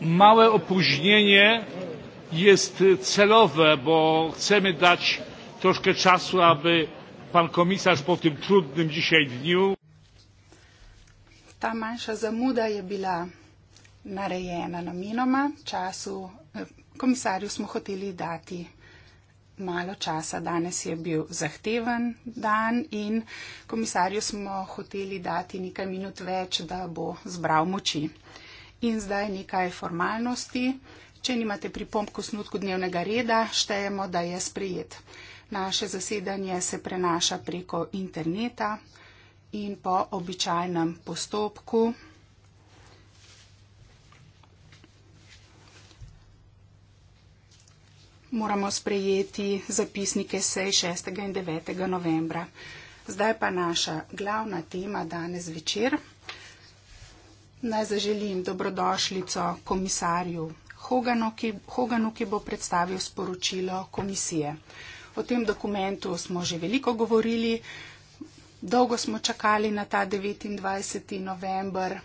Małe opóźnienie jest celowe, bo chcemy dać troszkę czasu, aby pan komisarz po tym trudnym dzisiaj dniu. Ta mniejsza zamuda je była narejena namienoma. Czasu eh, komisarzu smo chcieli dać malo časa. Danes je bil zahteven dan in komisarju smo hoteli dati nekaj minut več, da bo zbral moči. In zdaj nekaj formalnosti. Če nimate pripomp k osnutku dnevnega reda, štejemo, da je sprejet. Naše zasedanje se prenaša preko interneta in po običajnem postopku. moramo sprejeti zapisnike sej 6. in 9. novembra. Zdaj pa naša glavna tema danes večer. Naj zaželim dobrodošlico komisarju Hoganu ki, Hoganu, ki bo predstavil sporočilo komisije. O tem dokumentu smo že veliko govorili. Dolgo smo čakali na ta 29. november,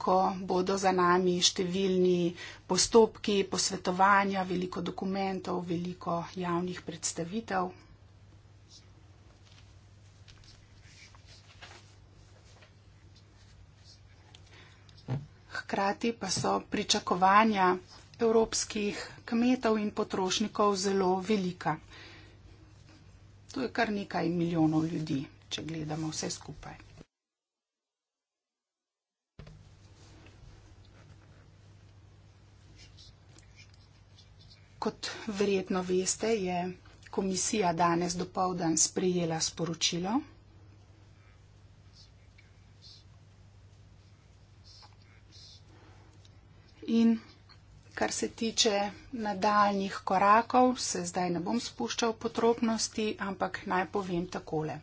ko bodo za nami številni postopki, posvetovanja, veliko dokumentov, veliko javnih predstavitev. Hkrati pa so pričakovanja evropskih kmetov in potrošnikov zelo velika. To je kar nekaj milijonov ljudi, če gledamo vse skupaj. Kot verjetno veste, je komisija danes dopovdan sprejela sporočilo. In kar se tiče nadaljnih korakov, se zdaj ne bom spuščal potrobnosti, ampak naj povem takole.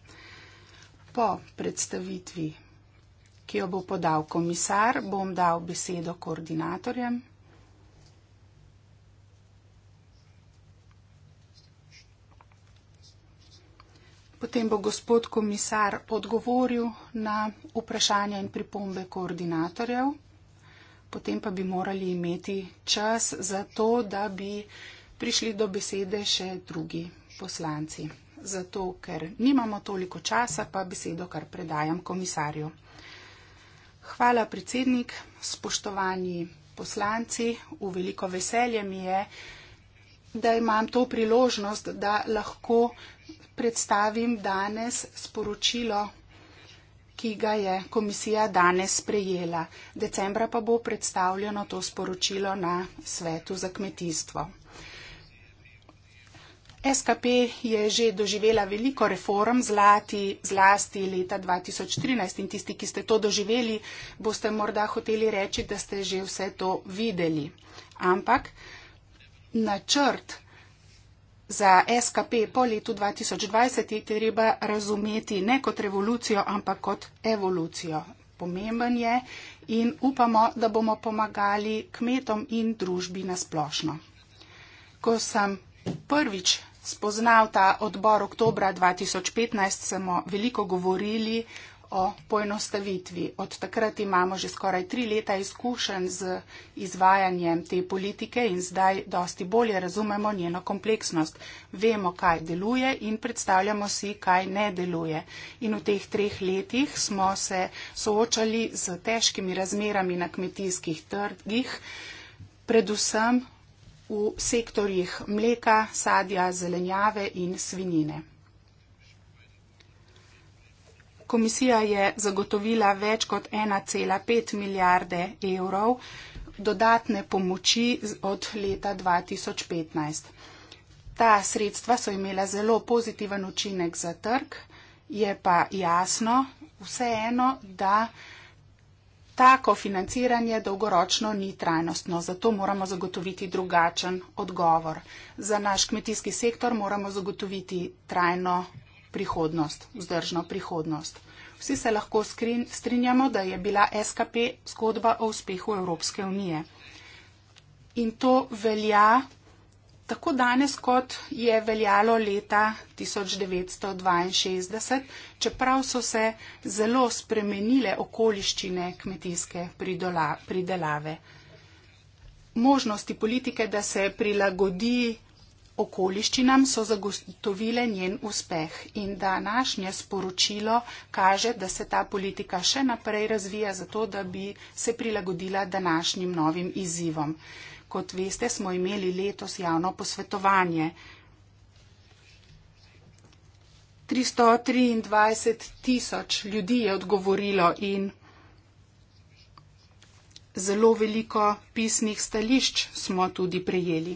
Po predstavitvi, ki jo bo podal komisar, bom dal besedo koordinatorjem Potem bo gospod komisar odgovoril na vprašanja in pripombe koordinatorjev. Potem pa bi morali imeti čas za to, da bi prišli do besede še drugi poslanci. Zato, ker nimamo toliko časa, pa besedo kar predajam komisarju. Hvala, predsednik, spoštovani poslanci. V veliko veselje mi je, da imam to priložnost, da lahko predstavim danes sporočilo, ki ga je komisija danes sprejela. Decembra pa bo predstavljeno to sporočilo na svetu za kmetijstvo. SKP je že doživela veliko reform zlati, zlasti leta 2013 in tisti, ki ste to doživeli, boste morda hoteli reči, da ste že vse to videli. Ampak načrt za SKP po letu 2020 je treba razumeti ne kot revolucijo, ampak kot evolucijo. Pomemben je in upamo, da bomo pomagali kmetom in družbi nasplošno. Ko sem prvič spoznal ta odbor oktobra 2015, smo veliko govorili o poenostavitvi. Od takrat imamo že skoraj tri leta izkušenj z izvajanjem te politike in zdaj dosti bolje razumemo njeno kompleksnost. Vemo, kaj deluje in predstavljamo si, kaj ne deluje. In v teh treh letih smo se soočali z težkimi razmerami na kmetijskih trgih, predvsem v sektorjih mleka, sadja, zelenjave in svinine. Komisija je zagotovila več kot 1,5 milijarde evrov dodatne pomoči od leta 2015. Ta sredstva so imela zelo pozitiven učinek za trg, je pa jasno vseeno, da tako financiranje dolgoročno ni trajnostno. Zato moramo zagotoviti drugačen odgovor. Za naš kmetijski sektor moramo zagotoviti trajno prihodnost, vzdržno prihodnost. Vsi se lahko skrin, strinjamo, da je bila SKP zgodba o uspehu Evropske unije. In to velja tako danes, kot je veljalo leta 1962, čeprav so se zelo spremenile okoliščine kmetijske pridola, pridelave. Možnosti politike, da se prilagodi okoliščinam so zagotovile njen uspeh in današnje sporočilo kaže, da se ta politika še naprej razvija zato, da bi se prilagodila današnjim novim izzivom. Kot veste, smo imeli letos javno posvetovanje. 323 tisoč ljudi je odgovorilo in zelo veliko pisnih stališč smo tudi prejeli.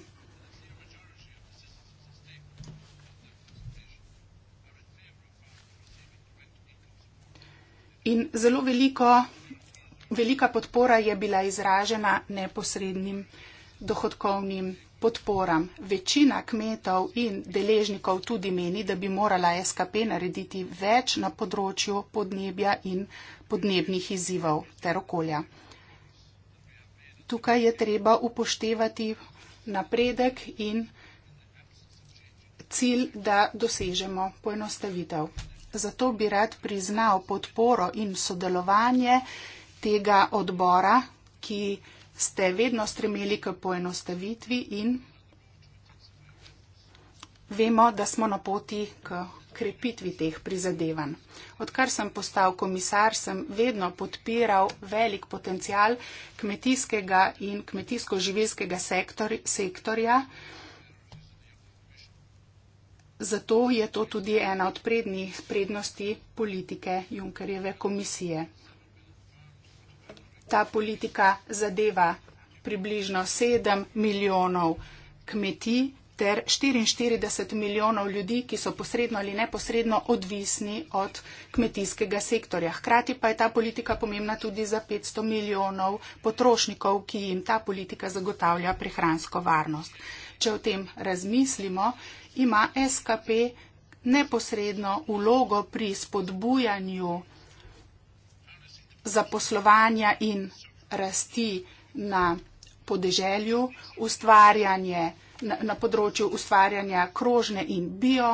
In zelo veliko, velika podpora je bila izražena neposrednim dohodkovnim podporam. Večina kmetov in deležnikov tudi meni, da bi morala SKP narediti več na področju podnebja in podnebnih izzivov ter okolja. Tukaj je treba upoštevati napredek in cilj, da dosežemo poenostavitev. Zato bi rad priznal podporo in sodelovanje tega odbora, ki ste vedno stremeli k poenostavitvi in vemo, da smo na poti k krepitvi teh prizadevanj. Odkar sem postal komisar, sem vedno podpiral velik potencial kmetijskega in kmetijsko-živelskega sektorja. Zato je to tudi ena od prednjih prednosti politike Junkerjeve komisije. Ta politika zadeva približno 7 milijonov kmetij ter 44 milijonov ljudi, ki so posredno ali neposredno odvisni od kmetijskega sektorja. Hkrati pa je ta politika pomembna tudi za 500 milijonov potrošnikov, ki jim ta politika zagotavlja prehransko varnost. Če o tem razmislimo, ima SKP neposredno vlogo pri spodbujanju zaposlovanja in rasti na podeželju, ustvarjanje na področju ustvarjanja krožne in bio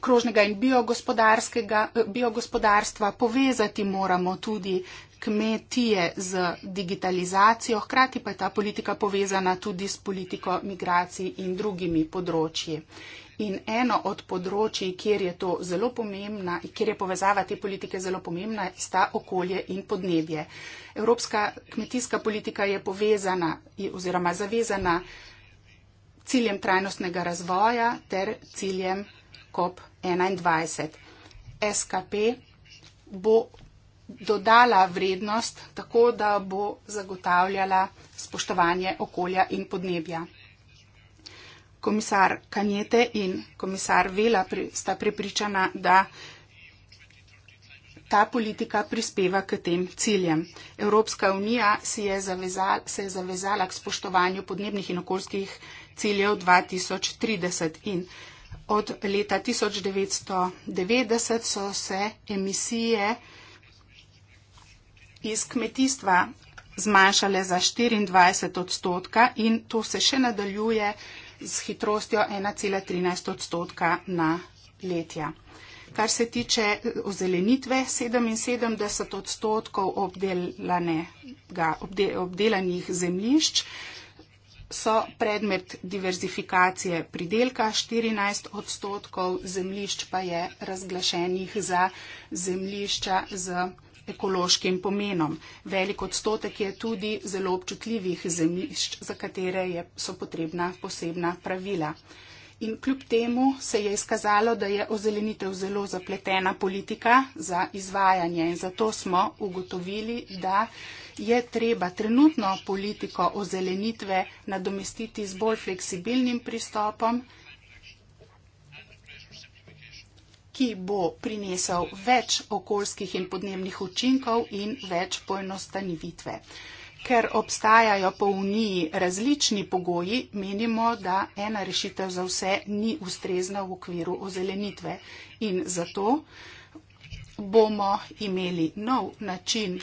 krožnega in biogospodarskega, biogospodarstva, povezati moramo tudi kmetije z digitalizacijo, hkrati pa je ta politika povezana tudi s politiko migracij in drugimi področji. In eno od področji, kjer je to zelo pomembna, kjer je povezava te politike zelo pomembna, sta okolje in podnebje. Evropska kmetijska politika je povezana oziroma zavezana ciljem trajnostnega razvoja ter ciljem COP21. SKP bo dodala vrednost tako, da bo zagotavljala spoštovanje okolja in podnebja. Komisar Kanjete in komisar Vela sta prepričana, da ta politika prispeva k tem ciljem. Evropska unija si je zavezal, se je zavezala k spoštovanju podnebnih in okoljskih ciljev 2030 in od leta 1990 so se emisije iz kmetijstva zmanjšale za 24 odstotka in to se še nadaljuje z hitrostjo 1,13 odstotka na letja. Kar se tiče ozelenitve, 77 odstotkov obdelanih zemlišč so predmet diverzifikacije pridelka, 14 odstotkov zemlišč pa je razglašenih za zemlišča z ekološkim pomenom. Velik odstotek je tudi zelo občutljivih zemlišč, za katere je, so potrebna posebna pravila. In kljub temu se je izkazalo, da je ozelenitev zelo zapletena politika za izvajanje in zato smo ugotovili, da je treba trenutno politiko ozelenitve nadomestiti z bolj fleksibilnim pristopom, ki bo prinesel več okoljskih in podnebnih učinkov in več poenostanivitve. Ker obstajajo po uniji različni pogoji, menimo, da ena rešitev za vse ni ustrezna v okviru ozelenitve. In zato bomo imeli nov način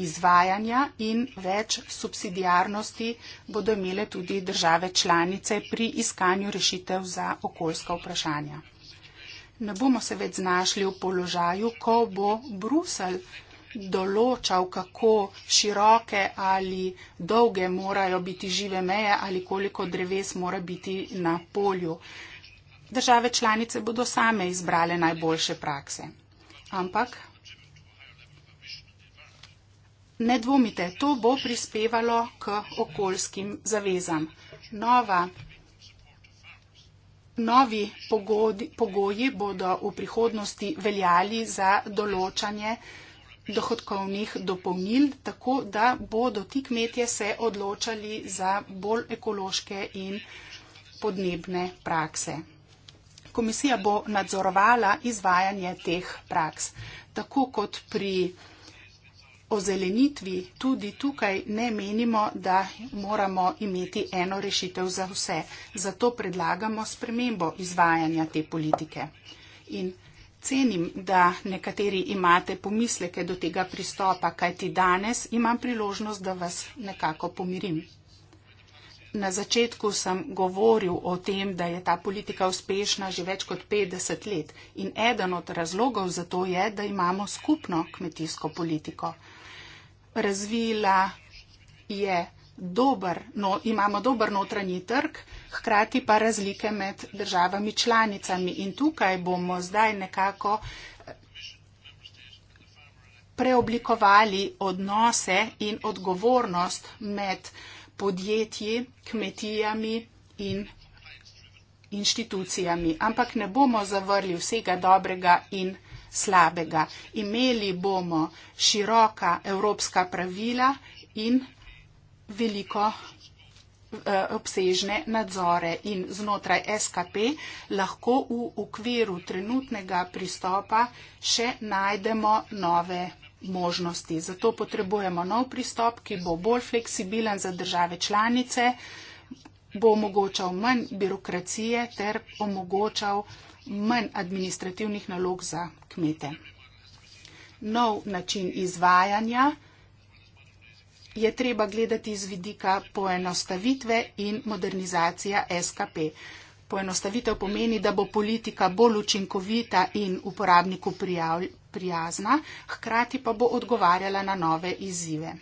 izvajanja in več subsidijarnosti bodo imele tudi države članice pri iskanju rešitev za okoljska vprašanja. Ne bomo se več znašli v položaju, ko bo Brusel določal, kako široke ali dolge morajo biti žive meje ali koliko dreves mora biti na polju. Države članice bodo same izbrale najboljše prakse. Ampak Ne dvomite, to bo prispevalo k okoljskim zavezam. Nova, novi pogodi, pogoji bodo v prihodnosti veljali za določanje dohodkovnih dopolnil, tako da bodo ti kmetje se odločali za bolj ekološke in podnebne prakse. Komisija bo nadzorovala izvajanje teh praks. Tako kot pri ozelenitvi tudi tukaj ne menimo, da moramo imeti eno rešitev za vse. Zato predlagamo spremembo izvajanja te politike. In cenim, da nekateri imate pomisleke do tega pristopa, kajti danes imam priložnost, da vas nekako pomirim. Na začetku sem govoril o tem, da je ta politika uspešna že več kot 50 let in eden od razlogov za to je, da imamo skupno kmetijsko politiko razvila je dober, no, imamo dober notranji trg, hkrati pa razlike med državami članicami. In tukaj bomo zdaj nekako eh, preoblikovali odnose in odgovornost med podjetji, kmetijami in inštitucijami. Ampak ne bomo zavrli vsega dobrega in slabega. Imeli bomo široka evropska pravila in veliko eh, obsežne nadzore in znotraj SKP lahko v okviru trenutnega pristopa še najdemo nove možnosti. Zato potrebujemo nov pristop, ki bo bolj fleksibilen za države članice, bo omogočal manj birokracije ter omogočal manj administrativnih nalog za kmete. Nov način izvajanja je treba gledati z vidika poenostavitve in modernizacija SKP. Poenostavitev pomeni, da bo politika bolj učinkovita in uporabniku prijazna, hkrati pa bo odgovarjala na nove izzive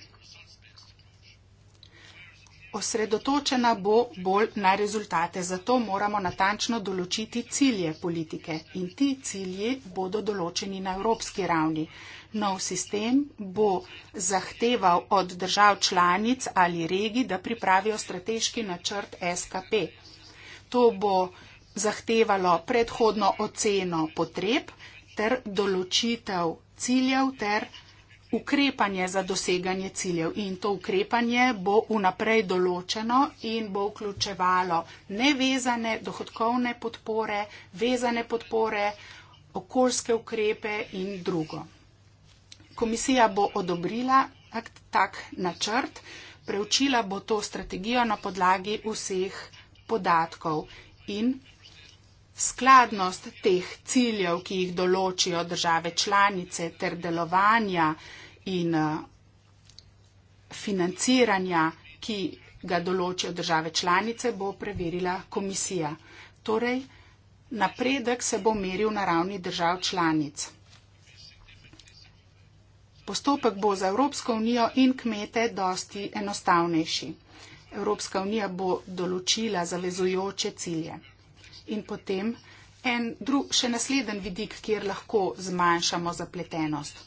osredotočena bo bolj na rezultate. Zato moramo natančno določiti cilje politike in ti cilji bodo določeni na evropski ravni. Nov sistem bo zahteval od držav članic ali regij, da pripravijo strateški načrt SKP. To bo zahtevalo predhodno oceno potreb ter določitev ciljev ter ukrepanje za doseganje ciljev in to ukrepanje bo vnaprej določeno in bo vključevalo nevezane dohodkovne podpore, vezane podpore, okoljske ukrepe in drugo. Komisija bo odobrila tak načrt, preučila bo to strategijo na podlagi vseh podatkov in skladnost teh ciljev, ki jih določijo države članice, ter delovanja in eh, financiranja, ki ga določijo države članice, bo preverila komisija. Torej, napredek se bo meril na ravni držav članic. Postopek bo za Evropsko unijo in kmete dosti enostavnejši. Evropska unija bo določila zavezujoče cilje in potem en drug, še nasleden vidik, kjer lahko zmanjšamo zapletenost.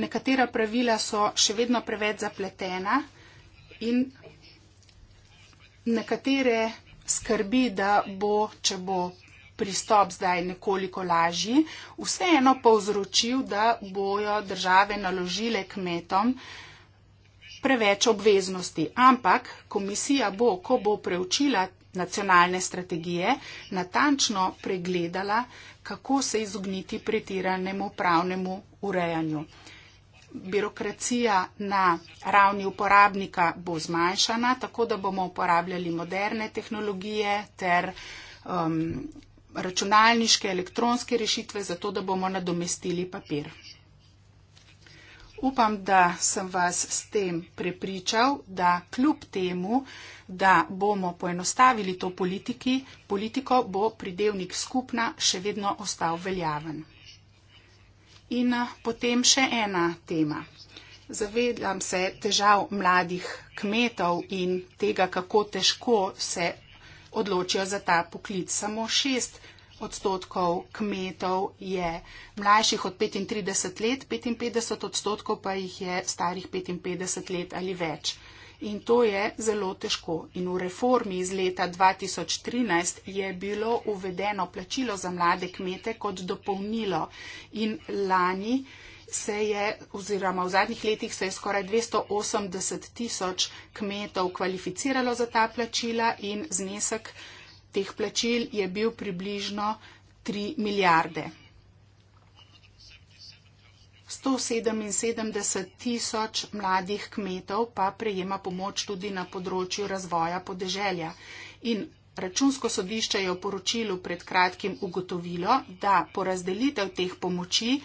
Nekatera pravila so še vedno preveč zapletena in nekatere skrbi, da bo, če bo pristop zdaj nekoliko lažji, vseeno povzročil, da bojo države naložile kmetom, preveč obveznosti, ampak komisija bo, ko bo preučila nacionalne strategije, natančno pregledala, kako se izogniti pretiranemu pravnemu urejanju. Birokracija na ravni uporabnika bo zmanjšana, tako da bomo uporabljali moderne tehnologije ter um, računalniške, elektronske rešitve, zato da bomo nadomestili papir. Upam, da sem vas s tem prepričal, da kljub temu, da bomo poenostavili to politiki, politiko, bo pridevnik skupna še vedno ostal veljaven. In eh, potem še ena tema. Zavedam se težav mladih kmetov in tega, kako težko se odločijo za ta poklic. Samo šest odstotkov kmetov je mlajših od 35 let, 55 odstotkov pa jih je starih 55 let ali več. In to je zelo težko. In v reformi iz leta 2013 je bilo uvedeno plačilo za mlade kmete kot dopolnilo. In lani se je, oziroma v zadnjih letih se je skoraj 280 tisoč kmetov kvalificiralo za ta plačila in znesek teh plačil je bil približno 3 milijarde. 177 tisoč mladih kmetov pa prejema pomoč tudi na področju razvoja podeželja. In računsko sodišče je v poročilu pred kratkim ugotovilo, da porazdelitev teh pomoči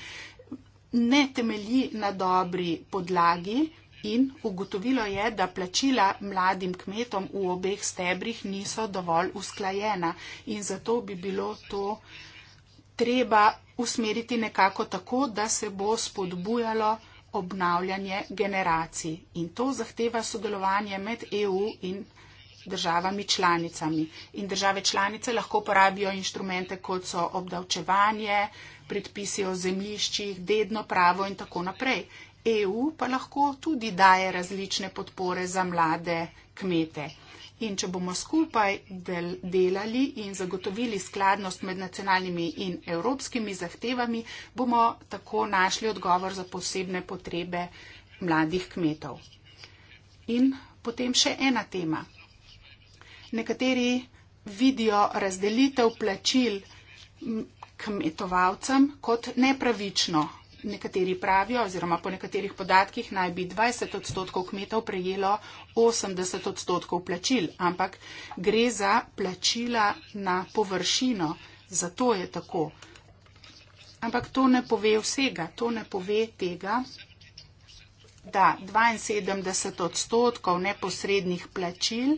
ne temelji na dobri podlagi, in ugotovilo je, da plačila mladim kmetom v obeh stebrih niso dovolj usklajena in zato bi bilo to treba usmeriti nekako tako, da se bo spodbujalo obnavljanje generacij. In to zahteva sodelovanje med EU in državami članicami. In države članice lahko porabijo inštrumente, kot so obdavčevanje, predpisi o zemljiščih, dedno pravo in tako naprej. EU pa lahko tudi daje različne podpore za mlade kmete. In če bomo skupaj del, delali in zagotovili skladnost med nacionalnimi in evropskimi zahtevami, bomo tako našli odgovor za posebne potrebe mladih kmetov. In potem še ena tema. Nekateri vidijo razdelitev plačil kmetovalcem kot nepravično, nekateri pravijo, oziroma po nekaterih podatkih naj bi 20 odstotkov kmetov prejelo 80 odstotkov plačil, ampak gre za plačila na površino, zato je tako. Ampak to ne pove vsega, to ne pove tega, da 72 odstotkov neposrednih plačil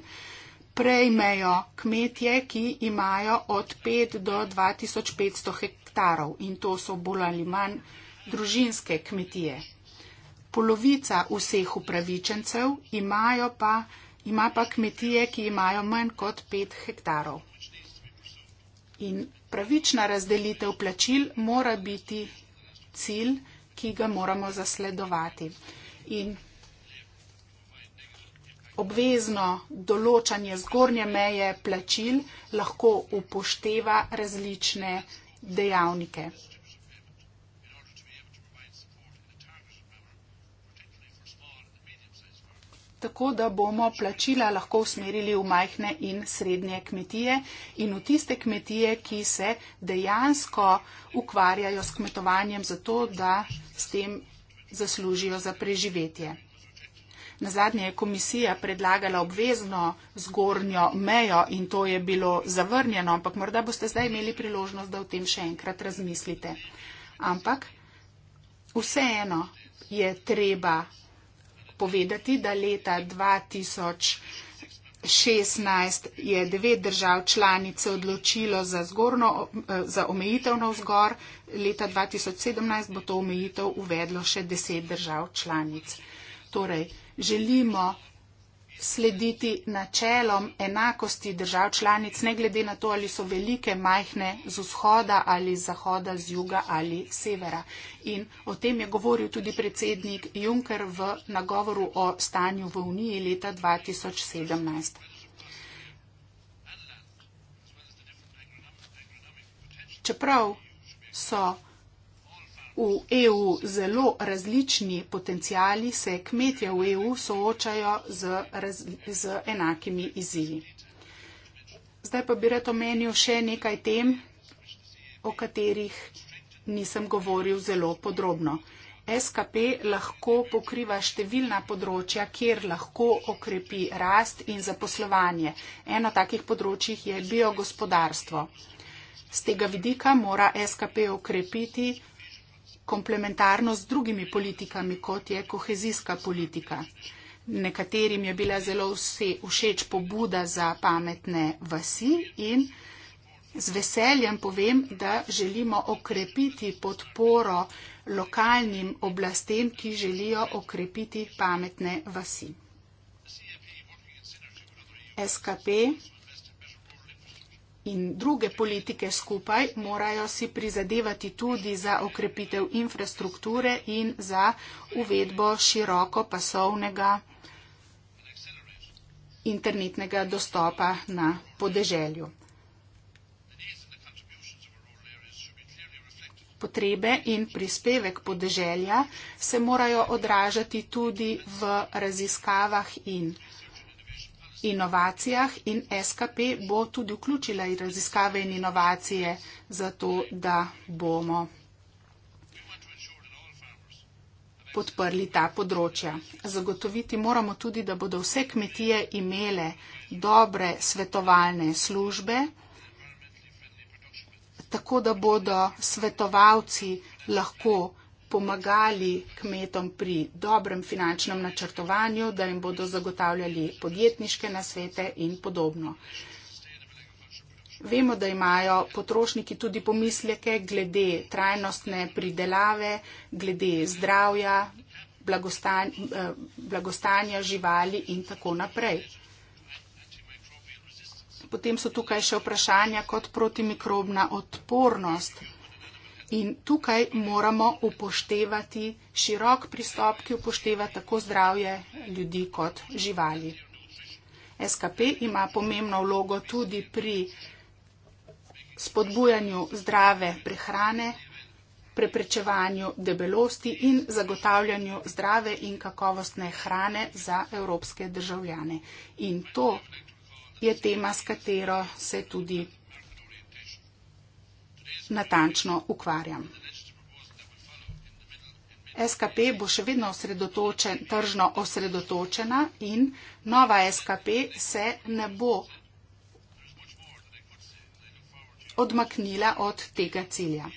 prejmejo kmetje, ki imajo od 5 do 2500 hektarov in to so bolj ali manj družinske kmetije. Polovica vseh upravičencev imajo pa, ima pa kmetije, ki imajo manj kot 5 hektarov. In pravična razdelitev plačil mora biti cilj, ki ga moramo zasledovati. In obvezno določanje zgornje meje plačil lahko upošteva različne dejavnike. tako da bomo plačila lahko usmerili v majhne in srednje kmetije in v tiste kmetije, ki se dejansko ukvarjajo s kmetovanjem zato, da s tem zaslužijo za preživetje. Na zadnje je komisija predlagala obvezno zgornjo mejo in to je bilo zavrnjeno, ampak morda boste zdaj imeli priložnost, da o tem še enkrat razmislite. Ampak vseeno je treba povedati, da leta 2016 je devet držav članic odločilo za, zgorno, eh, za omejitev na vzgor, leta 2017 bo to omejitev uvedlo še deset držav članic. Torej, želimo slediti načelom enakosti držav članic, ne glede na to, ali so velike, majhne z vzhoda ali z zahoda, z juga ali severa. In o tem je govoril tudi predsednik Juncker v nagovoru o stanju v Uniji leta 2017. Čeprav so V EU zelo različni potencijali se kmetje v EU soočajo z, raz, z enakimi izzivi. Zdaj pa bi rad omenil še nekaj tem, o katerih nisem govoril zelo podrobno. SKP lahko pokriva številna področja, kjer lahko okrepi rast in zaposlovanje. Eno takih področjih je biogospodarstvo. Z tega vidika mora SKP okrepiti komplementarno z drugimi politikami, kot je kohezijska politika. Nekaterim je bila zelo vse všeč pobuda za pametne vasi in z veseljem povem, da želimo okrepiti podporo lokalnim oblastem, ki želijo okrepiti pametne vasi. SKP in druge politike skupaj morajo si prizadevati tudi za okrepitev infrastrukture in za uvedbo širokopasovnega internetnega dostopa na podeželju. Potrebe in prispevek podeželja se morajo odražati tudi v raziskavah in inovacijah in SKP bo tudi vključila in raziskave in inovacije za to, da bomo podprli ta področja. Zagotoviti moramo tudi, da bodo vse kmetije imele dobre svetovalne službe, tako da bodo svetovalci lahko pomagali kmetom pri dobrem finančnem načrtovanju, da jim bodo zagotavljali podjetniške nasvete in podobno. Vemo, da imajo potrošniki tudi pomisleke glede trajnostne pridelave, glede zdravja, blagostan, eh, blagostanja živali in tako naprej. Potem so tukaj še vprašanja kot protimikrobna odpornost. In tukaj moramo upoštevati širok pristop, ki upošteva tako zdravje ljudi kot živali. SKP ima pomembno vlogo tudi pri spodbujanju zdrave prehrane, preprečevanju debelosti in zagotavljanju zdrave in kakovostne hrane za evropske državljane. In to je tema, s katero se tudi natančno ukvarjam. SKP bo še vedno osredotočen, tržno osredotočena in nova SKP se ne bo odmaknila od tega cilja.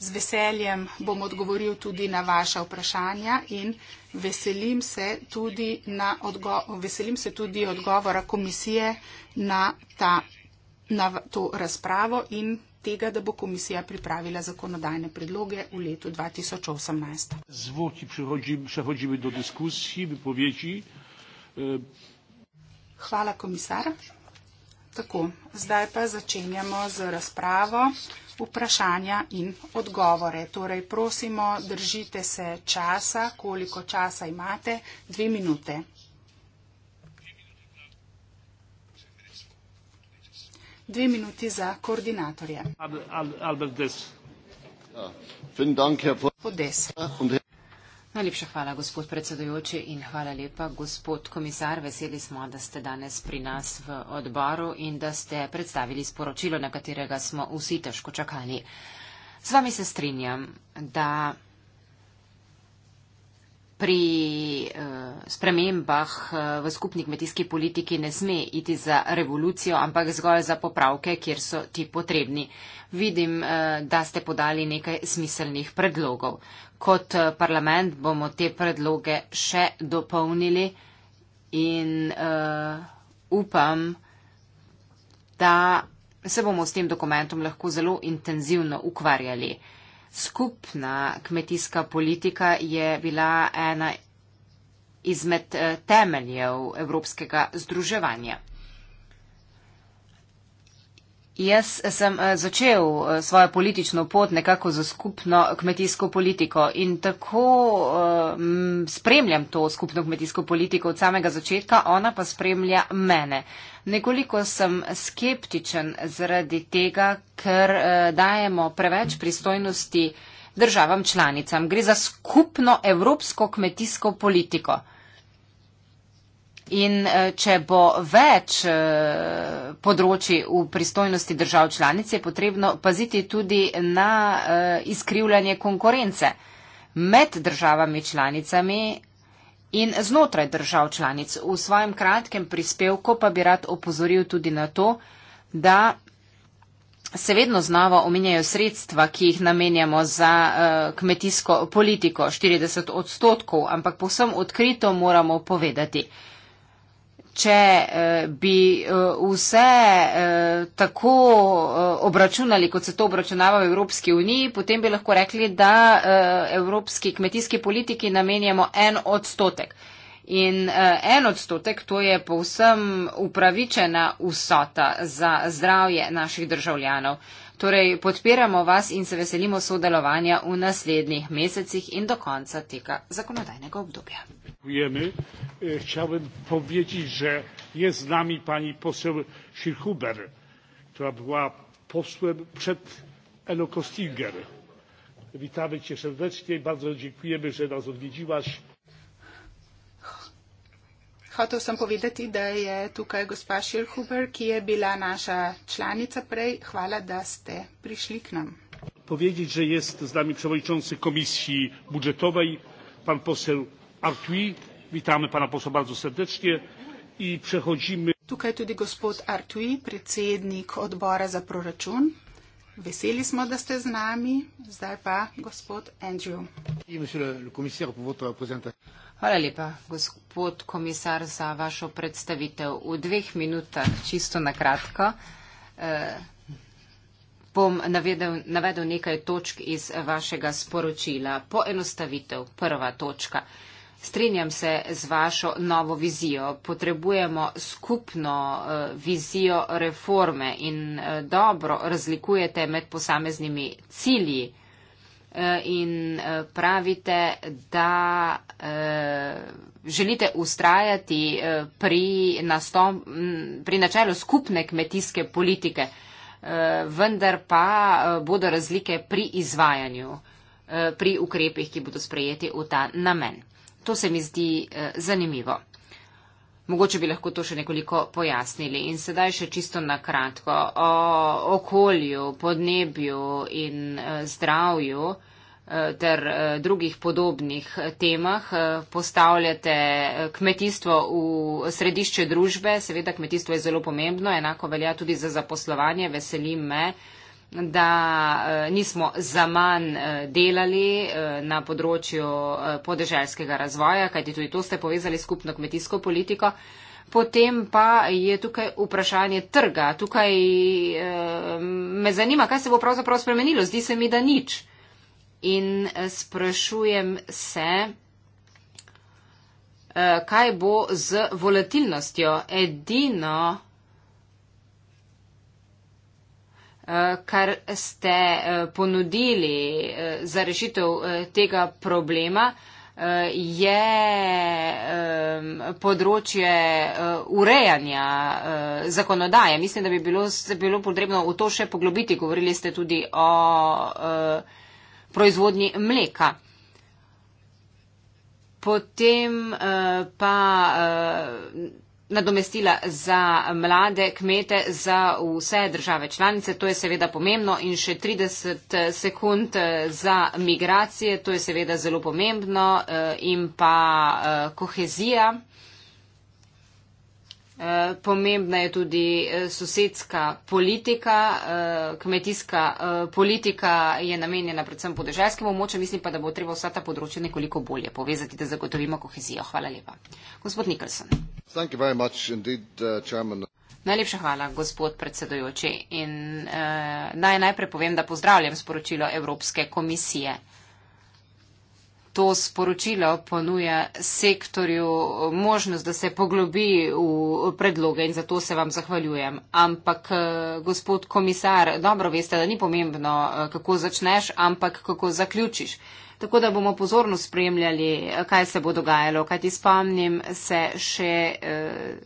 Z veseljem bom odgovoril tudi na vaša vprašanja in veselim se tudi, odgo veselim se tudi odgovora komisije na, ta, na to razpravo in tega, da bo komisija pripravila zakonodajne predloge v letu 2018. Zvoki prehodimo do diskusij, vypovedi. E, Hvala, komisar. Tako, zdaj pa začenjamo z razpravo vprašanja in odgovore. Torej, prosimo, držite se časa, koliko časa imate, dve minute. dve minuti za koordinatorje. Albert Des. Ja, Najlepša hvala, gospod predsedojoči in hvala lepa, gospod komisar. Veseli smo, da ste danes pri nas v odboru in da ste predstavili sporočilo, na katerega smo vsi težko čakali. Z vami se strinjam, da pri uh, spremembah uh, v skupni kmetijski politiki ne sme iti za revolucijo, ampak zgolj za popravke, kjer so ti potrebni. Vidim, uh, da ste podali nekaj smiselnih predlogov. Kot uh, parlament bomo te predloge še dopolnili in uh, upam, da se bomo s tem dokumentom lahko zelo intenzivno ukvarjali. Uh, skupna kmetijska politika je bila ena izmed eh, temeljev evropskega združevanja. Jaz sem eh, začel eh, svojo politično pot nekako za skupno kmetijsko politiko in tako eh, spremljam to skupno kmetijsko politiko od samega začetka, ona pa spremlja mene. Nekoliko sem skeptičen zaradi tega, ker dajemo preveč pristojnosti državam članicam. Gre za skupno evropsko kmetijsko politiko. In eh, če bo več eh, področji v pristojnosti držav članic, je potrebno paziti tudi na eh, izkrivljanje konkurence med državami članicami in znotraj držav članic. V svojem kratkem prispevku pa bi rad opozoril tudi na to, da se vedno znova omenjajo sredstva, ki jih namenjamo za kmetijsko politiko, 40 odstotkov, ampak povsem odkrito moramo povedati če eh, bi eh, vse eh, tako obračunali, kot se to obračunava v Evropski uniji, potem bi lahko rekli, da evropski kmetijski politiki namenjamo en odstotek. In en odstotek, to je povsem upravičena vsota za zdravje naših državljanov. Torej, podpiramo vas in se veselimo sodelovanja v naslednjih mesecih in do konca tega zakonodajnega obdobja. Vjeme, chciałbym powiedzieć, że jest z nami pani poseł Schilhuber, która była posłem przed Eno Kostinger. Witamy cię serdecznie i bardzo dziękujemy, że nas odwiedziłaś. Hotel sem povedati, da je tukaj gospa Širhuber, ki je bila naša članica prej. Hvala, da ste prišli k nam. Povedi, da je z nami predsedujoči komisiji budžetovej, pan posel Artui. Vitame pana posla bardzo srdečne in prehodimo. Tukaj je tudi gospod Artui, predsednik odbora za proračun. Veseli smo, da ste z nami. Zdaj pa gospod Andrew. Hvala lepa, gospod komisar, za vašo predstavitev. V dveh minutah, čisto na kratko, eh, bom navedel, navedel nekaj točk iz vašega sporočila. Poenostavitev, prva točka. Strinjam se z vašo novo vizijo. Potrebujemo skupno eh, vizijo reforme in eh, dobro razlikujete med posameznimi cilji eh, in pravite, da želite ustrajati pri, nastom, pri načelu skupne kmetijske politike, vendar pa bodo razlike pri izvajanju, pri ukrepih, ki bodo sprejeti v ta namen. To se mi zdi eh, zanimivo. Mogoče bi lahko to še nekoliko pojasnili. In sedaj še čisto na kratko o okolju, podnebju in eh, zdravju eh, ter eh, drugih podobnih eh, temah. Postavljate kmetijstvo v središče družbe. Seveda kmetijstvo je zelo pomembno, enako velja tudi za zaposlovanje. Veselim me, da eh, nismo za manj eh, delali eh, na področju podeželskega razvoja, kajti tudi to ste povezali skupno kmetijsko politiko. Potem pa je tukaj vprašanje trga. Tukaj me zanima, kaj se bo pravzaprav spremenilo. Zdi se mi, da nič. In sprašujem se, kaj bo z volatilnostjo. Edino. Eh, kar ste eh, ponudili eh, za rešitev tega problema, je področje urejanja zakonodaje. Mislim, da bi bilo, bilo potrebno v to še poglobiti. Govorili ste tudi o proizvodni mleka. Potem pa nadomestila za mlade kmete, za vse države članice, to je seveda pomembno in še 30 eh, sekund eh, za migracije, to je seveda zelo pomembno eh, in pa kohezija. Eh, pomembna je tudi eh, sosedska politika, eh, kmetijska politika je namenjena predvsem podeželskim območjem, mislim pa, da bo treba vsa ta področja nekoliko bolje povezati, da zagotovimo kohezijo. Hvala lepa. Gospod Nikolson. Uh, Najlepša hvala, gospod predsedujoči. In, uh, naj najprej povem, da pozdravljam sporočilo Evropske komisije to sporočilo ponuja sektorju možnost, da se poglobi v predloge in zato se vam zahvaljujem. Ampak, eh, gospod komisar, dobro veste, da ni pomembno, eh, kako začneš, ampak kako zaključiš. Tako da bomo pozorno spremljali, eh, kaj se bo dogajalo, kajti spomnim se še. Eh,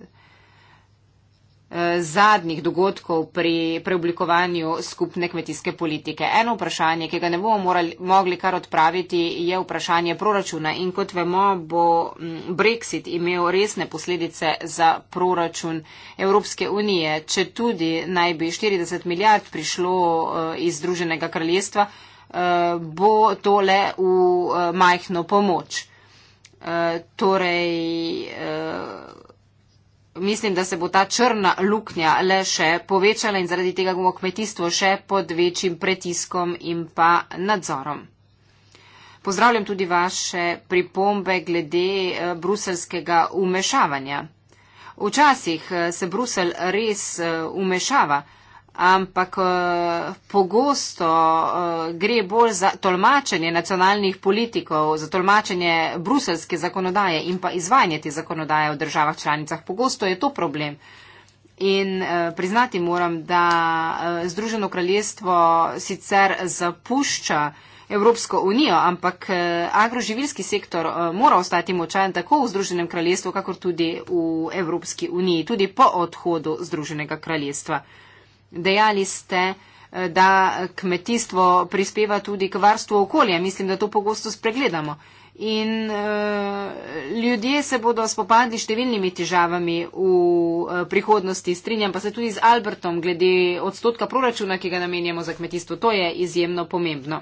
Eh, zadnjih dogodkov pri preoblikovanju skupne kmetijske politike. Eno vprašanje, ki ga ne bomo morali, mogli kar odpraviti, je vprašanje proračuna. In kot vemo, bo mm, Brexit imel resne posledice za proračun Evropske unije. Če tudi naj bi 40 milijard prišlo eh, iz Združenega kraljestva, eh, bo tole v majhno pomoč. Torej, mislim, da se bo ta črna luknja le še povečala in zaradi tega bomo kmetijstvo še pod večjim pritiskom in pa nadzorom. Pozdravljam tudi vaše pripombe glede eh, bruselskega umešavanja. Včasih eh, se Brusel res eh, umešava ampak uh, pogosto uh, gre bolj za tolmačenje nacionalnih politikov, za tolmačenje bruselske zakonodaje in pa izvajanje te zakonodaje v državah članicah. Pogosto je to problem. In uh, priznati moram, da uh, Združeno kraljestvo sicer zapušča Evropsko unijo, ampak uh, agroživilski sektor uh, mora ostati močan tako v Združenem kraljestvu, kakor tudi v Evropski uniji, tudi po odhodu Združenega kraljestva. Dejali ste, eh, da kmetijstvo prispeva tudi k varstvu okolja. Mislim, da to pogosto spregledamo. In e, ljudje se bodo spopadli številnimi težavami v e, prihodnosti. Strinjam pa se tudi z Albertom glede odstotka proračuna, ki ga namenjamo za kmetijstvo. To je izjemno pomembno.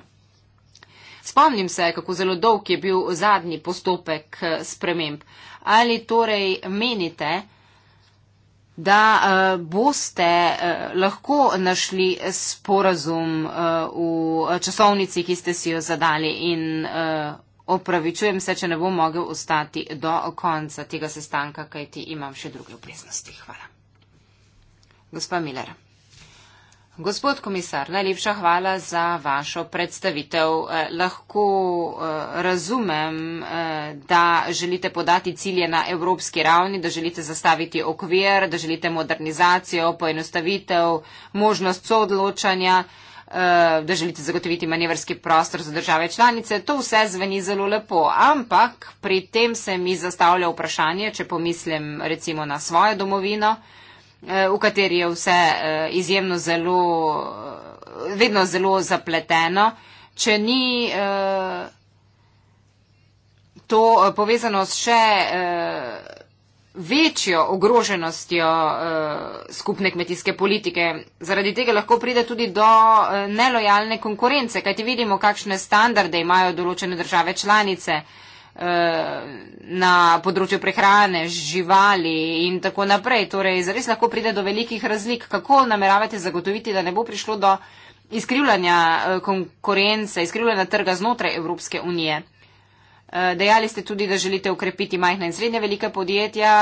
Spomnim se, kako zelo dolg je bil zadnji postopek sprememb. Ali torej menite, da eh, boste eh, lahko našli sporazum eh, v časovnici, ki ste si jo zadali in opravičujem se, če ne bom mogel ostati do konca tega sestanka, kajti imam še druge obveznosti. Hvala. Gospa Miller. Gospod komisar, najlepša hvala za vašo predstavitev. Eh, lahko eh, razumem, eh, da želite podati cilje na evropski ravni, da želite zastaviti okvir, da želite modernizacijo, poenostavitev, možnost soodločanja, eh, da želite zagotoviti manevrski prostor za države članice. To vse zveni zelo lepo, ampak pri tem se mi zastavlja vprašanje, če pomislim recimo na svojo domovino. Eh, v kateri je vse eh, izjemno zelo, eh, vedno zelo zapleteno, če ni to povezano s še večjo ogroženostjo skupne kmetijske politike. Zaradi tega lahko pride tudi do nelojalne konkurence, kajti vidimo, kakšne standarde imajo določene države članice. Eh, na področju prehrane, živali in tako naprej. Torej, zares lahko pride do velikih razlik. Kako nameravate zagotoviti, da ne bo prišlo do izkrivljanja eh, konkurence, izkrivljanja trga znotraj Evropske unije? Eh, dejali ste tudi, da želite ukrepiti majhne in srednje velike podjetja,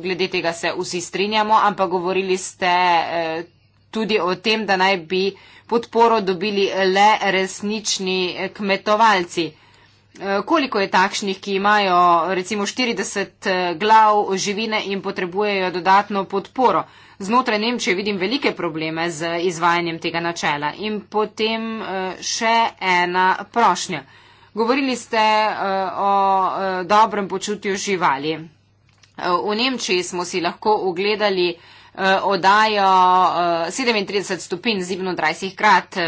glede tega se vsi strinjamo, ampak govorili ste tudi o tem, da naj bi podporo dobili le resnični kmetovalci. Eh, koliko je takšnih, ki imajo recimo 40 eh, glav živine in potrebujejo dodatno podporo. Znotraj Nemčije vidim velike probleme z izvajanjem tega načela. In potem eh, še ena prošnja. Govorili ste o dobrem počutju živali. V Nemčiji smo si lahko ogledali odajo 37 stopinj zimno 20 krat.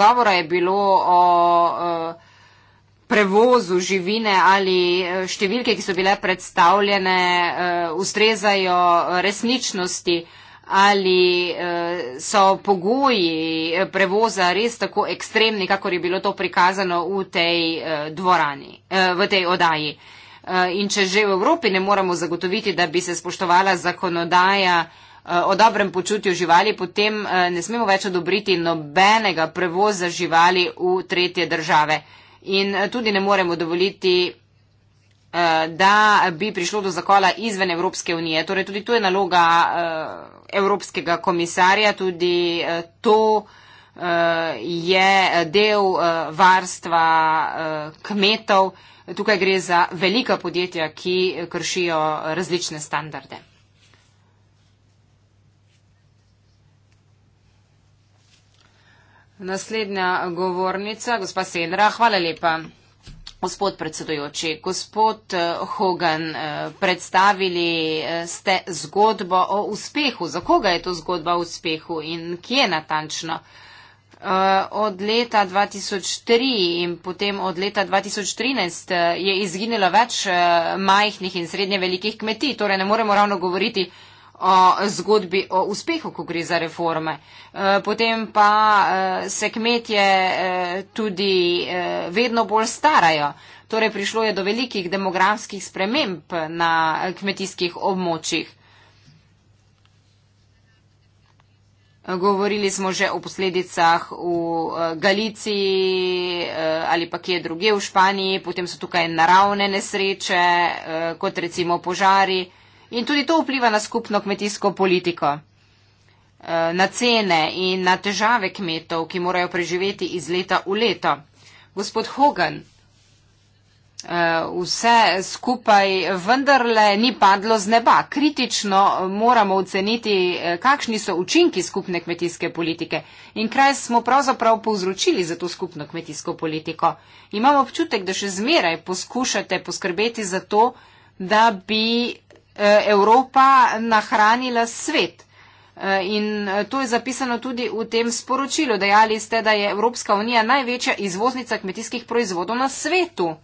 Govora je bilo o prevozu živine ali eh, številke, ki so bile predstavljene, eh, ustrezajo resničnosti ali eh, so pogoji prevoza res tako ekstremni, kakor je bilo to prikazano v tej dvorani, v tej odaji. In če že v Evropi ne moremo zagotoviti, da bi se spoštovala zakonodaja o dobrem počutju živali, potem ne smemo več odobriti nobenega prevoza živali v tretje države in eh, tudi ne moremo dovoliti eh, da bi prišlo do zakola izven Evropske unije. Torej tudi to je naloga eh, Evropskega komisarja, tudi to je del varstva kmetov. Tukaj gre za velika podjetja, ki kršijo različne standarde. Naslednja govornica, gospa Sedra, hvala lepa. Gospod predsedujoči, gospod eh, Hogan, eh, predstavili eh, ste zgodbo o uspehu. Za koga je to zgodba o uspehu in kje natančno? Od leta 2003 in potem od leta 2013 je izginilo več majhnih in srednje velikih kmetij, torej ne moremo ravno govoriti o zgodbi o uspehu, ko gre za reforme. E, potem pa e, se kmetje e, tudi vedno bolj starajo. Torej prišlo je do velikih demografskih sprememb na kmetijskih območjih. Govorili smo že o posledicah v Galiciji ali pa kje druge v Španiji, potem so tukaj naravne nesreče, kot recimo požari. In tudi to vpliva na skupno kmetijsko politiko, e, na cene in na težave kmetov, ki morajo preživeti iz leta v leto. Gospod Hogan, e, vse skupaj vendarle ni padlo z neba. Kritično moramo oceniti, e, kakšni so učinki skupne kmetijske politike in kaj smo pravzaprav povzročili za to skupno kmetijsko politiko. Imamo občutek, da še zmeraj poskušate poskrbeti za to, da bi Eh, Evropa nahranila svet. Eh, in eh, to je zapisano tudi v tem sporočilu. Dejali ste, da je Evropska unija največja izvoznica kmetijskih proizvodov na svetu.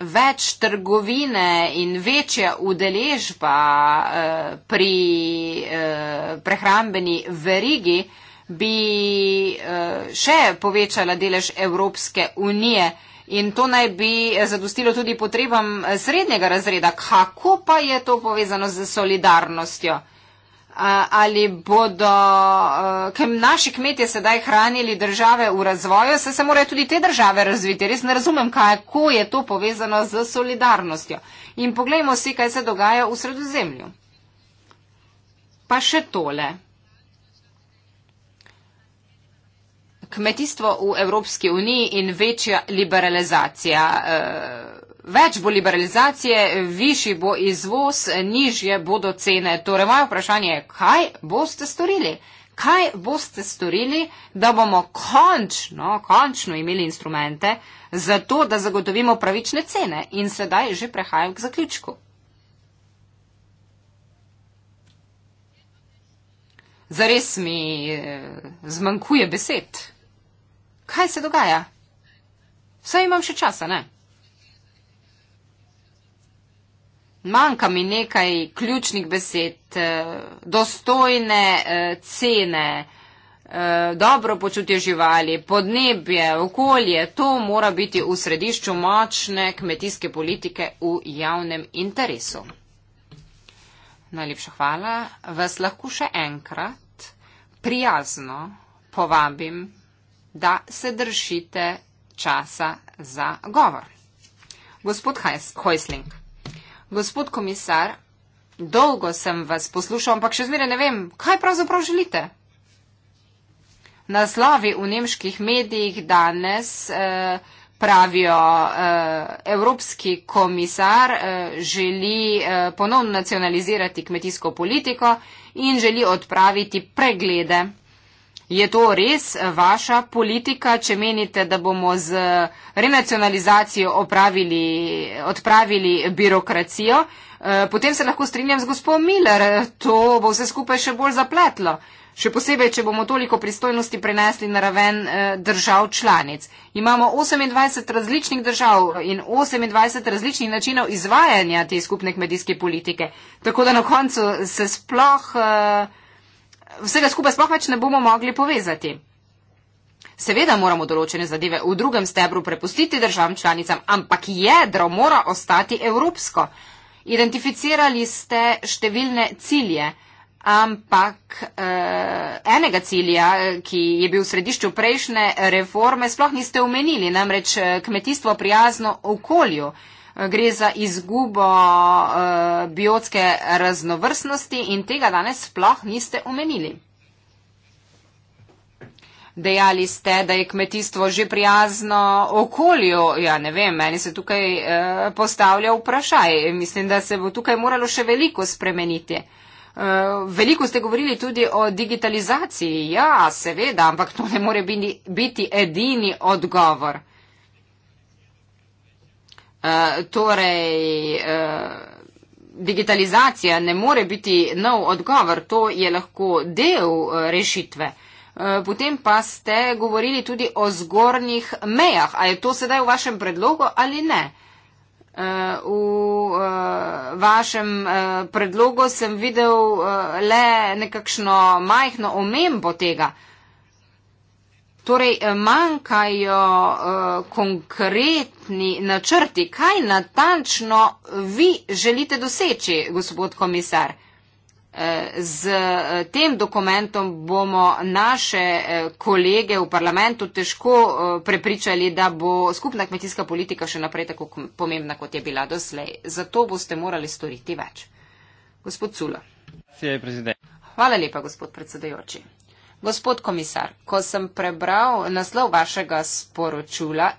Več trgovine in večja udeležba pri prehrambeni verigi bi še povečala delež Evropske unije in to naj bi zadostilo tudi potrebam srednjega razreda. Kako pa je to povezano z solidarnostjo? Ali bodo naši kmetje sedaj hranili države v razvoju, se, se morajo tudi te države razviti. Res ne razumem, kako je to povezano z solidarnostjo. In poglejmo si, kaj se dogaja v sredozemlju. Pa še tole. kmetijstvo v Evropski uniji in večja liberalizacija. Eh, več bo liberalizacije, višji bo izvoz, nižje bodo cene. Torej, moje vprašanje je, kaj boste storili? Kaj boste storili, da bomo končno, končno imeli instrumente za to, da zagotovimo pravične cene? In sedaj že prehajam k zaključku. Zares mi eh, zmanjkuje besed kaj se dogaja? Vse imam še časa, ne? Manjka mi nekaj ključnih besed, eh, dostojne eh, cene, eh, dobro počutje živali, podnebje, okolje, to mora biti v središču močne kmetijske politike v javnem interesu. Najlepša hvala. Vas lahko še enkrat prijazno povabim da se držite časa za govor. Gospod Hojsling, gospod komisar, dolgo sem vas poslušal, ampak še zmeraj ne vem, kaj pravzaprav želite. Naslovi v nemških medijih danes eh, pravijo, eh, evropski komisar eh, želi eh, ponovno nacionalizirati kmetijsko politiko in želi odpraviti preglede. Je to res eh, vaša politika, če menite, da bomo z renacionalizacijo opravili, odpravili birokracijo? Eh, potem se lahko strinjam z gospod Miller, to bo vse skupaj še bolj zapletlo. Še posebej, če bomo toliko pristojnosti prenesli na raven eh, držav članic. Imamo 28 različnih držav in 28 različnih načinov izvajanja te skupne kmetijske politike. Tako da na koncu se sploh uh, vsega skupaj sploh več ne bomo mogli povezati. Seveda moramo določene zadeve v drugem stebru prepustiti državam članicam, ampak jedro mora ostati evropsko. Identificirali ste številne cilje, ampak eh, enega cilja, eh, ki je bil v središču prejšnje reforme, sploh niste omenili, namreč eh, kmetijstvo prijazno okolju. Eh, gre za izgubo uh, biotske raznovrstnosti in tega danes sploh niste omenili. Dejali ste, da je kmetijstvo že prijazno okolju. Ja, ne vem, meni se tukaj uh, postavlja vprašaj. Mislim, da se bo tukaj moralo še veliko spremeniti. Eh, veliko ste govorili tudi o digitalizaciji. Ja, seveda, ampak to ne more biti edini odgovor. Eh, torej, eh, digitalizacija ne more biti nov odgovor, to je lahko del eh, rešitve. Potem pa ste govorili tudi o zgornjih mejah. A je to sedaj v vašem predlogu ali ne? V vašem predlogu sem videl le nekakšno majhno omembo tega. Torej, eh, manjkajo uh, konkretni načrti. Kaj natančno vi želite doseči, gospod komisar? Eh, z tem dokumentom bomo naše kolege v parlamentu težko prepričali, da bo skupna kmetijska politika še naprej tako pomembna, kot je bila doslej. Zato boste morali storiti več. Gospod Cula. Hvala lepa, gospod predsedajoči. Gospod komisar, ko sem prebral naslov vašega sporočula,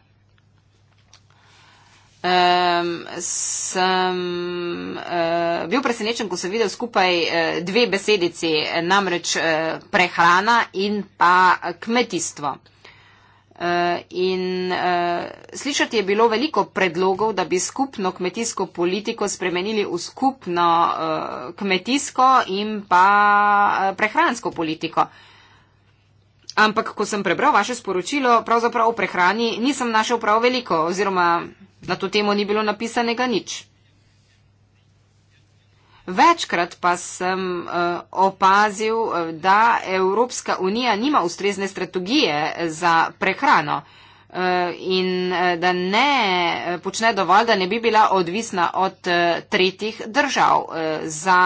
um, sem uh, bil presenečen, ko sem videl skupaj uh, dve besedici, namreč uh, prehrana in pa kmetijstvo. Uh, in uh, slišati je bilo veliko predlogov, da bi skupno kmetijsko politiko spremenili v skupno uh, kmetijsko in pa uh, prehransko politiko. Uh, Ampak, ko sem prebral vaše sporočilo, pravzaprav o prehrani nisem našel prav veliko, oziroma na to temo ni bilo napisanega nič. Večkrat pa sem uh, opazil, eh, da Evropska unija nima ustrezne strategije eh, za prehrano uh, in da ne počne dovolj, da ne bi bila odvisna od uh, tretjih držav uh, za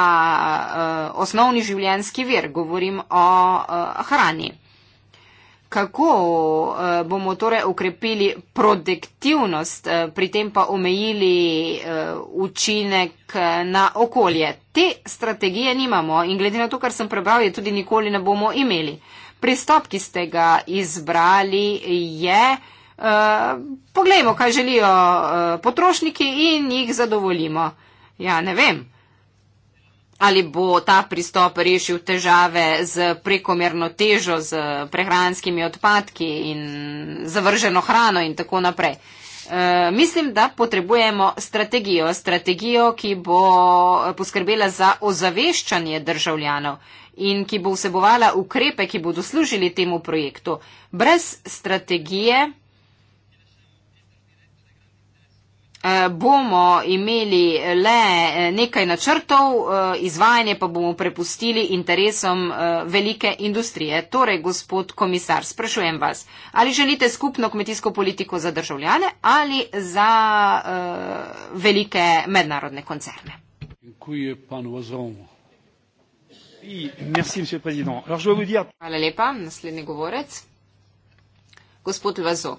uh, osnovni življenski vir, govorim o uh, hrani kako eh, bomo torej ukrepili produktivnost, eh, pri tem pa omejili eh, učinek na okolje. Te strategije nimamo in glede na to, kar sem prebral, je tudi nikoli ne bomo imeli. Pristop, ki ste ga izbrali, je. Poglejmo, kaj želijo potrošniki in jih zadovoljimo. Ja, ne vem ali bo ta pristop rešil težave z prekomerno težo, z prehranskimi odpadki in zavrženo hrano in tako naprej. E, mislim, da potrebujemo strategijo, strategijo, ki bo poskrbela za ozaveščanje državljanov in ki bo vsebovala ukrepe, ki bodo služili temu projektu. Brez strategije. Eh, bomo imeli le eh, nekaj načrtov, eh, izvajanje pa bomo prepustili interesom velike industrije. Torej, gospod komisar, sprašujem vas, ali želite skupno kmetijsko politiko za državljane ali za uh, velike mednarodne koncerne? Hvala lepa, naslednji govorec. Gospod Vazo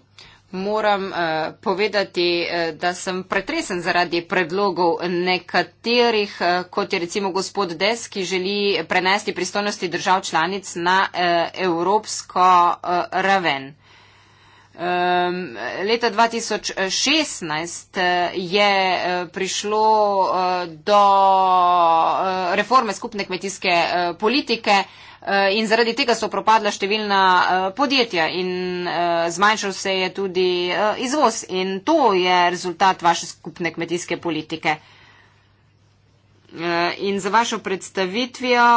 moram uh, povedati, uh, da sem pretresen zaradi predlogov nekaterih, uh, kot je recimo gospod Des, ki želi prenesti pristojnosti držav članic na uh, evropsko uh, raven. Um, leta 2016 je prišlo do reforme skupne kmetijske politike, Eh, in zaradi tega so propadla številna eh, podjetja in eh, zmanjšal se je tudi izvoz in to je rezultat vaše skupne kmetijske politike. In za vašo predstavitvijo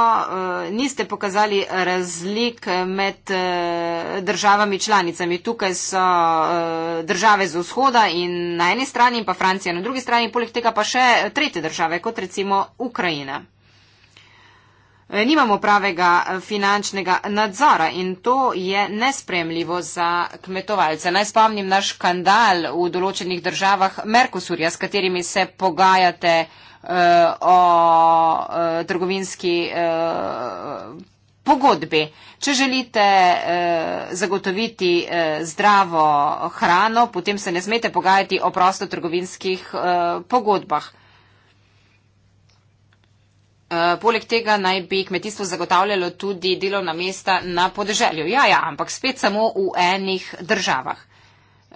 niste pokazali razlik med državami članicami. Tukaj so države z vzhoda in na eni strani pa Francija na drugi strani, poleg tega pa še tretje države, kot recimo Ukrajina. Eh, nimamo pravega eh, finančnega nadzora in to je nespremljivo za kmetovalce. Naj spomnim na škandal v določenih državah Merkosurja, s katerimi se pogajate eh, o trgovinski pogodbi. Če želite zagotoviti zdravo hrano, potem se ne smete pogajati o prosto trgovinskih pogodbah. Eh, poleg tega naj bi kmetijstvo zagotavljalo tudi delovna mesta na podeželju. Ja, ja, ampak spet samo v enih državah.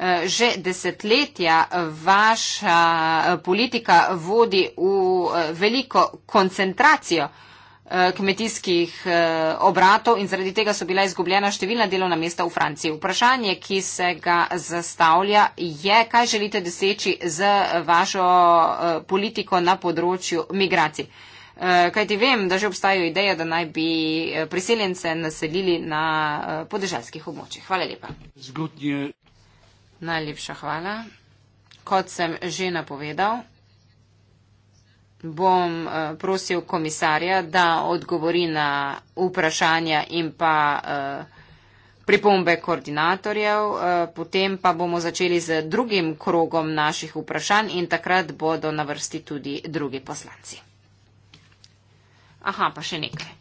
Eh, že desetletja vaša eh, politika vodi v veliko koncentracijo kmetijskih obratov in zaradi tega so bila izgubljena številna delovna mesta v Franciji. Vprašanje, ki se ga zastavlja, je, kaj želite doseči z vašo politiko na področju migracij. Eh, kajti vem, da že obstajajo ideje, da naj bi eh, priseljence naselili na eh, podeželskih območjih. Hvala lepa. Zgodnje. Najlepša hvala. Kot sem že napovedal, bom prosil komisarja, da odgovori na vprašanja in pa pripombe koordinatorjev, potem pa bomo začeli z drugim krogom naših vprašanj in takrat bodo na vrsti tudi drugi poslanci. Aha, pa še nekaj.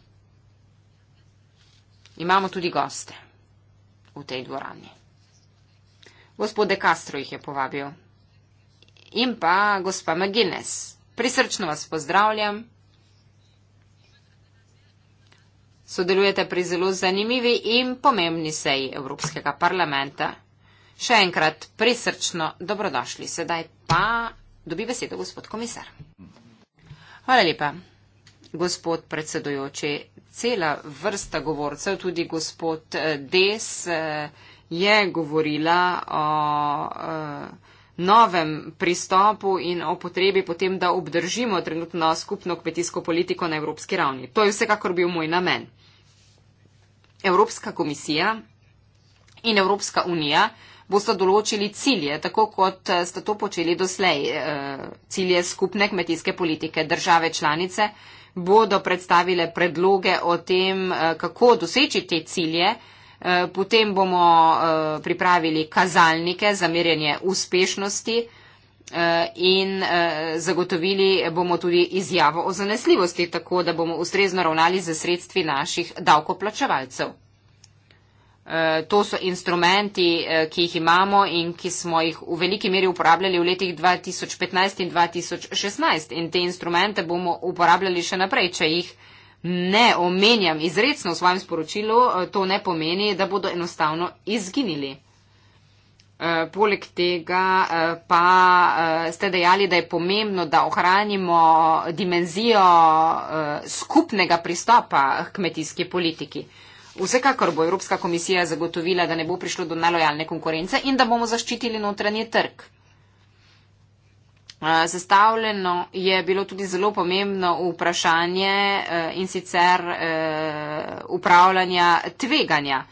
Imamo tudi goste v tej dvorani. Gospode Castro jih je povabil. In pa gospa McGuinness. Prisrčno vas pozdravljam. Sodelujete pri zelo zanimivi in pomembni seji Evropskega parlamenta. Še enkrat prisrčno dobrodošli. Sedaj pa dobi besedo gospod komisar. Hvala lepa gospod predsedujoči. Cela vrsta govorcev, tudi gospod eh, Des, eh, je govorila o eh, novem pristopu in o potrebi potem, da obdržimo trenutno skupno kmetijsko politiko na evropski ravni. To je vsekakor bil moj namen. Evropska komisija in Evropska unija bosta določili cilje, tako kot ste to počeli doslej, cilje skupne kmetijske politike države članice bodo predstavile predloge o tem, eh, kako doseči te cilje. Eh, potem bomo eh, pripravili kazalnike za merjenje uspešnosti in zagotovili bomo tudi izjavo o zanesljivosti, tako da bomo ustrezno ravnali z sredstvi naših davkoplačevalcev. Eh, to so instrumenti, eh, ki jih imamo in ki smo jih v veliki meri uporabljali v letih 2015 in 2016 in te instrumente bomo uporabljali še naprej. Če jih ne omenjam izredno v svojem sporočilu, eh, to ne pomeni, da bodo enostavno izginili. Poleg tega pa ste dejali, da je pomembno, da ohranimo dimenzijo skupnega pristopa k kmetijski politiki. Vsekakor bo Evropska komisija zagotovila, da ne bo prišlo do nalojalne konkurence in da bomo zaščitili notranje trg. Zastavljeno eh, je bilo tudi zelo pomembno vprašanje eh, in sicer eh, upravljanja tveganja.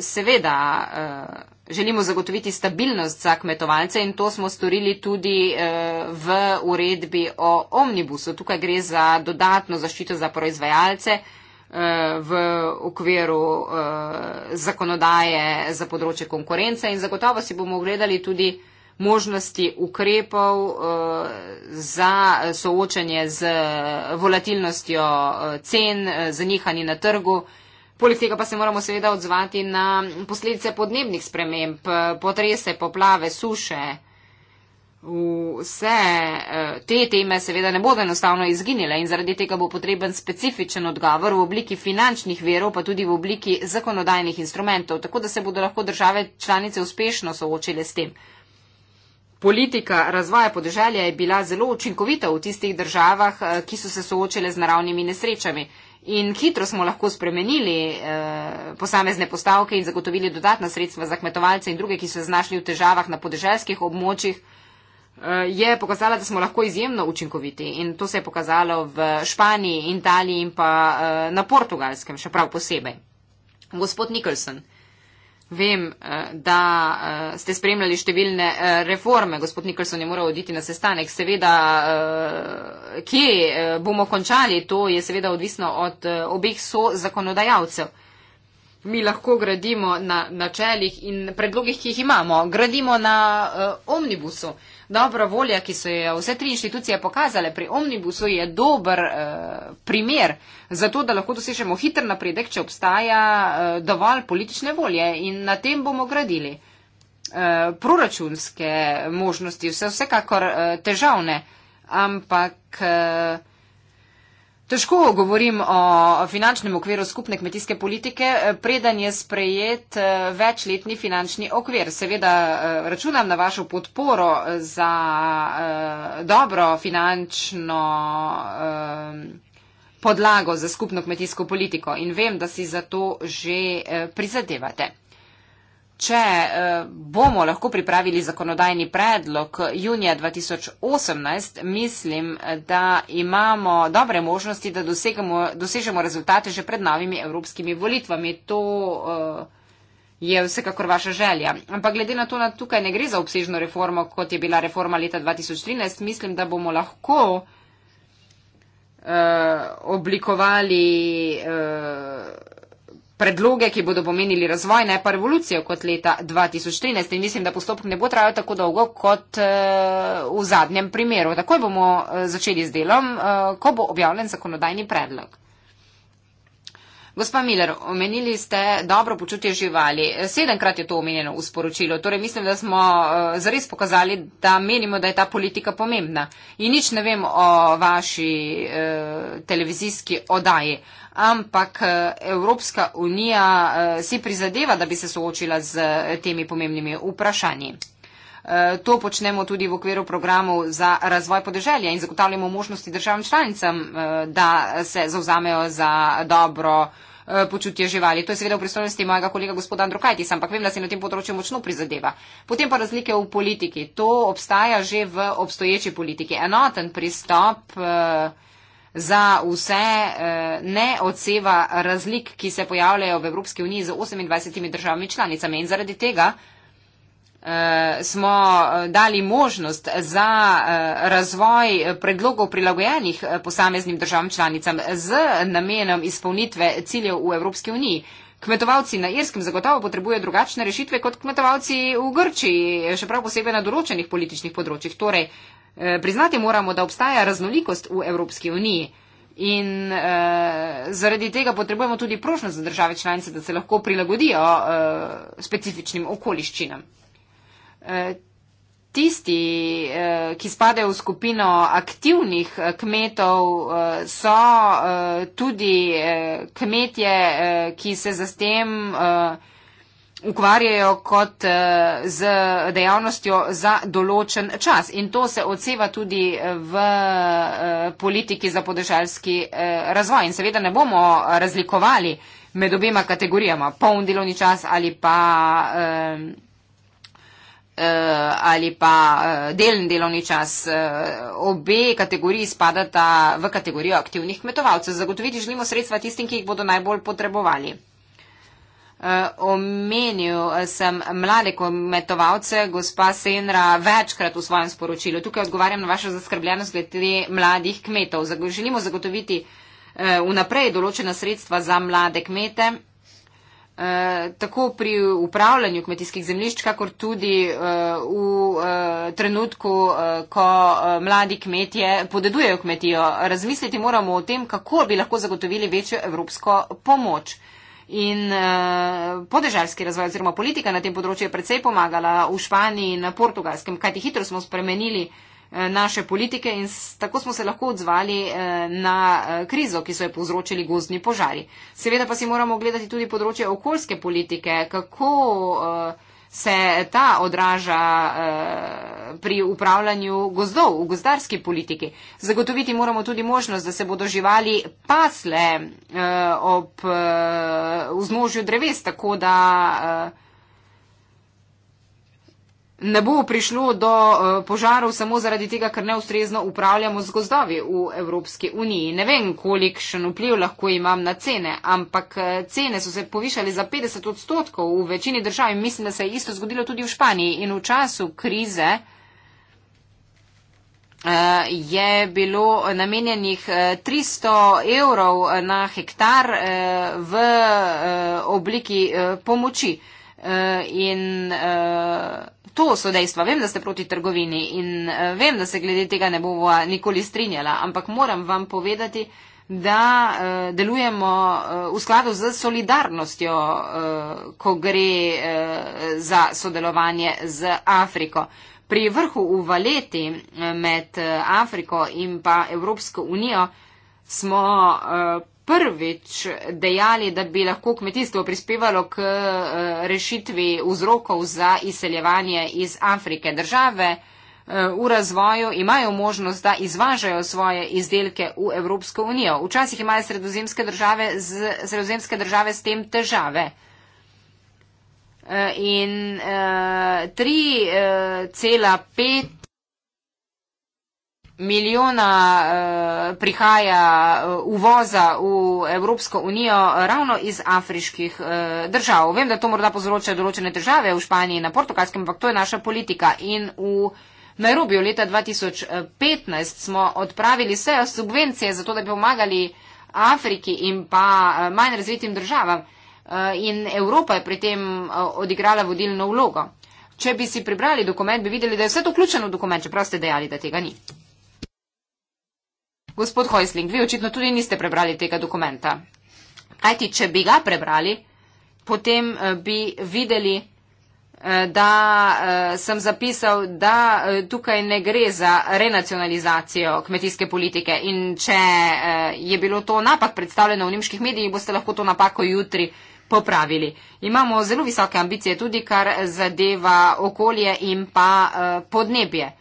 Seveda želimo zagotoviti stabilnost za kmetovalce in to smo storili tudi v uredbi o omnibusu. Tukaj gre za dodatno zaščito za proizvajalce v okviru eh, zakonodaje za področje konkurence in zagotovo si bomo ogledali tudi možnosti ukrepov eh, za soočanje z volatilnostjo eh, cen, zanihanje na trgu. Poleg tega pa se moramo seveda odzvati na posledice podnebnih sprememb, potrese, poplave, suše vse eh, te teme seveda ne bodo enostavno izginile in zaradi tega bo potreben specifičen odgovor v obliki finančnih verov, pa tudi v obliki zakonodajnih instrumentov, tako da se bodo lahko države članice uspešno soočile s tem. Politika razvoja podeželja je bila zelo učinkovita v tistih državah, eh, ki so se soočile z naravnimi nesrečami. In hitro smo lahko spremenili eh, posamezne postavke in zagotovili dodatna sredstva za kmetovalce in druge, ki so se znašli v težavah na podeželskih območjih. Eh, je pokazala, da smo lahko izjemno učinkoviti in to se je pokazalo v Španiji, Italiji in pa eh, na portugalskem, še prav posebej. Gospod Nikolson, vem, eh, da ste spremljali številne reforme. Gospod Nikolson je moral oditi na sestanek. Seveda, kje bomo končali, to je seveda odvisno od obeh so zakonodajalcev. Mi lahko gradimo na načelih in predlogih, ki jih imamo. Gradimo na uh, omnibusu. Uh, dobra volja, ki so jo vse tri inštitucije pokazale pri omnibusu, je dober eh, primer za to, da lahko dosežemo hiter napredek, če obstaja eh, dovolj politične volje in na tem bomo gradili. Eh, proračunske možnosti so vsekakor eh, težavne, ampak. Eh, Težko govorim o finančnem okviru skupne kmetijske politike, eh, preden je sprejet eh, večletni finančni okvir. Seveda eh, računam na vašo podporo za dobro finančno podlago za skupno kmetijsko politiko in vem, da si za to že prizadevate. Če eh, bomo lahko pripravili zakonodajni predlog junija 2018, mislim, da imamo dobre možnosti, da dosegamo, dosežemo rezultate že pred novimi evropskimi volitvami. To eh, je vsekakor vaša želja. Ampak glede na to, da tukaj ne gre za obsežno reformo, kot je bila reforma leta 2013, mislim, da bomo lahko eh, oblikovali predloge, ki bodo pomenili razvoj, ne pa revolucijo kot leta 2013. In mislim, da postopek ne bo trajal tako dolgo kot eh, v zadnjem primeru. Takoj bomo eh, začeli z delom, eh, ko bo objavljen zakonodajni predlog. Gospa Miller, omenili ste dobro počutje živali. Sedemkrat je to omenjeno v sporočilu. Torej mislim, da smo zares pokazali, da menimo, da je ta politika pomembna. In nič ne vem o vaši eh, televizijski odaji. Eh, ampak eh, Evropska unija eh, si prizadeva, da bi se soočila z eh, temi pomembnimi vprašanji. To počnemo tudi v okviru programov za razvoj podeželja in zagotavljamo možnosti državam članicam, da se zauzamejo za dobro počutje živali. To je seveda v pristojnosti mojega kolega gospoda Androkajtis, ampak vem, da se na tem področju močno prizadeva. Potem pa razlike v politiki. To obstaja že v obstoječi politiki. Enoten pristop. Uh za vse eh, ne odseva razlik, ki se pojavljajo v Evropski uniji z 28 državami članicami. In zaradi tega eh, smo eh, dali možnost za razvoj predlogov prilagojenih posameznim državam članicam z namenom izpolnitve ciljev v Evropski uniji. Kmetovalci na Irskem zagotovo potrebujejo drugačne rešitve kot kmetovalci v Grčiji, še prav posebej na določenih političnih področjih. Torej, Eh, priznati moramo, da obstaja raznolikost v Evropski uniji in uh, zaradi tega potrebujemo tudi prošnost za države članice, da se lahko prilagodijo uh, specifičnim okoliščinam. Tisti, ki spadajo v skupino aktivnih kmetov, so tudi kmetje, ki se za s tem ukvarjajo kot eh, z dejavnostjo za določen čas. In to se odseva tudi eh, v eh, politiki za podeželski razvoj. In seveda ne bomo razlikovali med obema kategorijama, poln delovni čas ali pa, ali pa delen delovni čas. Obe kategoriji spadata v kategorijo aktivnih kmetovalcev. Zagotoviti želimo sredstva tistim, ki jih bodo najbolj potrebovali. Eh, omenil sem mlade kmetovalce, gospa Senra, večkrat v svojem sporočilu. Tukaj odgovarjam na vašo zaskrbljenost glede mladih kmetov. Želimo zagotoviti eh, vnaprej določena sredstva za mlade kmete, eh, tako pri upravljanju kmetijskih zemljišč, kakor tudi v trenutku, ko mladi kmetje podedujejo kmetijo. Razmisliti moramo o tem, kako bi lahko zagotovili večjo evropsko pomoč in uh, podeželski razvoj oziroma politika na tem področju je predvsej pomagala v Španiji in na Portugalskem, kajti hitro smo spremenili eh, naše politike in tako smo se lahko odzvali eh, na krizo, ki so jo povzročili gozdni požari. Seveda pa si moramo gledati tudi področje okoljske politike, kako uh, se ta odraža eh, pri upravljanju gozdov v gozdarski politiki. Zagotoviti moramo tudi možnost, da se bodo živali pasle eh, ob eh, vznožju dreves, tako da ne bo prišlo do eh, požarov samo zaradi tega, ker neustrezno upravljamo z gozdovi v Evropski uniji. Ne vem, kolikšen vpliv lahko imam na cene, ampak eh, cene so se povišali za 50 odstotkov v večini držav in mislim, da se je isto zgodilo tudi v Španiji. In v času krize eh, je bilo namenjenih 300 evrov na hektar v obliki pomoči. In uh, To so dejstva. Vem, da ste proti trgovini in eh, vem, da se glede tega ne bova nikoli strinjala, ampak moram vam povedati, da eh, delujemo eh, v skladu z solidarnostjo, ko gre za sodelovanje z Afriko. Pri vrhu v valeti med Afriko in pa Evropsko unijo smo prvič dejali, da bi lahko kmetijstvo prispevalo k eh, rešitvi vzrokov za izseljevanje iz Afrike. Države eh, v razvoju imajo možnost, da izvažajo svoje izdelke v Evropsko unijo. Včasih imajo sredozemske države, sredozemske države s tem težave. Eh, in 3,5 milijona uh, prihaja eh, uvoza v Evropsko unijo ravno iz afriških uh, držav. Vem, da to morda povzroča določene države v Španiji in na portugalskem, ampak to je naša politika. In v Nairobiju leta 2015 smo odpravili vse subvencije za to, da bi pomagali Afriki in pa manj razvitim državam. In Evropa je pri tem odigrala vodilno vlogo. Če bi si pribrali dokument, bi videli, da je vse to vključeno v dokument, čeprav ste dejali, da tega ni. Gospod Hojsling, vi očitno tudi niste prebrali tega dokumenta. Kajti, če bi ga prebrali, potem eh, bi videli, eh, da eh, sem zapisal, da tukaj ne gre za renacionalizacijo kmetijske politike. In če je bilo to napak predstavljeno v nemških medijih, boste lahko to napako jutri popravili. Imamo zelo visoke ambicije tudi, kar zadeva okolje in pa podnebje.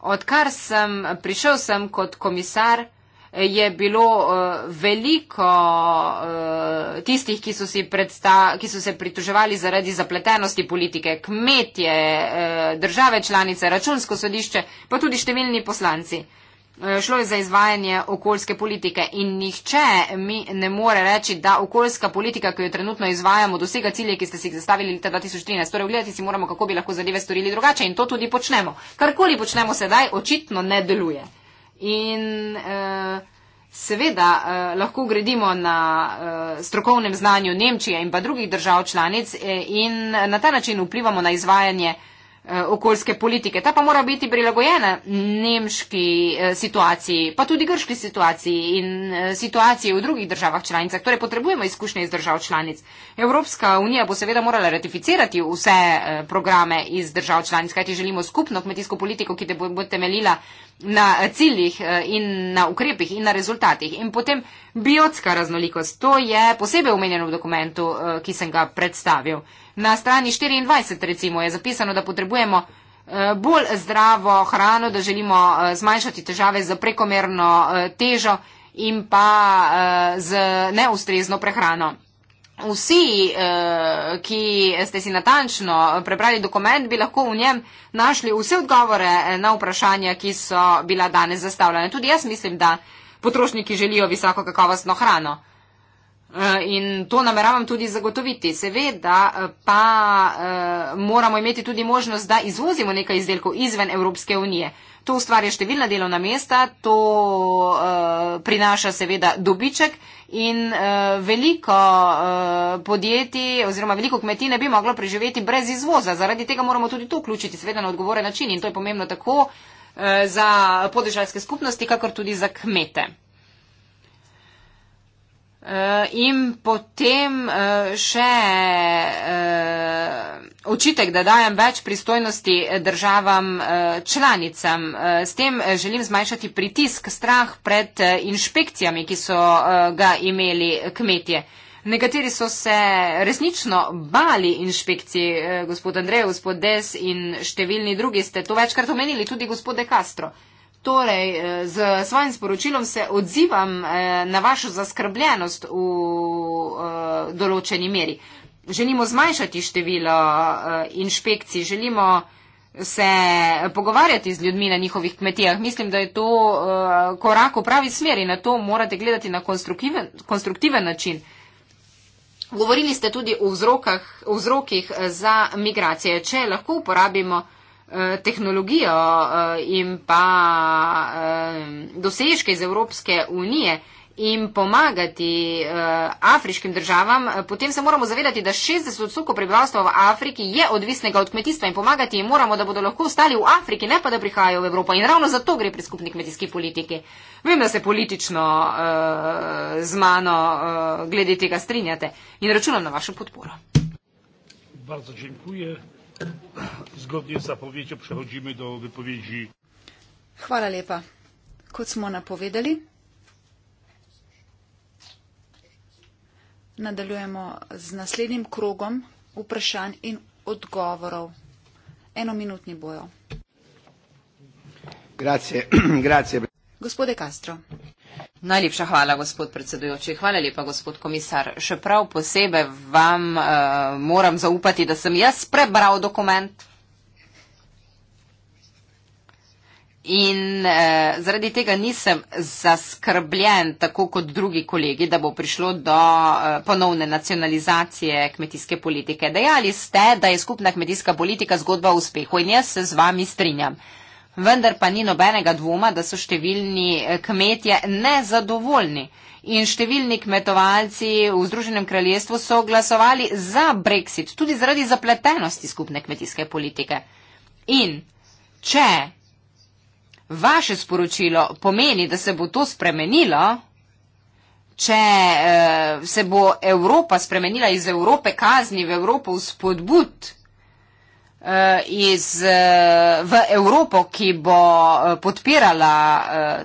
Odkar sem prišel sem kot komisar, je bilo eh, veliko eh, tistih, ki so, predsta, ki so se prituževali zaradi zapletenosti politike, kmetje, eh, države članice, računsko sodišče, pa tudi številni poslanci. Eh, šlo je za izvajanje okoljske politike in nihče mi ne more reči, da okoljska politika, ki jo trenutno izvajamo, dosega cilje, ki ste si jih zastavili leta 2013. Torej, gledati si moramo, kako bi lahko zadeve storili drugače in to tudi počnemo. Karkoli počnemo sedaj, očitno ne deluje. In eh, seveda eh, lahko gredimo na eh, strokovnem znanju Nemčije in pa drugih držav članic eh, in na ta način vplivamo na izvajanje eh, Eh, okoljske politike. Ta pa mora biti prilagojena nemški eh, situaciji, pa tudi grški situaciji in eh, situaciji v drugih državah članicah. Torej potrebujemo izkušnje iz držav članic. Evropska unija bo seveda morala ratificirati vse programe iz držav članic, kajti želimo skupno kmetijsko politiko, ki te bo temeljila na eh, ciljih eh, in na ukrepih in na rezultatih. In potem biotska raznolikost, to je posebej omenjeno v dokumentu, eh, ki sem ga predstavil. Na strani 24 recimo je zapisano, da potrebujemo bolj zdravo hrano, da želimo zmanjšati težave za prekomerno težo in pa z neustrezno prehrano vsi, eh, ki ste si natančno prebrali dokument, bi lahko v njem našli vse odgovore na vprašanja, ki so bila danes zastavljena. Tudi jaz mislim, da potrošniki želijo visoko kakovostno hrano. Eh, in to nameravam tudi zagotoviti. Seveda eh, pa moramo imeti tudi možnost, da izvozimo nekaj izdelkov izven Evropske unije. To ustvarja številna delovna mesta, to uh, prinaša seveda dobiček in uh, veliko uh, podjetij oziroma veliko kmetij ne bi moglo preživeti brez izvoza. Zaradi tega moramo tudi to vključiti seveda na odgovore način in to je pomembno tako uh, za podržalske skupnosti, kakor tudi za kmete. Eh, in potem eh, še eh, očitek, da dajem več pristojnosti državam članicam. S tem želim zmanjšati pritisk, strah pred inšpekcijami, ki so ga imeli kmetje. Nekateri so se resnično bali inšpekcij, gospod Andrej, gospod Des in številni drugi ste to večkrat omenili, tudi gospod De Castro. Uh, Torej, eh, z svojim sporočilom se odzivam eh, na vašo zaskrbljenost v eh, določeni meri. Želimo zmanjšati število inšpekcij, želimo se pogovarjati z ljudmi na njihovih kmetijah. Mislim, da je to korak v pravi smeri. Na to morate gledati na konstruktiven, konstruktiven način. Govorili ste tudi o vzrokih za migracije. Če lahko uporabimo. Eh, tehnologijo eh, in pa eh, dosežke iz Evropske unije in pomagati afriškim državam, potem se moramo zavedati, da 60 odstotkov prebivalstva v Afriki je odvisnega od kmetijstva in pomagati jim moramo, da bodo lahko ostali v Afriki, ne pa da prihajajo v Evropo. In ravno zato gre pri skupni kmetijski politiki. Vem, da se politično z mano glede tega strinjate in računam na vašo podporo. Bardzo dziękuję. Zgodnje z zapovedjo prehodimo do vypovedi. Hvala lepa. Kot smo napovedali, nadaljujemo z naslednjim krogom vprašanj in odgovorov. Enominutni bojo. Grazie. Grazie. Gospode Castro. Najlepša hvala, gospod predsedujoči. Hvala lepa, gospod komisar. Še prav posebej vam uh, moram zaupati, da sem jaz prebral dokument. In eh, zaradi tega nisem zaskrbljen, tako kot drugi kolegi, da bo prišlo do eh, ponovne nacionalizacije kmetijske politike. Dejali ste, da je skupna kmetijska politika zgodba o uspehu in jaz se z vami strinjam vendar pa ni nobenega dvoma, da so številni eh, kmetje nezadovoljni. In številni kmetovalci v Združenem kraljestvu so glasovali za Brexit, tudi zaradi zapletenosti skupne kmetijske politike. In če vaše sporočilo pomeni, da se bo to spremenilo, če eh, se bo Evropa spremenila iz Evrope kazni v Evropo v spodbud, Eh, iz, eh, v Evropo, ki bo eh, podpirala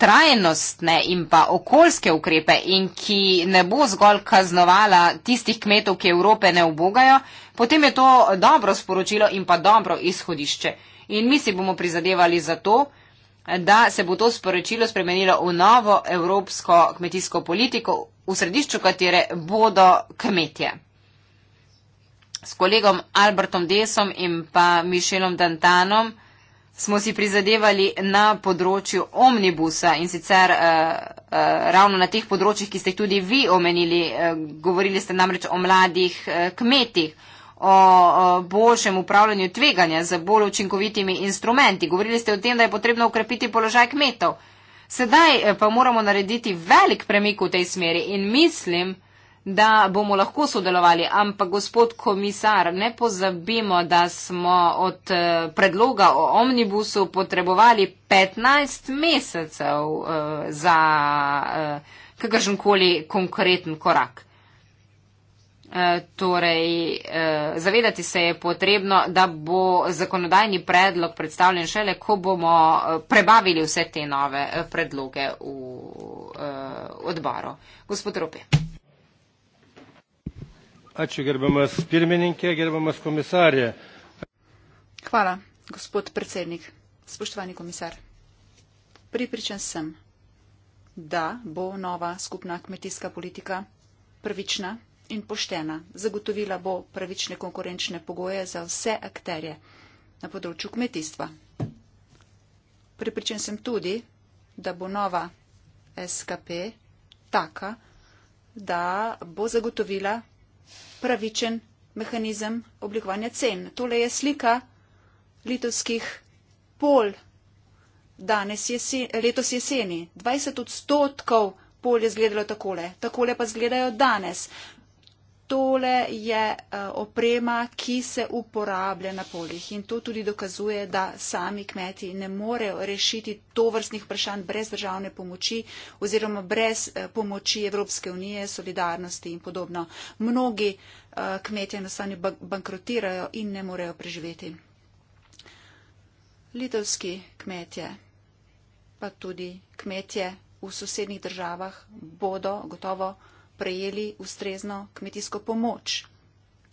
trajnostne in pa okoljske ukrepe in ki ne bo zgolj kaznovala tistih kmetov, ki Evrope ne obogajo, potem je to dobro sporočilo in pa dobro izhodišče. In mi si bomo prizadevali za to, da se bo to sporočilo spremenilo v novo evropsko kmetijsko politiko, v središču katere bodo kmetje s kolegom Albertom Desom in pa Mišelom Dantanom smo si prizadevali na področju omnibusa in sicer eh, eh, ravno na teh področjih, ki ste jih tudi vi omenili. Eh, govorili ste namreč o mladih eh, kmetih, o, o boljšem upravljanju tveganja z bolj učinkovitimi instrumenti. Govorili ste o tem, da je potrebno ukrepiti položaj kmetov. Sedaj eh, pa moramo narediti velik premik v tej smeri in mislim, da bomo lahko sodelovali, ampak gospod komisar, ne pozabimo, da smo od eh, predloga o omnibusu potrebovali 15 mesecev eh, za eh, kakršenkoli konkreten korak. Torej, zavedati se je potrebno, da bo zakonodajni predlog predstavljen šele, ko bomo prebavili vse te nove predloge v odboru. Gospod Rope. Ačiū gerbiamas pirmininkė, gerbiamas komisarė. Hvala, gospod predsednik, spoštovani komisar. Pripričan sem, da bo nova skupna kmetijska politika pravična in poštena. Zagotovila bo pravične konkurenčne pogoje za vse akterje na področju kmetijstva. Pripričan sem tudi, da bo nova SKP taka, da bo zagotovila pravičen mehanizem oblikovanja cen. Tole je slika litovskih pol danes jesen, letos jeseni. 20 odstotkov pol je izgledalo takole, takole pa izgledajo danes tole je eh, oprema, ki se uporablja na poljih in to tudi dokazuje, da sami kmeti ne morejo rešiti to vrstnih vprašanj brez državne pomoči oziroma brez eh, pomoči Evropske unije, solidarnosti in podobno. Mnogi eh, kmetje enostavno bankrotirajo in ne morejo preživeti. Litovski kmetje, pa tudi kmetje v sosednjih državah bodo gotovo prejeli ustrezno kmetijsko pomoč.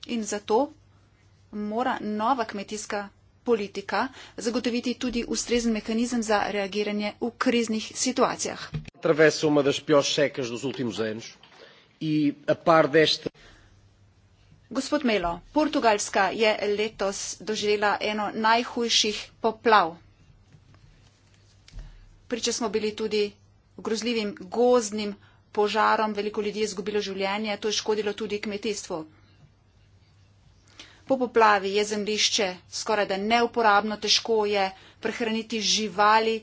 In zato mora nova kmetijska politika zagotoviti tudi ustrezen mehanizem za reagiranje v kriznih situacijah. E, Gospod Melo, Portugalska je letos doživela eno najhujših poplav. Priče smo bili tudi grozljivim gozdnim poplavam požarom veliko ljudi je izgubilo življenje, to je škodilo tudi kmetijstvu. Po poplavi je zemlišče skoraj da neuporabno, težko je prehraniti živali.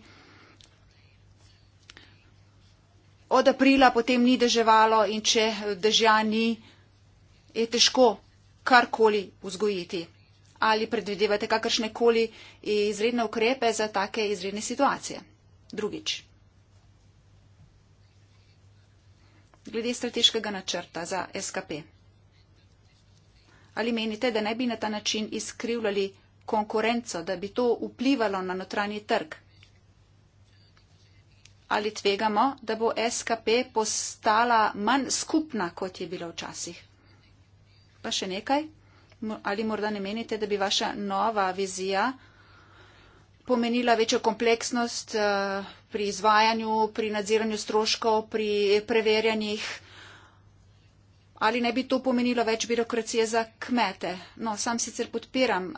Od aprila potem ni deževalo in če dežja ni, je težko karkoli vzgojiti. Ali predvidevate kakršne koli izredne ukrepe za take izredne situacije? Drugič. glede strateškega načrta za SKP? Ali menite, da ne bi na ta način izkrivljali konkurenco, da bi to vplivalo na notranji trg? Ali tvegamo, da bo SKP postala manj skupna, kot je bila včasih? Pa še nekaj? Ali morda ne menite, da bi vaša nova vizija pomenila večjo kompleksnost, eh, pri izvajanju, pri nadziranju stroškov, pri preverjanjih. Ali ne bi to pomenilo več birokracije za kmete? No, sam sicer podpiram uh,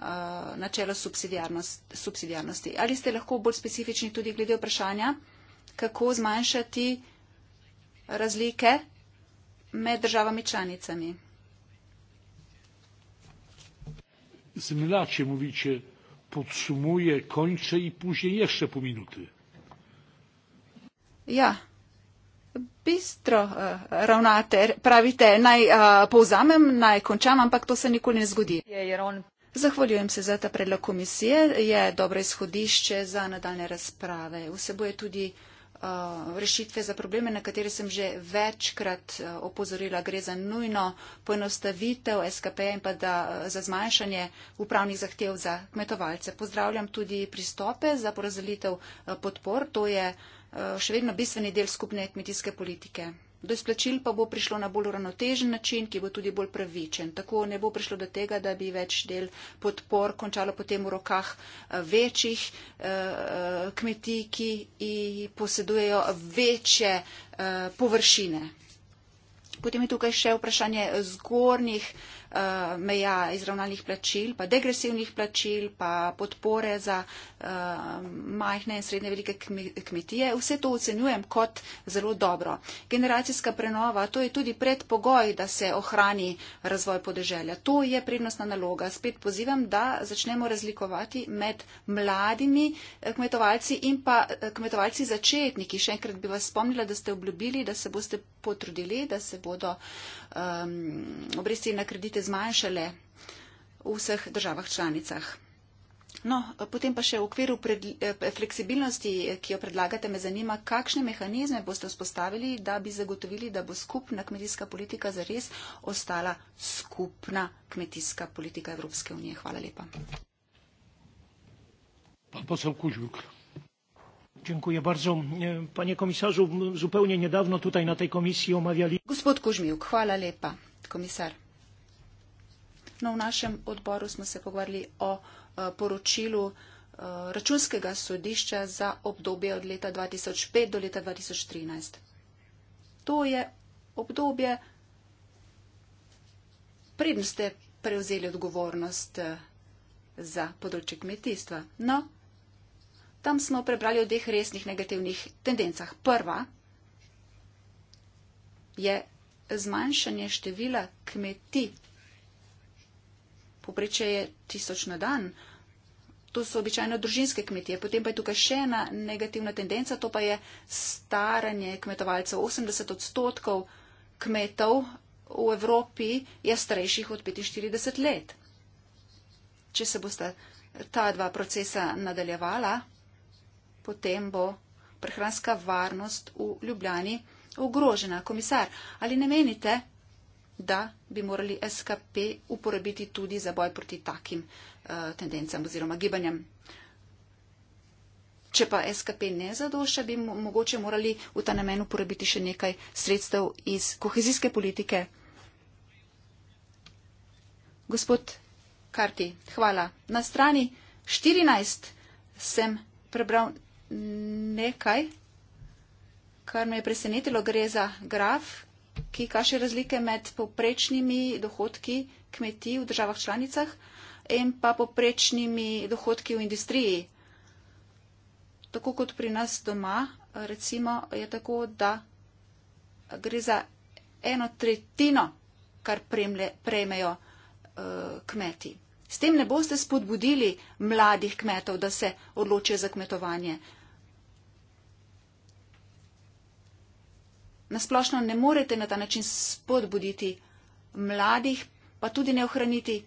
načelo subsidijarnosti, subsidijarnosti. Ali ste lahko bolj specifični tudi glede vprašanja, kako zmanjšati razlike med državami članicami? Zemljače mu viče podsumuje konče i puže ješte po minuti. Ja, bistro eh, ravnate. Pravite, naj uh, povzamem, naj končam, ampak to se nikoli ne zgodi. Zahvaljujem se za ta predlog komisije. Je dobro izhodišče za nadaljne razprave. Vseboje tudi uh, rešitve za probleme, na katere sem že večkrat uh, opozorila. Gre za nujno poenostavitev SKP in pa da, za zmanjšanje upravnih zahtev za kmetovalce. Pozdravljam tudi pristope za porazdelitev uh, podpor. To je uh, Eh, še vedno bistveni del skupne kmetijske politike. Do izplačil pa bo prišlo na bolj uravnotežen način, ki bo tudi bolj pravičen. Tako ne bo prišlo do tega, da bi več del podpor končalo potem v rokah eh, večjih eh, kmetij, ki posedujejo večje površine. Potem je tukaj še vprašanje zgornjih Eh, meja izravnalnih plačil, pa degresivnih plačil, pa podpore za eh, majhne in srednje velike kmetije. Vse to ocenjujem kot zelo dobro. Generacijska prenova, to je tudi predpogoj, da se ohrani razvoj podeželja. To je prednostna naloga. Spet pozivam, da začnemo razlikovati med mladimi eh, kmetovalci in pa kmetovalci začetniki. Še enkrat bi vas spomnila, da ste obljubili, da se boste potrudili, da se bodo uh, um, obresti na kredite zmanjšale v vseh državah članicah. No, potem pa še v okviru pred, eh, fleksibilnosti, ki jo predlagate, me zanima, kakšne mehanizme boste vzpostavili, da bi zagotovili, da bo skupna kmetijska politika zares ostala skupna kmetijska politika Evropske unije. Hvala lepa. Pa pa Dziękuję bardzo. E, panie komisarzu, zupełnie niedawno tutaj na tej komisji omawiali... Gospod Kuźmiuk, chwala lepa, komisar. No, w naszym odboru smo se pogovarli o e, poročilu e, Računskega sodišča za obdobje od leta 2005 do leta 2013. To je obdobje, preden ste prevzeli odgovornost za področje kmetijstva. No, Tam smo prebrali o dveh resnih negativnih tendencah. Prva je zmanjšanje števila kmeti. Poprečje je tisoč na dan. To so običajno družinske kmetije. Potem pa je tukaj še ena negativna tendenca, to pa je staranje kmetovalcev. 80 odstotkov kmetov v Evropi je starejših od 45 let. Če se boste ta dva procesa nadaljevala, potem bo prehranska varnost v Ljubljani ogrožena. Komisar, ali ne menite, da bi morali SKP uporabiti tudi za boj proti takim uh, tendencam oziroma gibanjem? Če pa SKP ne zadoša, bi mogoče morali v ta namen uporabiti še nekaj sredstev iz kohezijske politike. Gospod Karti, hvala. Na strani 14 sem prebral nekaj, kar me je presenetilo, gre za graf, ki kaže razlike med poprečnimi dohodki kmetij v državah članicah in pa poprečnimi dohodki v industriji. Tako kot pri nas doma, recimo, je tako, da gre za eno tretjino, kar prejmejo uh, eh, kmetij. S tem ne boste spodbudili mladih kmetov, da se odločijo za kmetovanje. Nasplošno ne morete na ta način spodbuditi mladih, pa tudi ne ohraniti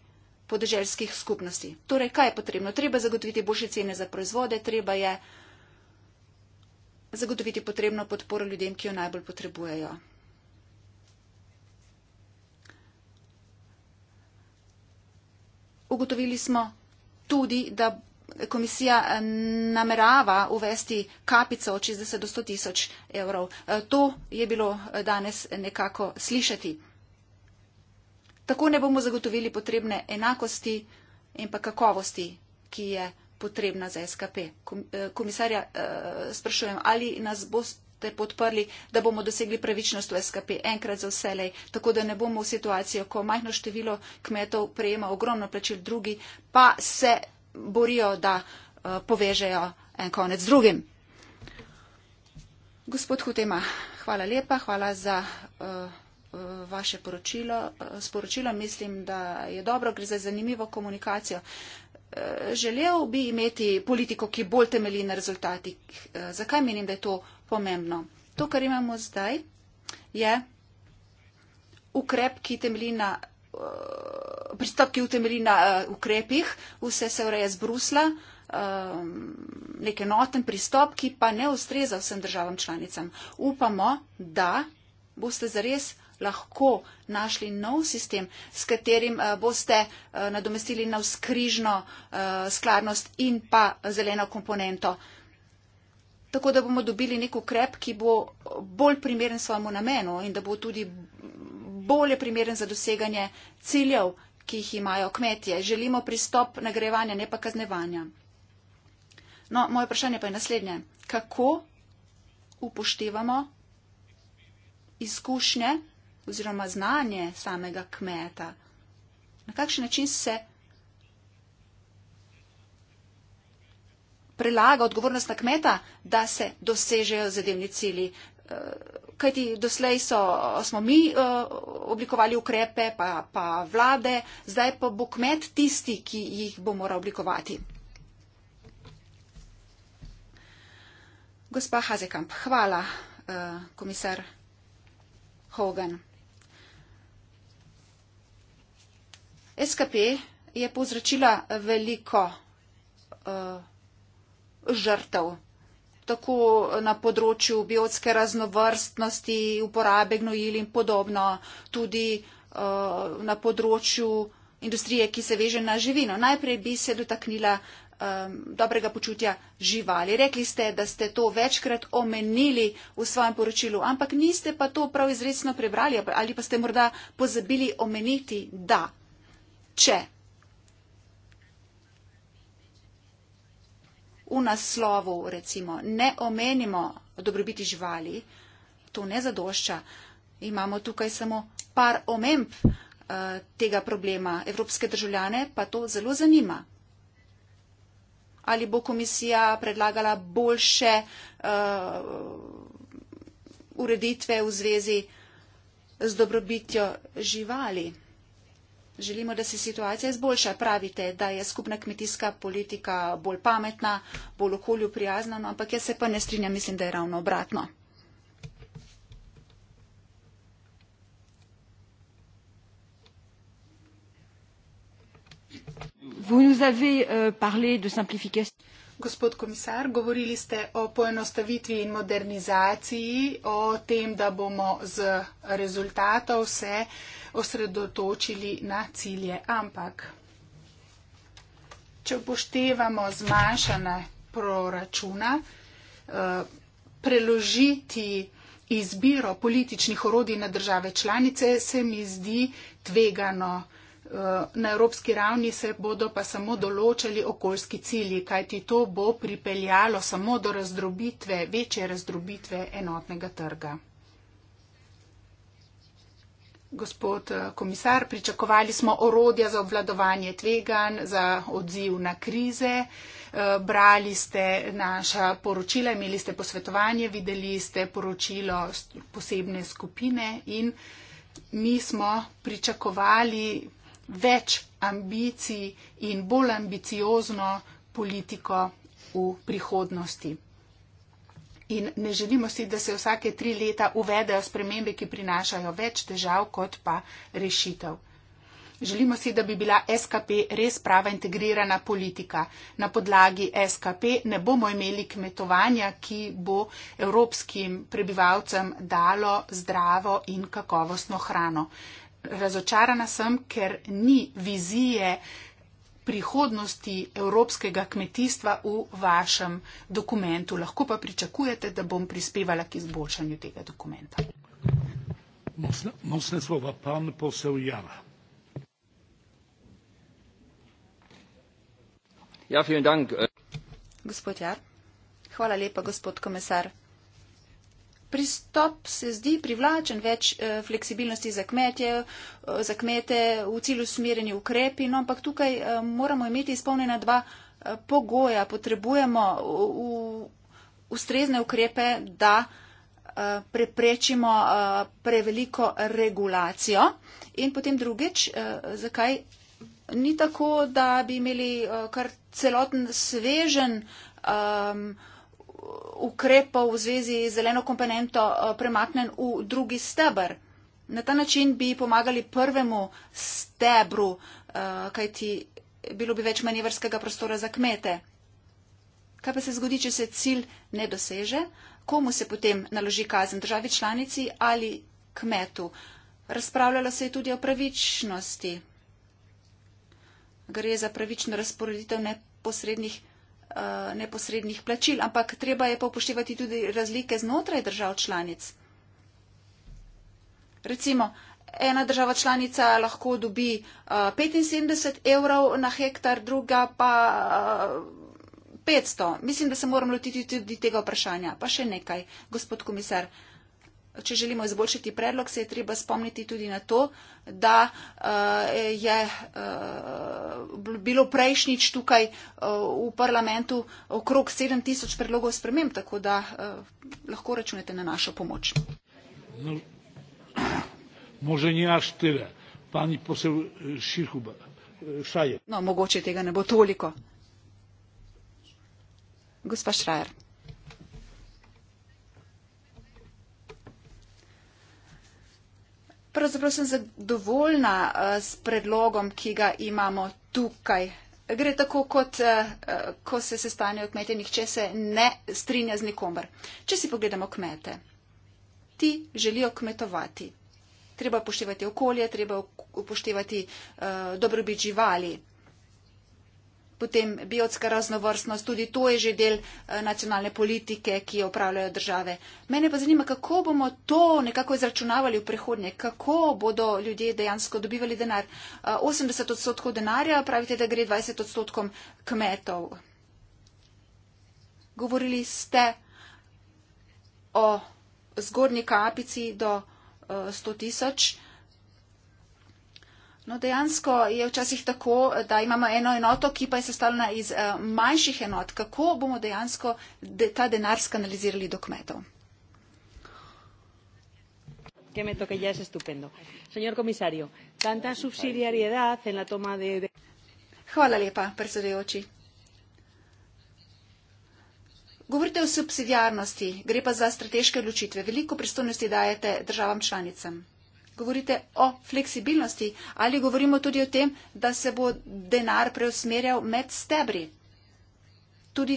podeželskih skupnosti. Torej, kaj je potrebno? Treba zagotoviti boljše cene za proizvode, treba je zagotoviti potrebno podporo ljudem, ki jo najbolj potrebujejo. Ugotovili smo tudi, da komisija eh, namerava uvesti kapico od 60 do 100 tisoč evrov. Eh, to je bilo eh, danes nekako slišati. Tako ne bomo zagotovili potrebne enakosti in pa kakovosti, ki je potrebna za SKP. Komisarja sprašujem, ali nas bo boste podprli, da bomo dosegli pravičnost v SKP enkrat za vselej, tako da ne bomo v situacijo, ko majhno število kmetov prejema ogromno plačil, drugi pa se borijo, da uh, povežejo en konec drugim. Gospod Hutema, hvala lepa, hvala za. Uh, vaše poročilo. Sporočilo mislim, da je dobro, gre za zanimivo komunikacijo želel bi imeti politiko, ki bolj temelji na rezultatih. Eh, zakaj menim, da je to pomembno? To, kar imamo zdaj, je ukrep, ki temelji na eh, pristop, ki utemelji na uh, ukrepih, vse se ureje z Brusla, um, nek enoten pristop, ki pa ne ustreza vsem državam članicam. Upamo, da boste zares lahko našli nov sistem, s katerim eh, boste eh, nadomestili navskrižno eh, skladnost in pa zeleno komponento. Tako da bomo dobili nek ukrep, ki bo bolj primeren svojemu namenu in da bo tudi bolje primeren za doseganje ciljev, ki jih imajo kmetje. Želimo pristop nagrajevanja, ne pa kaznevanja. No, moje vprašanje pa je naslednje. Kako upoštevamo izkušnje? oziroma znanje samega kmeta. Na kakšen način se prelaga odgovornost na kmeta, da se dosežejo zadevni cilji. Eh, kajti doslej so, smo mi eh, oblikovali ukrepe, pa, pa vlade, zdaj pa bo kmet tisti, ki jih bo moral oblikovati. Gospa Hazekamp, hvala, eh, komisar Hogan. SKP je povzročila veliko uh, žrtev, tako na področju biotske raznovrstnosti, uporabe gnojil in podobno, tudi uh, na področju industrije, ki se veže na živino. Najprej bi se dotaknila um, dobrega počutja živali. Rekli ste, da ste to večkrat omenili v svojem poročilu, ampak niste pa to prav izredno prebrali ali pa ste morda pozabili omeniti, da če v naslovu recimo ne omenimo dobrobiti živali, to ne zadošča. Imamo tukaj samo par omemb eh, tega problema. Evropske državljane pa to zelo zanima. Ali bo komisija predlagala boljše eh, ureditve v zvezi z dobrobitjo živali? Želimo, da se situacija izboljša. Pravite, da je skupna kmetijska politika bolj pametna, bolj okolju prijazna, no, ampak jaz se pa ne strinjam, mislim, da je ravno obratno. Vous nous avez euh, parlé de simplification. Gospod komisar, govorili ste o poenostavitvi in modernizaciji, o tem, da bomo z rezultatov se osredotočili na cilje. Ampak, če upoštevamo zmanjšane proračuna, eh, preložiti izbiro političnih orodij na države članice se mi zdi tvegano. Na evropski ravni se bodo pa samo določali okoljski cilji, kajti to bo pripeljalo samo do razdrobitve, večje razdrobitve enotnega trga. Gospod eh, komisar, pričakovali smo orodja za obvladovanje tvegan, za odziv na krize. Eh, brali ste naša poročila, imeli ste posvetovanje, videli ste poročilo posebne skupine in mi smo pričakovali več ambicij in bolj ambiciozno politiko v prihodnosti. In ne želimo si, da se vsake tri leta uvedajo spremembe, ki prinašajo več težav kot pa rešitev. Želimo si, da bi bila SKP res prava integrirana politika. Na podlagi SKP ne bomo imeli kmetovanja, ki bo evropskim prebivalcem dalo zdravo in kakovostno hrano razočarana sem, ker ni vizije prihodnosti evropskega kmetijstva v vašem dokumentu. Lahko pa pričakujete, da bom prispevala k izboljšanju tega dokumenta. Mocne, mocne slova, pan posel Jana. Ja, vielen Dank. Gospod Jar. Hvala lepa, gospod komisar pristop se zdi privlačen, več eh, fleksibilnosti za, kmetje, eh, za kmete, v cilju smerjeni ukrepi, no, ampak tukaj eh, moramo imeti izpolnjena dva pogoja. Potrebujemo v, v, ustrezne ukrepe, da preprečimo preveliko regulacijo in potem drugič, zakaj ni tako, da bi imeli kar celoten svežen. Um, ukrepov v zvezi z zeleno komponento eh, premaknen v drugi stebr. Na ta način bi pomagali prvemu stebru, eh, kajti bilo bi več manjevrskega prostora za kmete. Kaj pa se zgodi, če se cilj ne doseže? Komu se potem naloži kazen? Državi članici ali kmetu? Razpravljalo se je tudi o pravičnosti. Gre za pravično razporeditev neposrednih Eh, neposrednih plačil, ampak treba je pa upoštevati tudi razlike znotraj držav članic. Recimo, ena država članica lahko dobi 75 eh, evrov na hektar, druga pa 500. Eh, Mislim, da se moram lotiti tudi tega vprašanja. Pa še nekaj, gospod komisar če želimo izboljšati predlog, se je treba spomniti tudi na to, da uh, je uh, bilo prejšnjič tukaj uh, v parlamentu okrog 7000 predlogov sprememb, tako da uh, lahko računate na našo pomoč. No, Moženja števe, pani posel Širhuba, Šajer. No, mogoče tega ne bo toliko. Gospa Šrajer. pravzaprav sem zadovoljna eh, s predlogom, ki ga imamo tukaj. Gre tako, kot eh, eh, ko se sestanjajo kmete, nihče se ne strinja z nikomer. Če si pogledamo kmete, ti želijo kmetovati. Treba upoštevati okolje, treba upoštevati uh, dobrobit živali potem biotska raznovrstnost, tudi to je že del eh, nacionalne politike, ki jo upravljajo države. Mene pa zanima, kako bomo to nekako izračunavali v prihodnje, kako bodo ljudje dejansko dobivali denar. 80 eh, odstotkov denarja pravite, da gre 20 odstotkom kmetov. Govorili ste o zgornji kapici do 100 eh, tisoč. No, dejansko je včasih tako, da imamo eno enoto, ki pa je sestavljena iz uh, manjših enot. Kako bomo dejansko de, ta denar skanalizirali do kmetov? Hvala lepa, predsedujoči. Govorite o subsidijarnosti, gre pa za strateške odločitve. Veliko pristojnosti dajete državam članicam govorite o fleksibilnosti ali govorimo tudi o tem, da se bo denar preusmerjal med stebri. Tudi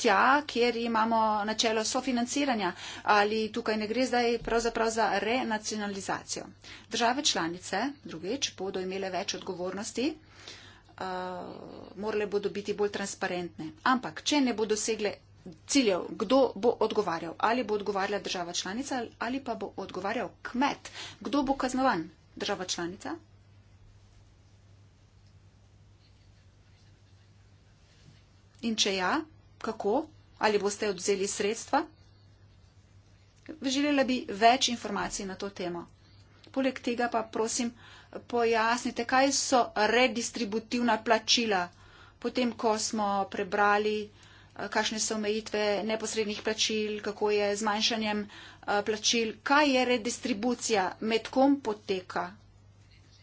tja, kjer imamo načelo sofinanciranja ali tukaj ne gre zdaj pravzaprav za renacionalizacijo. Države članice, drugič, bodo imele več odgovornosti, uh, morale bodo biti bolj transparentne. Ampak, če ne bodo segle ciljev, kdo bo odgovarjal. Ali bo odgovarjala država članica ali pa bo odgovarjal kmet. Kdo bo kaznovan? Država članica? In če ja, kako? Ali boste odzeli sredstva? Želela bi več informacij na to temo. Poleg tega pa prosim pojasnite, kaj so redistributivna plačila. Potem, ko smo prebrali uh, kakšne so omejitve neposrednih plačil, kako je z manjšanjem eh, plačil, kaj je redistribucija, med kom poteka,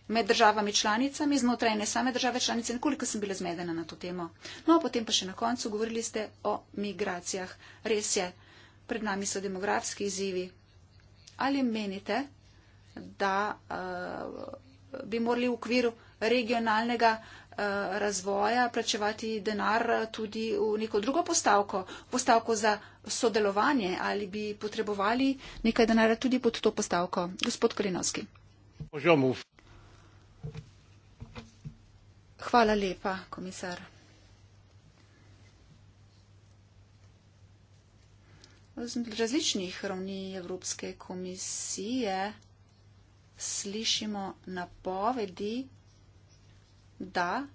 med državami članicami, znotraj ne same države članice, nekoliko sem bila zmedena na to temo. No, potem pa še na koncu govorili ste o migracijah. Res je, pred nami so demografski izzivi. Ali menite, da uh, bi morali v okviru regionalnega uh, Eh, razvoja, plačevati denar tudi v neko drugo postavko, postavko za sodelovanje ali bi potrebovali nekaj denarja tudi pod to postavko. Gospod Kalinovski. Hvala lepa, komisar. Z različnih ravni Evropske komisije slišimo napovedi, da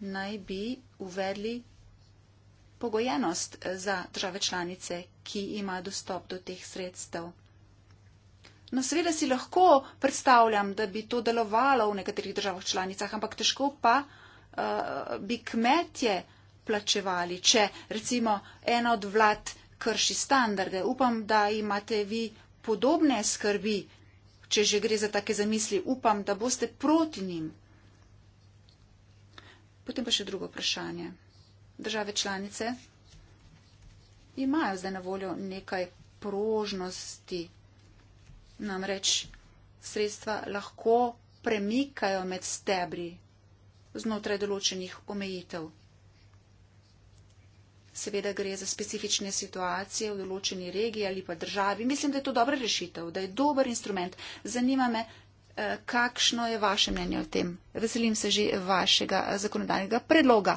naj bi uvedli pogojenost za države članice, ki ima dostop do teh sredstev. No, seveda si lahko predstavljam, da bi to delovalo v nekaterih državah članicah, ampak težko pa uh, bi kmetje plačevali, če recimo ena od vlad krši standarde. Upam, da imate vi podobne skrbi, če že gre za take zamisli. Upam, da boste proti njim. Potem pa še drugo vprašanje. Države članice imajo zdaj na voljo nekaj prožnosti. Namreč sredstva lahko premikajo med stebri znotraj določenih omejitev. Seveda gre za specifične situacije v določeni regiji ali pa državi. Mislim, da je to dobra rešitev, da je dober instrument. Zanima me, Eh, kakšno je vaše mnenje o tem? Veselim se že vašega eh, zakonodajnega predloga.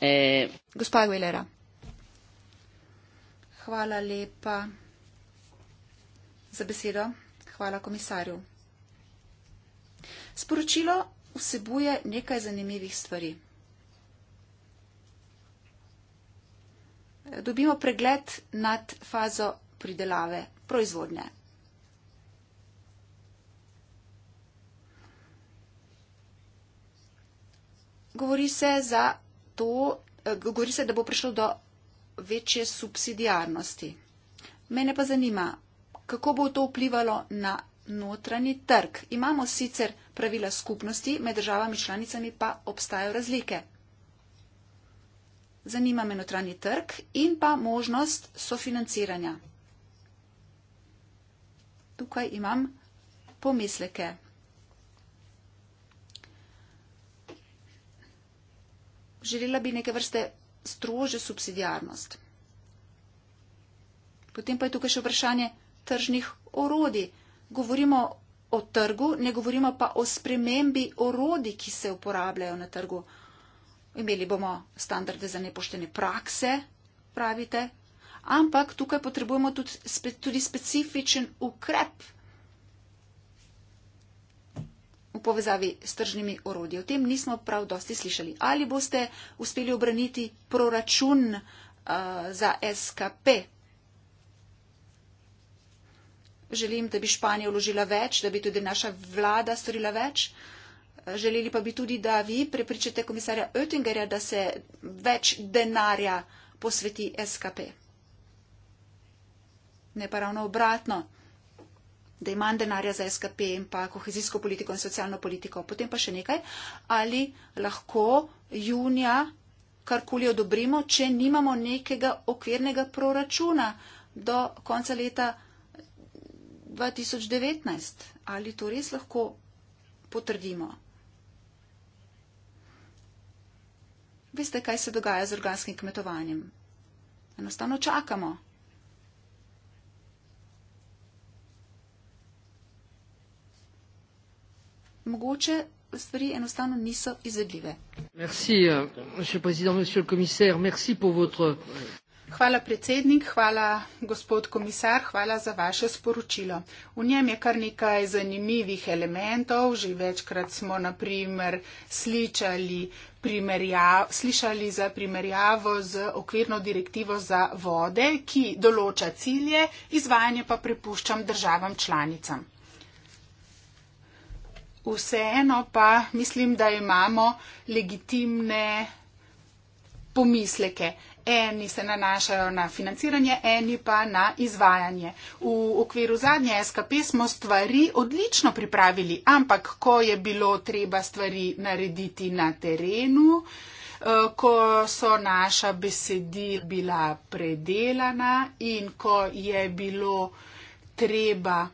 E... Gospa Aguilera. Hvala lepa za besedo. Hvala komisarju. Sporočilo vsebuje nekaj zanimivih stvari. Dobimo pregled nad fazo pridelave proizvodnje. govori se, to, eh, govori se, da bo prišlo do večje subsidijarnosti. Mene pa zanima, kako bo to vplivalo na notranji trg. Imamo sicer pravila skupnosti, med državami članicami pa obstajajo razlike. Zanima me notranji trg in pa možnost sofinanciranja. Tukaj imam pomisleke. želela bi neke vrste strože subsidijarnost. Potem pa je tukaj še vprašanje tržnih orodij. Govorimo o trgu, ne govorimo pa o spremembi orodij, ki se uporabljajo na trgu. Imeli bomo standarde za nepoštene prakse, pravite, ampak tukaj potrebujemo tudi specifičen ukrep v povezavi s tržnimi orodji. O tem nismo prav dosti slišali. Ali boste uspeli obraniti proračun uh, za SKP? Želim, da bi Španija vložila več, da bi tudi naša vlada storila več. Želeli pa bi tudi, da vi prepričate komisarja Oettingerja, da se več denarja posveti SKP. Ne pa ravno obratno da je manj denarja za SKP in pa kohezijsko politiko in socialno politiko. Potem pa še nekaj, ali lahko junija karkoli odobrimo, če nimamo nekega okvirnega proračuna do konca leta 2019. Ali to res lahko potrdimo? Veste, kaj se dogaja z organskim kmetovanjem. Enostavno čakamo. mogoče stvari enostavno niso izvedljive. Euh, hvala predsednik, hvala gospod komisar, hvala za vaše sporočilo. V njem je kar nekaj zanimivih elementov, že večkrat smo naprimer slišali, slišali za primerjavo z okvirno direktivo za vode, ki določa cilje, izvajanje pa prepuščam državam članicam vseeno pa mislim, da imamo legitimne pomisleke. Eni se nanašajo na financiranje, eni pa na izvajanje. V okviru zadnje SKP smo stvari odlično pripravili, ampak ko je bilo treba stvari narediti na terenu, eh, ko so naša besedi bila predelana in ko je bilo treba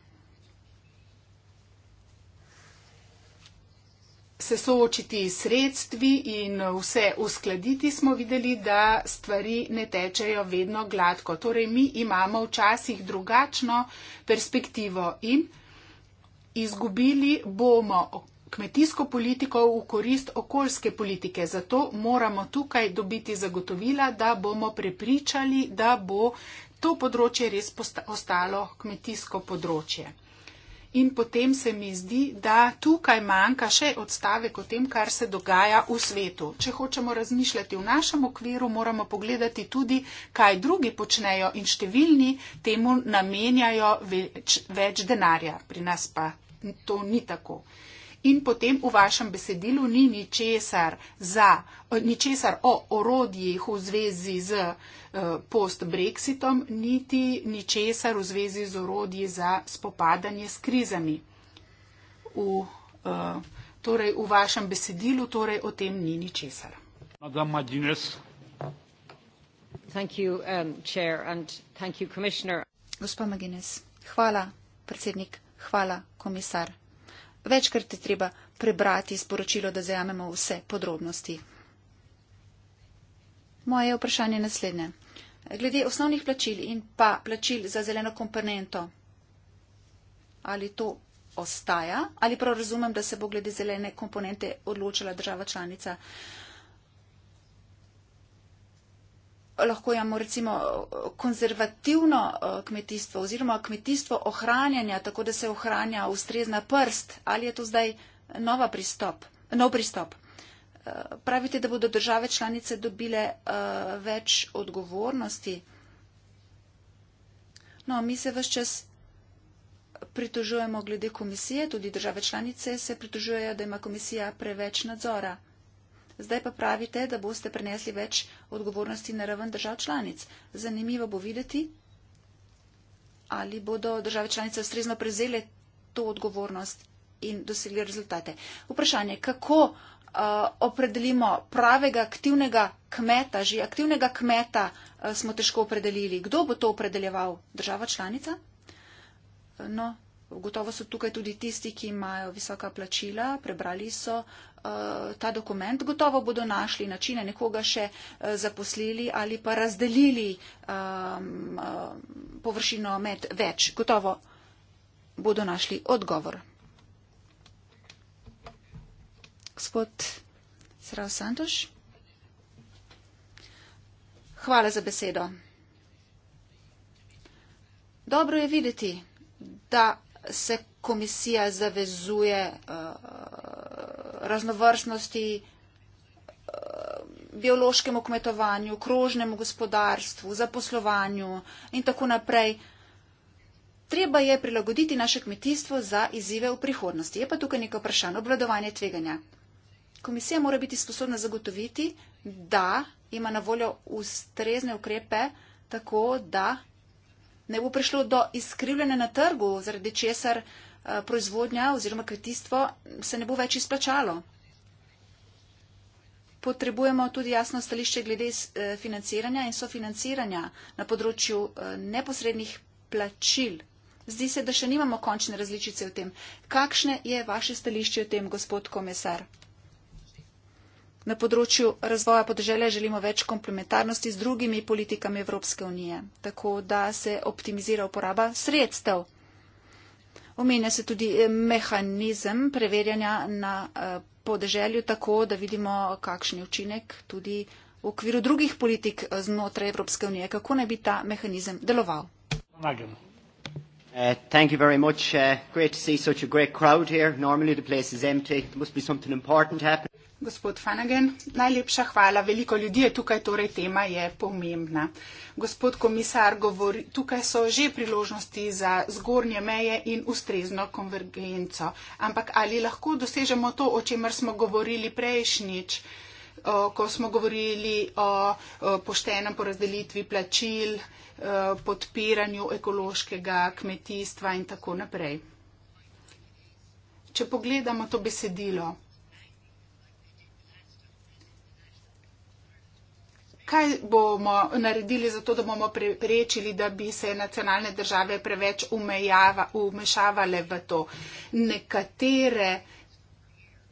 se soočiti s sredstvi in vse uskladiti, smo videli, da stvari ne tečejo vedno gladko. Torej, mi imamo včasih drugačno perspektivo in izgubili bomo kmetijsko politiko v korist okoljske politike. Zato moramo tukaj dobiti zagotovila, da bomo prepričali, da bo to področje res ostalo kmetijsko področje in potem se mi zdi, da tukaj manjka še odstavek o tem, kar se dogaja v svetu. Če hočemo razmišljati v našem okviru, moramo pogledati tudi, kaj drugi počnejo in številni temu namenjajo več, več denarja. Pri nas pa to ni tako in potem v vašem besedilu ni ničesar, za, ničesar o orodjih v zvezi z eh, post-Brexitom, niti ničesar v zvezi z orodji za spopadanje s krizami. V, eh, torej v vašem besedilu torej o tem ni ničesar. Um, Gospa Maginez, hvala, predsednik, hvala, komisar večkrat je treba prebrati sporočilo, da zajamemo vse podrobnosti. Moje vprašanje je naslednje. Glede osnovnih plačil in pa plačil za zeleno komponento, ali to ostaja, ali prav razumem, da se bo glede zelene komponente odločila država članica. Uh, lahko imamo recimo konzervativno eh, kmetijstvo oziroma kmetijstvo ohranjanja, tako da se ohranja ustrezna prst, ali je to zdaj nova pristop, nov pristop. Eh, pravite, da bodo države članice dobile eh, več odgovornosti. No, mi se vse čas pritožujemo glede komisije, tudi države članice se pritožujejo, da ima komisija preveč nadzora. Zdaj pa pravite, da boste prenesli več odgovornosti na raven držav članic. Zanimivo bo videti, ali bodo države članice ustrezno prevzele to odgovornost in dosegli rezultate. Vprašanje, kako uh, opredelimo pravega aktivnega kmeta, že aktivnega kmeta uh, smo težko opredelili. Kdo bo to opredeljeval? Država članica? No, Gotovo so tukaj tudi tisti, ki imajo visoka plačila, prebrali so uh, ta dokument. Gotovo bodo našli načine nekoga še uh, zaposlili ali pa razdelili um, uh, površino med več. Gotovo bodo našli odgovor. Gospod Srav Santoš. Hvala za besedo. Dobro je videti, da se komisija zavezuje eh, raznovrstnosti, eh, biološkemu kmetovanju, krožnemu gospodarstvu, zaposlovanju in tako naprej. Treba je prilagoditi naše kmetijstvo za izzive v prihodnosti. Je pa tukaj neko vprašanje obvladovanje tveganja. Komisija mora biti sposobna zagotoviti, da ima na voljo ustrezne ukrepe, tako da ne bo prišlo do izkrivljene na trgu, zaradi česar eh, proizvodnja oziroma kritistvo se ne bo več izplačalo. Potrebujemo tudi jasno stališče glede eh, financiranja in sofinanciranja na področju eh, neposrednih plačil. Zdi se, da še nimamo končne različice v tem. Kakšne je vaše stališče v tem, gospod komisar? Na področju razvoja podeželja želimo več komplementarnosti z drugimi politikami Evropske unije, tako da se optimizira uporaba sredstev. Omenja se tudi eh, mehanizem preverjanja na eh, podeželju, tako da vidimo, kakšen je učinek tudi v okviru drugih politik eh, znotraj Evropske unije, kako naj bi ta mehanizem deloval. Pomagamo. Uh, thank you very much. Uh, great to see such a great crowd here. Normally the place is empty. There must be something important happening. Gospod Fanagen, najlepša hvala. Veliko ljudi je tukaj, torej tema je pomembna. Gospod komisar, govori, tukaj so že priložnosti za zgornje meje in ustrezno konvergenco. Ampak ali lahko dosežemo to, o čemer smo govorili prejšnjič? ko smo govorili o poštenem porazdelitvi plačil, podpiranju ekološkega kmetijstva in tako naprej. Če pogledamo to besedilo, kaj bomo naredili za to, da bomo preprečili, da bi se nacionalne države preveč umejava, umešavale v to? Nekatere države,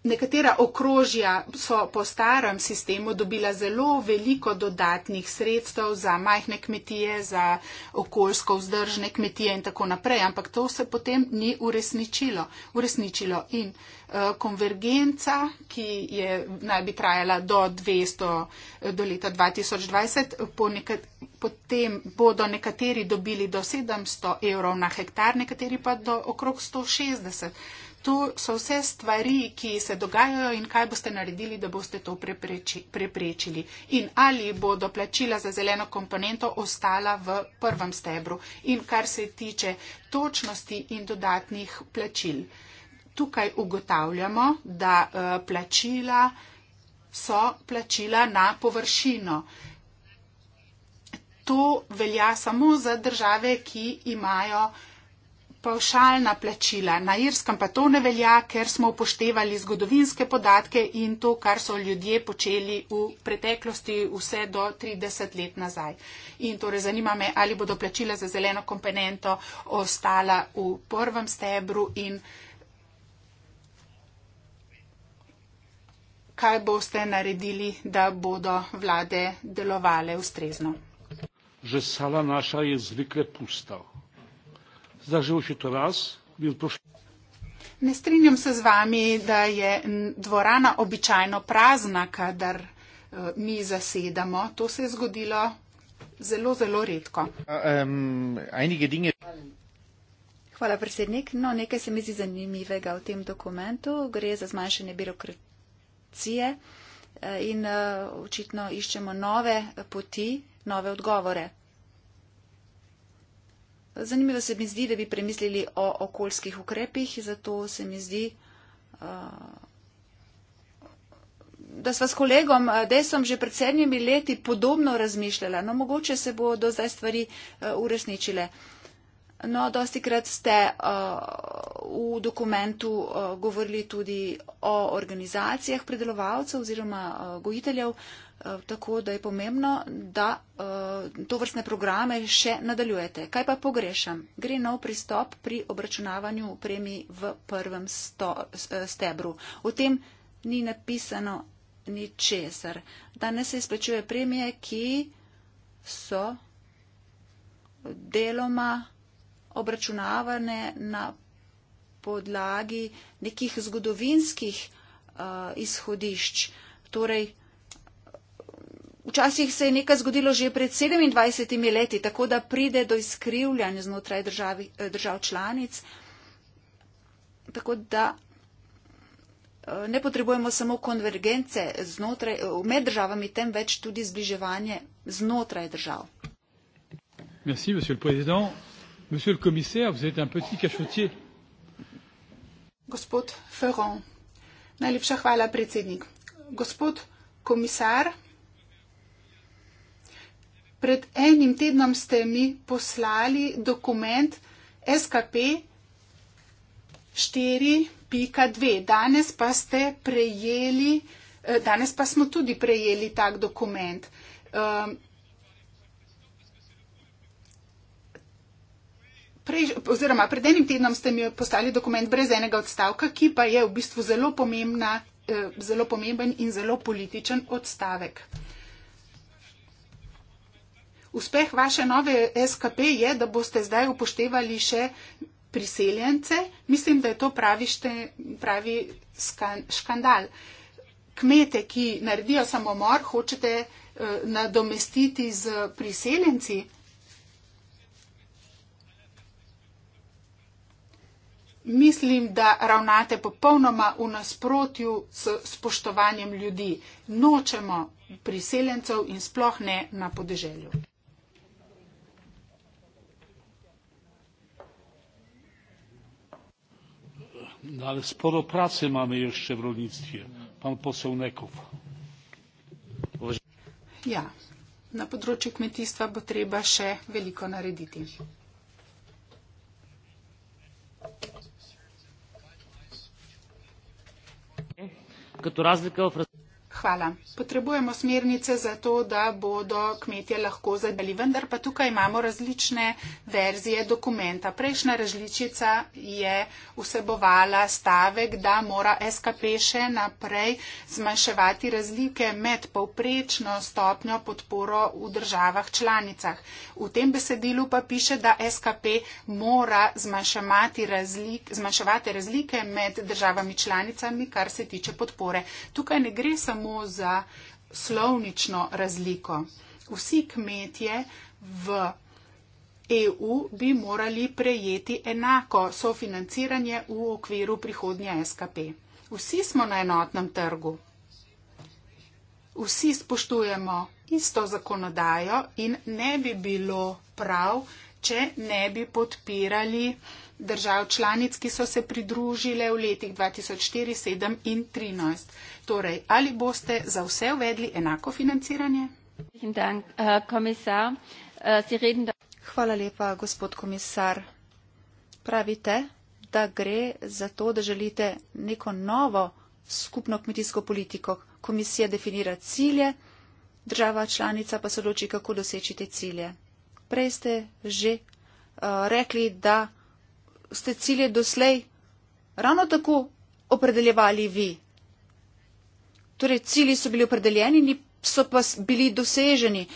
Nekatera okrožja so po starem sistemu dobila zelo veliko dodatnih sredstev za majhne kmetije, za okoljsko vzdržne kmetije in tako naprej, ampak to se potem ni uresničilo. uresničilo. In uh, konvergenca, ki je naj bi trajala do, 200, eh, do leta 2020, po nekat, potem bodo nekateri dobili do 700 evrov na hektar, nekateri pa do okrog 160 tu so vse stvari, ki se dogajajo in kaj boste naredili, da boste to prepreči, preprečili. In ali bo doplačila za zeleno komponento ostala v prvem stebru. In kar se tiče točnosti in dodatnih plačil. Tukaj ugotavljamo, da uh, plačila so plačila na površino. To velja samo za države, ki imajo pavšalna plačila. Na Irskem pa to ne velja, ker smo upoštevali zgodovinske podatke in to, kar so ljudje počeli v preteklosti vse do 30 let nazaj. In torej zanima me, ali bodo plačila za zeleno komponento ostala v prvem stebru in kaj boste naredili, da bodo vlade delovale ustrezno. Že sala naša je zvykle pustala zdržal še to raz, bil prošli. Ne strinjam se z vami, da je dvorana običajno prazna, kadar eh, mi zasedamo. To se je zgodilo zelo, zelo redko. Hvala, predsednik. No, nekaj se mi zdi zanimivega v tem dokumentu. Gre za zmanjšanje birokracije eh, in eh, očitno iščemo nove poti, nove odgovore. Zanimivo se mi zdi, da bi premislili o okoljskih ukrepih, zato se mi zdi, eh, da sva s kolegom eh, Desom že pred sedmimi leti podobno razmišljala, no mogoče se bo do zdaj stvari eh, uresničile. No, dosti krat ste uh, v dokumentu uh, govorili tudi o organizacijah pridelovalcev oziroma uh, gojiteljev. Uh, Eh, tako da je pomembno, da uh, to vrstne programe še nadaljujete. Kaj pa pogrešam? Gre nov pristop pri obračunavanju premij v prvem sto, eh, stebru. O tem ni napisano ničesar. Danes se izplačuje premije, ki so deloma obračunavane na podlagi nekih zgodovinskih uh, izhodišč. Torej, Včasih se je nekaj zgodilo že pred 27 leti, tako da pride do izkrivljanja znotraj državi, eh, držav članic. Tako da eh, ne potrebujemo samo konvergence znotraj, eh, med državami, temveč tudi zbliževanje znotraj držav. Merci, monsieur le président. Monsieur le commissaire, vous êtes un petit cachotier. Gospod Ferron, najlepša hvala, predsednik. Gospod komisar, Pred enim tednom ste mi poslali dokument SKP 4.2. Danes pa ste prejeli, eh, danes pa smo tudi prejeli tak dokument. Ehm, prej, oziroma, pred enim tednom ste mi poslali dokument brez enega odstavka, ki pa je v bistvu zelo, pomembna, eh, zelo pomemben in zelo političen odstavek uspeh vaše nove SKP je, da boste zdaj upoštevali še priseljence. Mislim, da je to pravi, šte, pravi škandal. Kmete, ki naredijo samomor, hočete eh, nadomestiti z priseljenci. Mislim, da ravnate popolnoma v nasprotju s spoštovanjem ljudi. Nočemo priseljencev in sploh ne na podeželju. no ale sporo pracy mamy jeszcze w rolnictwie. Pan poseł Neków. Ja, na področju kmetijstva bo treba še veliko narediti. Kot razlika v razlika. Hvala. Potrebujemo smernice za to, da bodo kmetje lahko zadeli, vendar pa tukaj imamo različne verzije dokumenta. Prejšnja različica je vsebovala stavek, da mora SKP še naprej zmanjševati razlike med povprečno stopnjo podporo v državah članicah. V tem besedilu pa piše, da SKP mora zmanjševati razlike, zmanjševati razlike med državami članicami, kar se tiče podpore. Tukaj ne gre samo samo za slovnično razliko. Vsi kmetje v EU bi morali prejeti enako sofinanciranje v okviru prihodnje SKP. Vsi smo na enotnem trgu. Vsi spoštujemo isto zakonodajo in ne bi bilo prav, če ne bi podpirali držav članic, ki so se pridružile v letih 2004, 2007 in 2013. Torej, ali boste za vse uvedli enako financiranje? Äh, äh, Hvala lepa, gospod komisar. Pravite, da gre za to, da želite neko novo skupno kmetijsko politiko. Komisija definira cilje, država članica pa se loči, kako doseči te cilje. Prej ste že uh, rekli, da ste cilje doslej ravno tako opredeljevali vi. Torej, cilji so bili opredeljeni, so pa bili doseženi.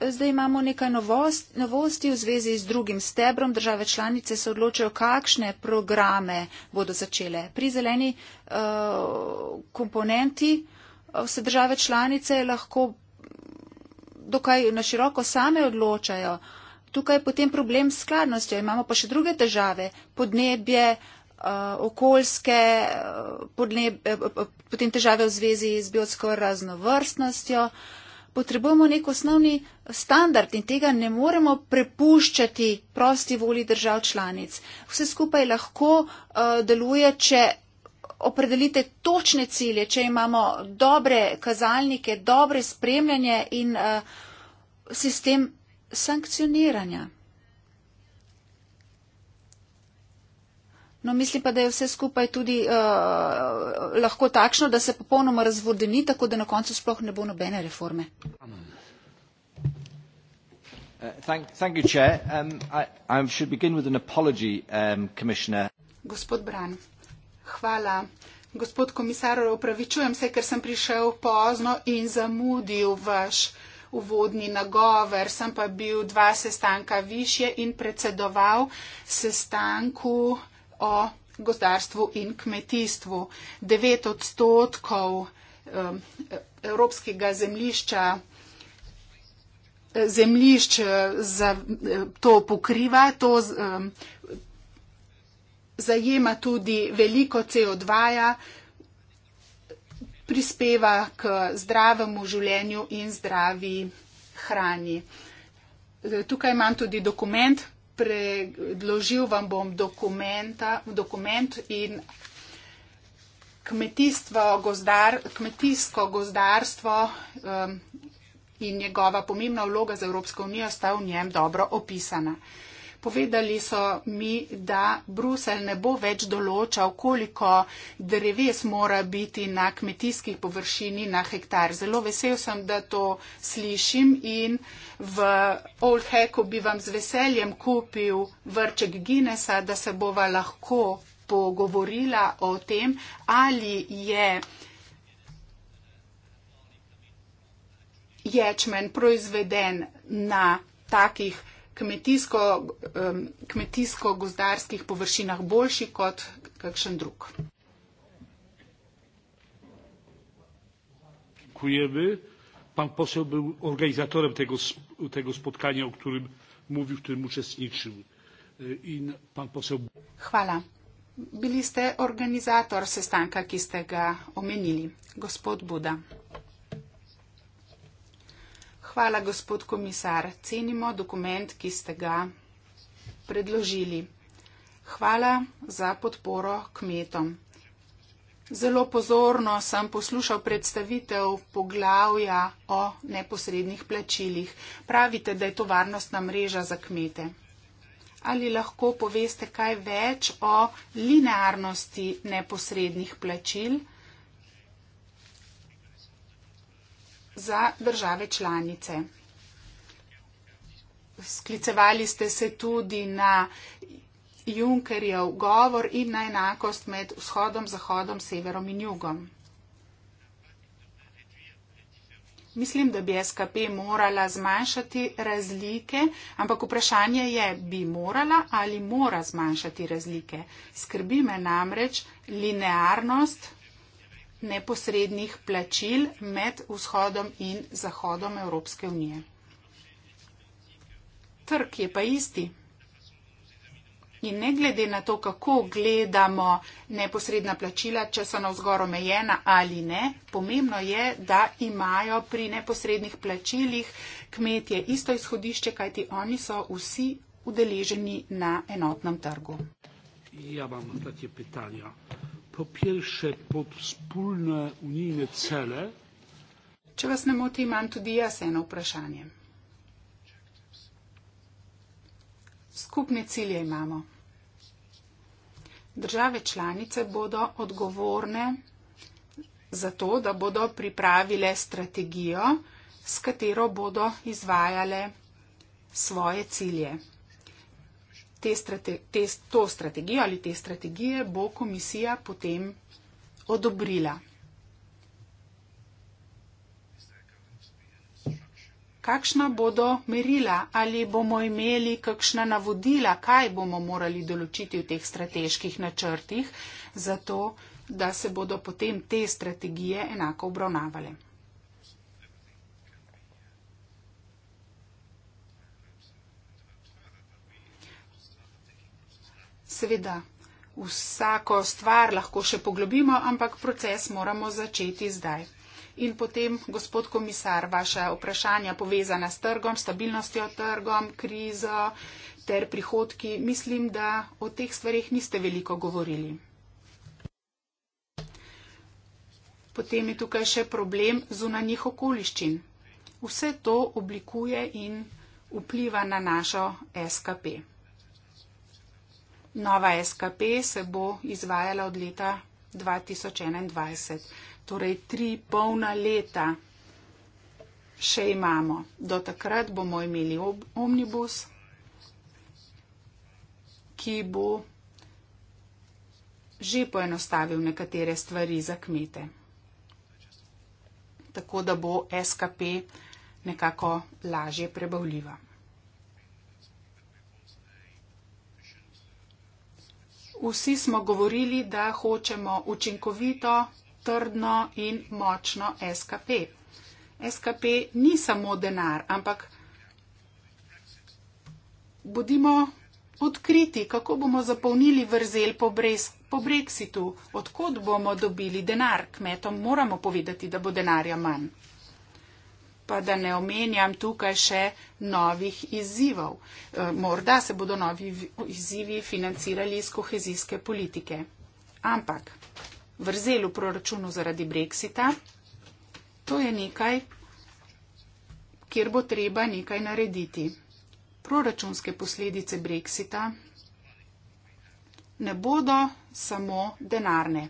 Zdaj imamo nekaj novost, novosti v zvezi z drugim stebrom. Države članice se odločajo, kakšne programe bodo začele. Pri zeleni uh, komponenti eh, se države članice lahko dokaj naširoko same odločajo, uh, tukaj je potem problem s skladnostjo. Imamo pa še druge težave, podnebje, eh, okoljske, eh, podneb, eh, potem težave v zvezi z biotsko raznovrstnostjo. Potrebujemo nek osnovni standard in tega ne moremo prepuščati prosti voli držav članic. Vse skupaj lahko deluje, če opredelite točne cilje, če imamo dobre kazalnike, dobre spremljanje in uh, sistem sankcioniranja. No, mislim pa, da je vse skupaj tudi uh, lahko takšno, da se popolnoma razvodeni, tako da na koncu sploh ne bo nobene reforme. Uh, um, um, Gospod Bran, hvala. Gospod komisar, opravičujem se, ker sem prišel pozno in zamudil vaš uvodni nagovor, sem pa bil dva sestanka više in predsedoval sestanku o gozdarstvu in kmetijstvu. 9 odstotkov evropskega zemljišča zemljišč za to pokriva, to zajema tudi veliko CO2-ja, prispeva k zdravemu življenju in zdravi hrani. Tukaj imam tudi dokument, predložil vam bom dokument in kmetijstvo, gozdar, kmetijsko gozdarstvo um, in njegova pomembna vloga za Evropsko unijo sta v njem dobro opisana. Povedali so mi, da Bruselj ne bo več določal, koliko dreves mora biti na kmetijskih površini na hektar. Zelo vesel sem, da to slišim in v Old Hacku bi vam z veseljem kupil vrček Guinnessa, da se bova lahko pogovorila o tem, ali je ječmen proizveden na takih kmetijsko, kmetijsko-gozdarskih površinah boljši kot kakšen drug. Dziękujemy. Pan poseł był organizatorem tego, tego spotkania, o którym mówił, w którym uczestniczył. I pan poseł... Chwala. Byliście organizator sestanka, który omenili. Gospod Buda. Hvala, gospod komisar. Cenimo dokument, ki ste ga predložili. Hvala za podporo kmetom. Zelo pozorno sem poslušal predstavitev poglavja o neposrednih plačilih. Pravite, da je to varnostna mreža za kmete. Ali lahko poveste kaj več o linearnosti neposrednih plačil? za države članice. Sklicevali ste se tudi na Junkerjev govor in na enakost med vzhodom, zahodom, severom in jugom. Mislim, da bi SKP morala zmanjšati razlike, ampak vprašanje je, bi morala ali mora zmanjšati razlike. Skrbi me namreč linearnost neposrednih plačil med vzhodom in zahodom Evropske unije. Trg je pa isti. In ne glede na to, kako gledamo neposredna plačila, če so navzgor omejena ali ne, pomembno je, da imajo pri neposrednih plačilih kmetje isto izhodišče, kajti oni so vsi udeleženi na enotnem trgu. Ja, vam, po pierwsze pod wspólne unijne cele. Czy was nie moty, mam tudi ja jedno pytanie. Skupne cilje imamo. Države članice bodo odgovorne za to, da bodo pripravile strategijo, s katero bodo izvajale svoje cilje te strate, te, to strategijo ali te strategije bo komisija potem odobrila. Kakšna bodo merila ali bomo imeli kakšna navodila, kaj bomo morali določiti v teh strateških načrtih, zato da se bodo potem te strategije enako obravnavale. Seveda, vsako stvar lahko še poglobimo, ampak proces moramo začeti zdaj. In potem, gospod komisar, vaše vprašanja povezana s trgom, stabilnostjo trgom, krizo ter prihodki, mislim, da o teh stvarih niste veliko govorili. Potem je tukaj še problem zunanjih okoliščin. Vse to oblikuje in vpliva na našo SKP. Nova SKP se bo izvajala od leta 2021, torej tri polna leta še imamo. Do takrat bomo imeli ob, omnibus, ki bo že poenostavil nekatere stvari za kmete. Tako da bo SKP nekako lažje prebavljiva. Vsi smo govorili, da hočemo učinkovito, trdno in močno SKP. SKP ni samo denar, ampak bodimo odkriti, kako bomo zapolnili vrzel po, brez, po brexitu, odkot bomo dobili denar. Kmetom moramo povedati, da bo denarja manj pa da ne omenjam tukaj še novih izzivov. E, morda se bodo novi izzivi financirali iz kohezijske politike. Ampak vrzel v proračunu zaradi Brexita, to je nekaj, kjer bo treba nekaj narediti. Proračunske posledice Brexita ne bodo samo denarne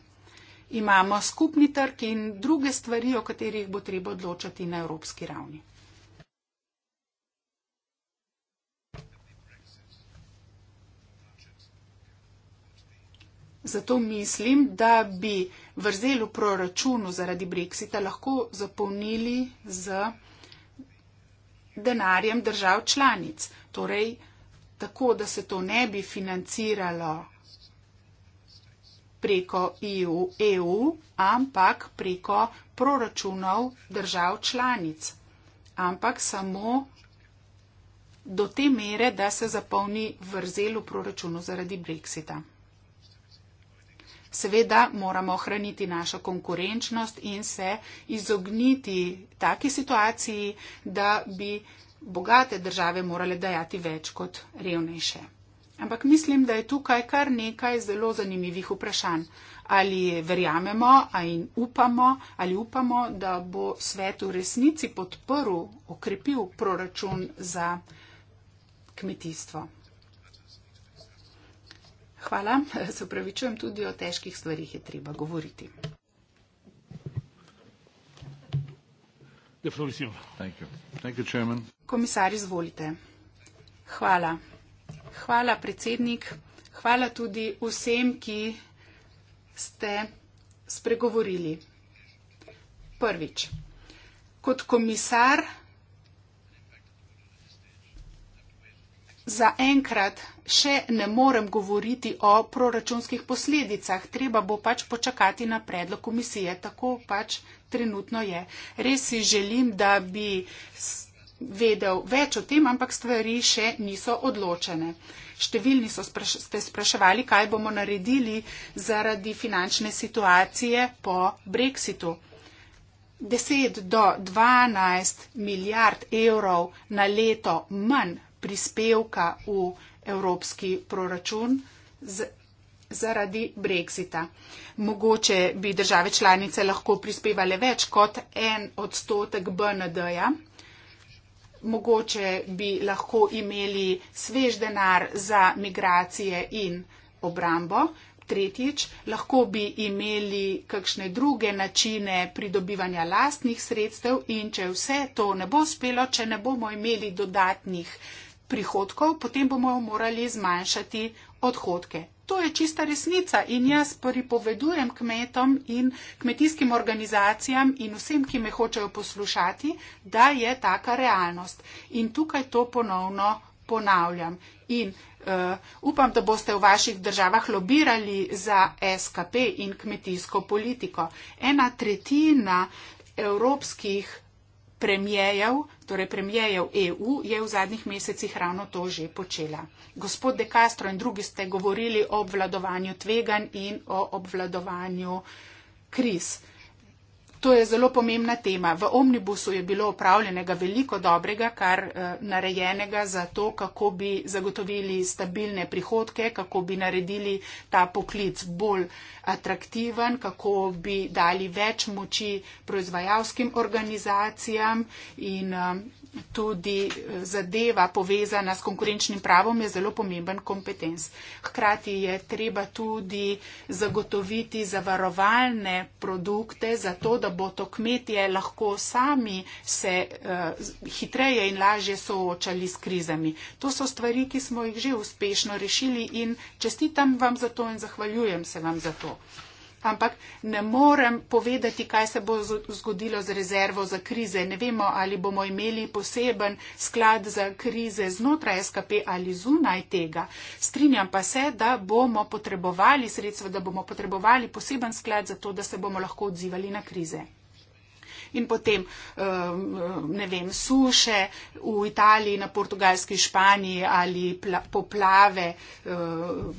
imamo skupni trg in druge stvari, o katerih bo treba odločati na evropski ravni. Zato mislim, da bi vrzel v proračunu zaradi Brexita lahko zapolnili z denarjem držav članic. Torej, tako, da se to ne bi financiralo preko EU, EU, ampak preko proračunov držav članic. Ampak samo do te mere, da se zapolni vrzel v proračunu zaradi Brexita. Seveda moramo ohraniti našo konkurenčnost in se izogniti taki situaciji, da bi bogate države morale dajati več kot revnejše. Ampak mislim, da je tukaj kar nekaj zelo zanimivih vprašanj. Ali verjamemo in upamo, ali upamo, da bo svet v resnici podprl, okrepil proračun za kmetijstvo. Hvala, se upravičujem, tudi o težkih stvarih je treba govoriti. Komisar, izvolite. Hvala. Hvala, predsednik. Hvala tudi vsem, ki ste spregovorili. Prvič, kot komisar zaenkrat še ne morem govoriti o proračunskih posledicah. Treba bo pač počakati na predlog komisije. Tako pač trenutno je. Res si želim, da bi s vedel več o tem, ampak stvari še niso odločene. Številni so spraš ste spraševali, kaj bomo naredili zaradi finančne situacije po Brexitu. 10 do 12 milijard evrov na leto manj prispevka v evropski proračun z, zaradi Brexita. Mogoče bi države članice lahko prispevale več kot en odstotek BND-ja mogoče bi lahko imeli svež denar za migracije in obrambo. Tretjič, lahko bi imeli kakšne druge načine pridobivanja lastnih sredstev in če vse to ne bo uspelo, če ne bomo imeli dodatnih prihodkov, potem bomo morali zmanjšati odhodke to je čista resnica in jaz pripovedujem kmetom in kmetijskim organizacijam in vsem, ki me hočejo poslušati, da je taka realnost. In tukaj to ponovno ponavljam. In uh, upam, da boste v vaših državah lobirali za SKP in kmetijsko politiko. Ena tretjina evropskih premijejev, torej premijejev EU, je v zadnjih mesecih ravno to že počela. Gospod De Castro in drugi ste govorili o obvladovanju tveganj in o obvladovanju kriz. To je zelo pomembna tema. V omnibusu je bilo upravljenega veliko dobrega, kar eh, narejenega za to, kako bi zagotovili stabilne prihodke, kako bi naredili ta poklic bolj atraktiven, kako bi dali več moči proizvajalskim organizacijam in eh, tudi eh, zadeva povezana s konkurenčnim pravom, je zelo pomemben kompetenc. Hkrati je treba tudi zagotoviti zavarovalne produkte, zato da bo to kmetje lahko sami se uh, hitreje in lažje soočali s krizami. To so stvari, ki smo jih že uspešno rešili in čestitam vam za to in zahvaljujem se vam za to ampak ne morem povedati, kaj se bo zgodilo z rezervo za krize. Ne vemo, ali bomo imeli poseben sklad za krize znotraj SKP ali zunaj tega. Strinjam pa se, da bomo potrebovali sredstva, da bomo potrebovali poseben sklad za to, da se bomo lahko odzivali na krize. In potem, um, um, ne vem, suše v Italiji, na portugalski Španiji ali poplave uh,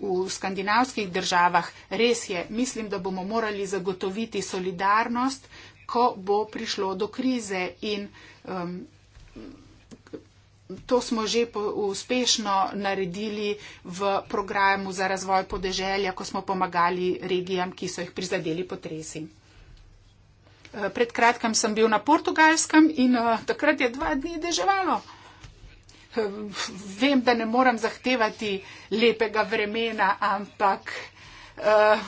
v skandinavskih državah, res je, mislim, da bomo morali zagotoviti solidarnost, ko bo prišlo do krize in um, to smo že uspešno naredili v programu za razvoj podeželja, ko smo pomagali regijam, ki so jih prizadeli potresi. Uh, pred kratkem sem bil na Portugalskem in uh, takrat je dva dni deževalo. Uh, vem, da ne moram zahtevati lepega vremena, ampak eh,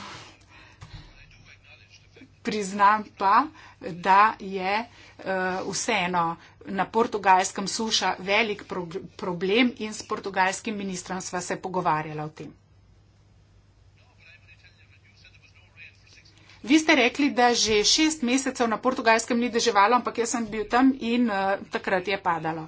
priznam pa, da je eh, vseeno na portugalskem suša velik problem in s portugalskim ministrom sva se pogovarjala o tem. Vi ste rekli, da že šest mesecev na portugalskem ni deževalo, ampak jaz sem bil tam in uh, takrat je padalo.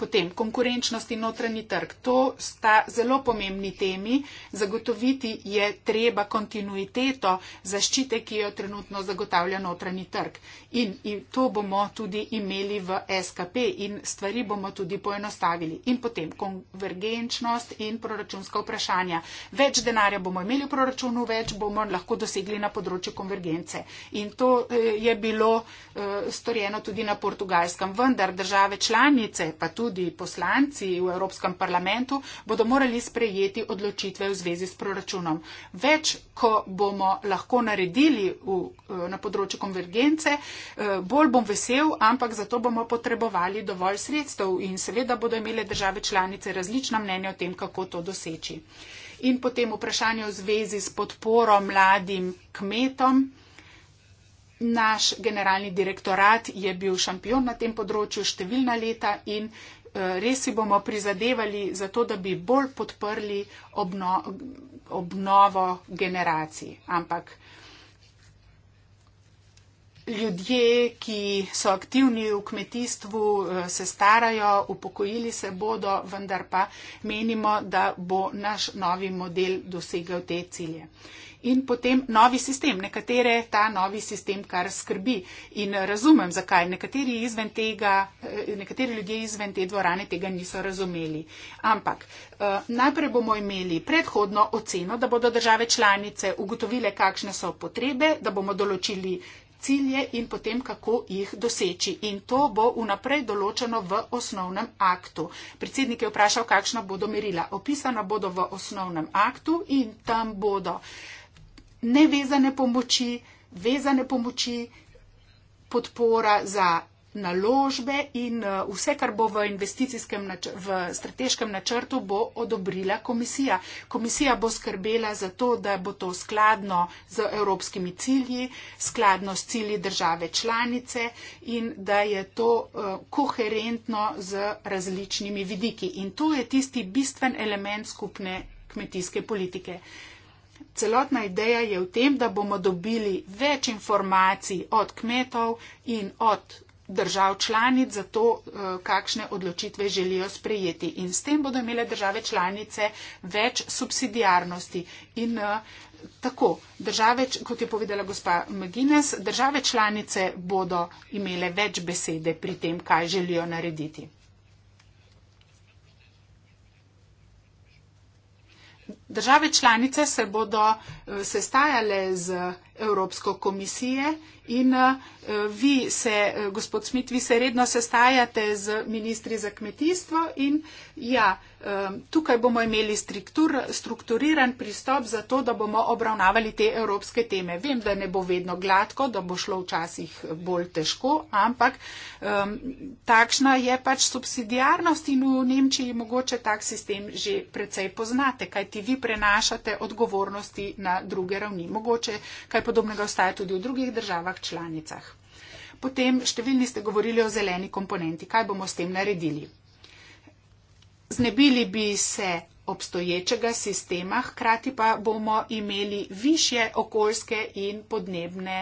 Potem konkurenčnost in notranji trg. To sta zelo pomembni temi. Zagotoviti je treba kontinuiteto zaščite, ki jo trenutno zagotavlja notranji trg. In, in to bomo tudi imeli v SKP in stvari bomo tudi poenostavili. In potem konvergenčnost in proračunska vprašanja. Več denarja bomo imeli v proračunu, več bomo lahko dosegli na področju konvergence. In to eh, je bilo eh, storjeno tudi na portugalskem. Vendar države članice, pa tudi tudi poslanci v Evropskem parlamentu, bodo morali sprejeti odločitve v zvezi s proračunom. Več, ko bomo lahko naredili v, eh, na področju konvergence, eh, bolj bom vesel, ampak zato bomo potrebovali dovolj sredstev in seveda bodo imele države članice različna mnenja o tem, kako to doseči. In potem vprašanje v zvezi s podporo mladim kmetom. Naš generalni direktorat je bil šampion na tem področju številna leta in Eh, res si bomo prizadevali za to, da bi bolj podprli obno, obnovo generacij. Ampak ljudje, ki so aktivni v kmetijstvu, eh, se starajo, upokojili se bodo, vendar pa menimo, da bo naš novi model dosegel te cilje in potem novi sistem. Nekatere ta novi sistem kar skrbi in razumem, zakaj nekateri, tega, eh, nekateri ljudje izven te dvorane tega niso razumeli. Ampak eh, najprej bomo imeli predhodno oceno, da bodo države članice ugotovile, kakšne so potrebe, da bomo določili cilje in potem kako jih doseči. In to bo vnaprej določeno v osnovnem aktu. Predsednik je vprašal, kakšna bodo merila. Opisana bodo v osnovnem aktu in tam bodo nevezane pomoči, vezane pomoči, podpora za naložbe in eh, vse, kar bo v, v strateškem načrtu, bo odobrila komisija. Komisija bo skrbela za to, da bo to skladno z evropskimi cilji, skladno s cilji države članice in da je to eh, koherentno z različnimi vidiki. In to je tisti bistven element skupne kmetijske politike celotna ideja je v tem, da bomo dobili več informacij od kmetov in od držav članic za to, eh, kakšne odločitve želijo sprejeti. In s tem bodo imele države članice več subsidijarnosti. In eh, tako, države, kot je povedala gospa Magines, države članice bodo imele več besede pri tem, kaj želijo narediti. Države članice se bodo eh, sestajale z Evropsko komisijo In eh, vi se, eh, gospod Smit, vi se redno sestajate z ministri za kmetijstvo in ja, eh, tukaj bomo imeli struktur, strukturiran pristop za to, da bomo obravnavali te evropske teme. Vem, da ne bo vedno gladko, da bo šlo včasih bolj težko, ampak um, takšna je pač subsidijarnost in v Nemčiji mogoče tak sistem že precej poznate, kaj ti vi prenašate odgovornosti na druge ravni. Mogoče kaj podobnega ostaja tudi v drugih državah članicah. Potem številni ste govorili o zeleni komponenti. Kaj bomo s tem naredili? Znebili bi se obstoječega sistema, hkrati pa bomo imeli više okoljske in podnebne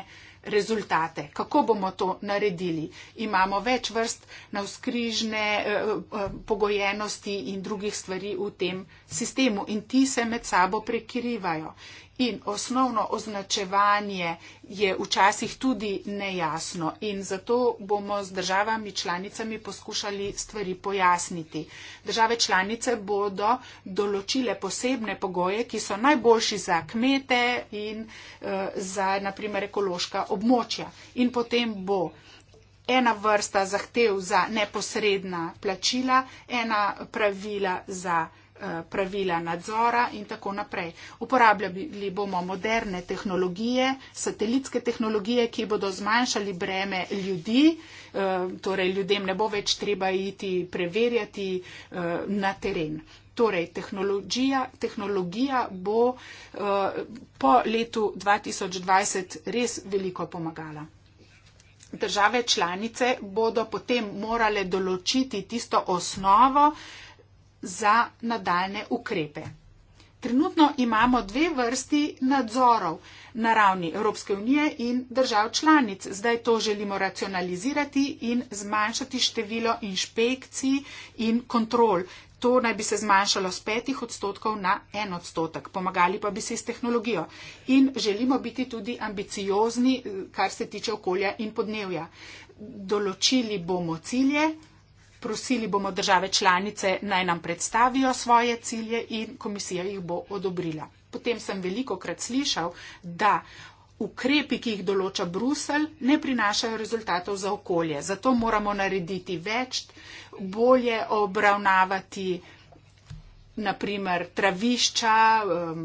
rezultate. Kako bomo to naredili? Imamo več vrst navskrižne eh, eh, pogojenosti in drugih stvari v tem sistemu in ti se med sabo prekrivajo. In osnovno označevanje je včasih tudi nejasno in zato bomo z državami članicami poskušali stvari pojasniti. Države članice bodo določile posebne pogoje, ki so najboljši za kmete in eh, za naprimer ekološka območja. In potem bo ena vrsta zahtev za neposredna plačila, ena pravila za kmete. Eh, pravila nadzora in tako naprej. Uporabljali bomo moderne tehnologije, satelitske tehnologije, ki bodo zmanjšali breme ljudi, eh, torej ljudem ne bo več treba iti preverjati eh, na teren. Torej, tehnologija, tehnologija bo po letu 2020 res veliko pomagala. Države članice bodo potem morale določiti tisto osnovo, za nadaljne ukrepe. Trenutno imamo dve vrsti nadzorov na ravni Evropske unije in držav članic. Zdaj to želimo racionalizirati in zmanjšati število inšpekcij in kontrol. To naj bi se zmanjšalo z petih odstotkov na en odstotek. Pomagali pa bi si s tehnologijo. In želimo biti tudi ambiciozni, eh, kar se tiče okolja in podnevja. Določili bomo cilje, Prosili bomo države članice, naj nam predstavijo svoje cilje in komisija jih bo odobrila. Potem sem veliko krat slišal, da ukrepi, ki jih določa Brusel, ne prinašajo rezultatov za okolje. Zato moramo narediti več, bolje obravnavati naprimer travišča, um,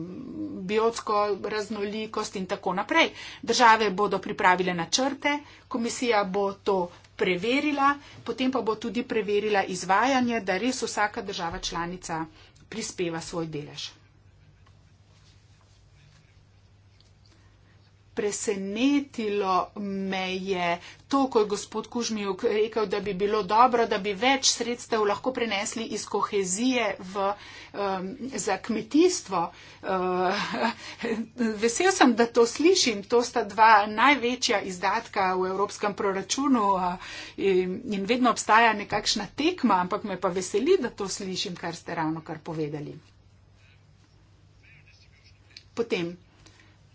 biotsko raznolikost in tako naprej. Države bodo pripravile načrte, komisija bo to preverila, potem pa bo tudi preverila izvajanje, da res vsaka država članica prispeva svoj delež. presenetilo me je to, ko je gospod Kužmijuk rekel, da bi bilo dobro, da bi več sredstev lahko prenesli iz kohezije v, um, za kmetijstvo. Uh, vesel sem, da to slišim. To sta dva največja izdatka v evropskem proračunu uh, in, in vedno obstaja nekakšna tekma, ampak me pa veseli, da to slišim, kar ste ravno kar povedali. Potem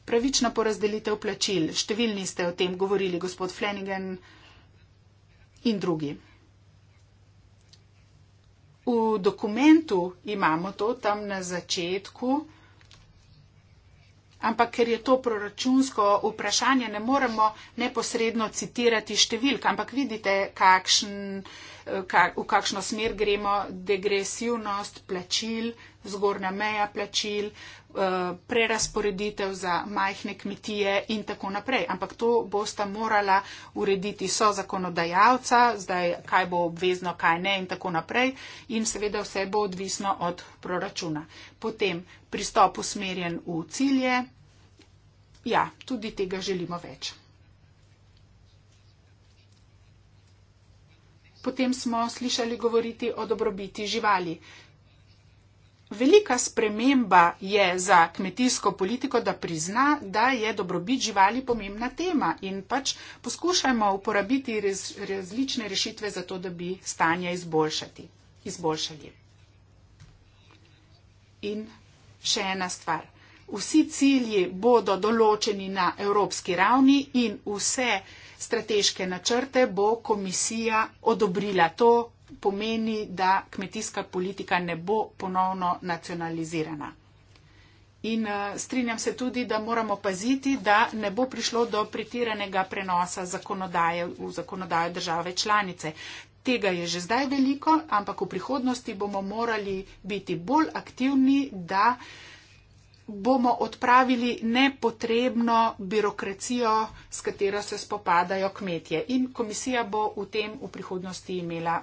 pravična porazdelitev plačil. Številni ste o tem govorili, gospod Flanagan in drugi. V dokumentu imamo to tam na začetku, ampak ker je to proračunsko vprašanje, ne moremo neposredno citirati številk, ampak vidite, kakšen v kakšno smer gremo, degresivnost plačil, zgornja meja plačil, eh, prerasporeditev za majhne kmetije in tako naprej. Ampak to bosta morala urediti so zakonodajalca, zdaj kaj bo obvezno, kaj ne in tako naprej. In seveda vse bo odvisno od proračuna. Potem pristop usmerjen v cilje. Ja, tudi tega želimo več. potem smo slišali govoriti o dobrobiti živali. Velika sprememba je za kmetijsko politiko, da prizna, da je dobrobit živali pomembna tema in pač poskušajmo uporabiti rez, različne rešitve za to, da bi stanje izboljšali. In še ena stvar. Vsi cilji bodo določeni na evropski ravni in vse strateške načrte bo komisija odobrila. To pomeni, da kmetijska politika ne bo ponovno nacionalizirana. In eh, strinjam se tudi, da moramo paziti, da ne bo prišlo do pretiranega prenosa zakonodaje v zakonodajo države članice. Tega je že zdaj veliko, ampak v prihodnosti bomo morali biti bolj aktivni, da bomo odpravili nepotrebno birokracijo, s katero se spopadajo kmetje. In komisija bo v tem v prihodnosti imela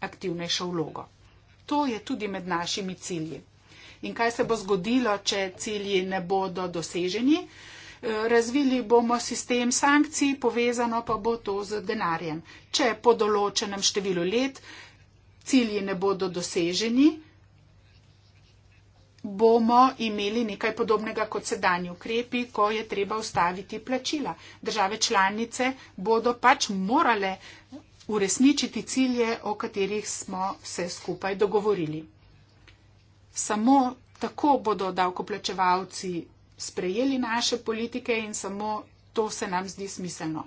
aktivnejšo vlogo. To je tudi med našimi cilji. In kaj se bo zgodilo, če cilji ne bodo doseženi? E, razvili bomo sistem sankcij, povezano pa bo to z denarjem. Če po določenem številu let cilji ne bodo doseženi, bomo imeli nekaj podobnega kot sedanji ukrepi, ko je treba ustaviti plačila. Države članice bodo pač morale uresničiti cilje, o katerih smo se skupaj dogovorili. Samo tako bodo davkoplačevalci sprejeli naše politike in samo to se nam zdi smiselno.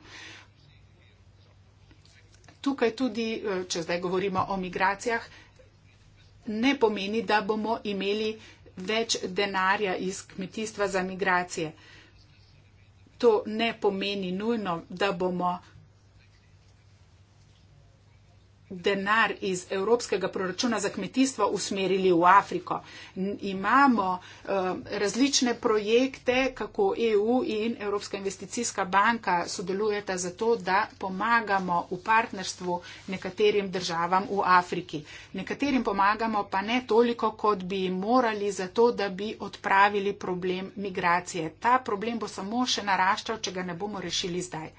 Tukaj tudi, eh, če zdaj govorimo o migracijah, ne pomeni, da bomo imeli več denarja iz kmetijstva za migracije. To ne pomeni nujno, da bomo denar iz evropskega proračuna za kmetijstvo usmerili v Afriko. Imamo uh, različne projekte, kako EU in Evropska investicijska banka sodelujeta za to, da pomagamo v partnerstvu nekaterim državam v Afriki. Nekaterim pomagamo pa ne toliko, kot bi morali za to, da bi odpravili problem migracije. Ta problem bo samo še naraščal, če ga ne bomo rešili zdaj.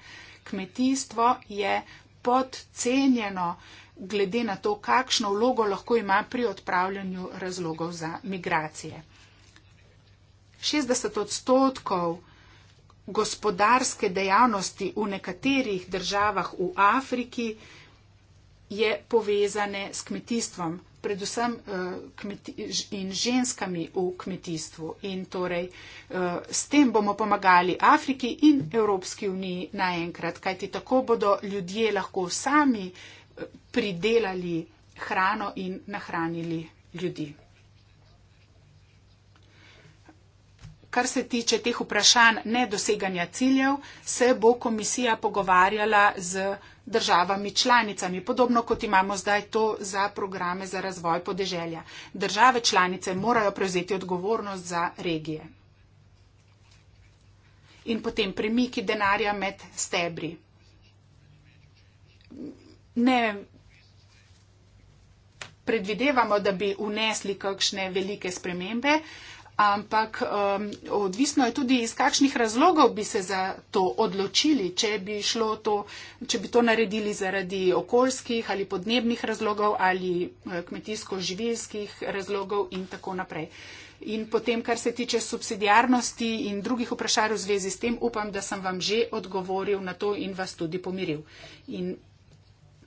Kmetijstvo je podcenjeno glede na to, kakšno vlogo lahko ima pri odpravljanju razlogov za migracije. 60 odstotkov gospodarske dejavnosti v nekaterih državah v Afriki je povezane s kmetijstvom, predvsem eh, kmeti in ženskami v kmetijstvu. In torej eh, s tem bomo pomagali Afriki in Evropski uniji naenkrat, kajti tako bodo ljudje lahko sami pridelali hrano in nahranili ljudi. Kar se tiče teh vprašanj nedoseganja ciljev, se bo komisija pogovarjala z državami članicami, podobno kot imamo zdaj to za programe za razvoj podeželja. Države članice morajo prevzeti odgovornost za regije. In potem premiki denarja med stebri. Ne, predvidevamo, da bi unesli kakšne velike spremembe, ampak um, odvisno je tudi, iz kakšnih razlogov bi se za to odločili, če bi, to, če bi to naredili zaradi okoljskih ali podnebnih razlogov ali uh, kmetijsko-živilskih razlogov in tako naprej. In potem, kar se tiče subsidijarnosti in drugih vprašanj v zvezi s tem, upam, da sem vam že odgovoril na to in vas tudi pomiril. In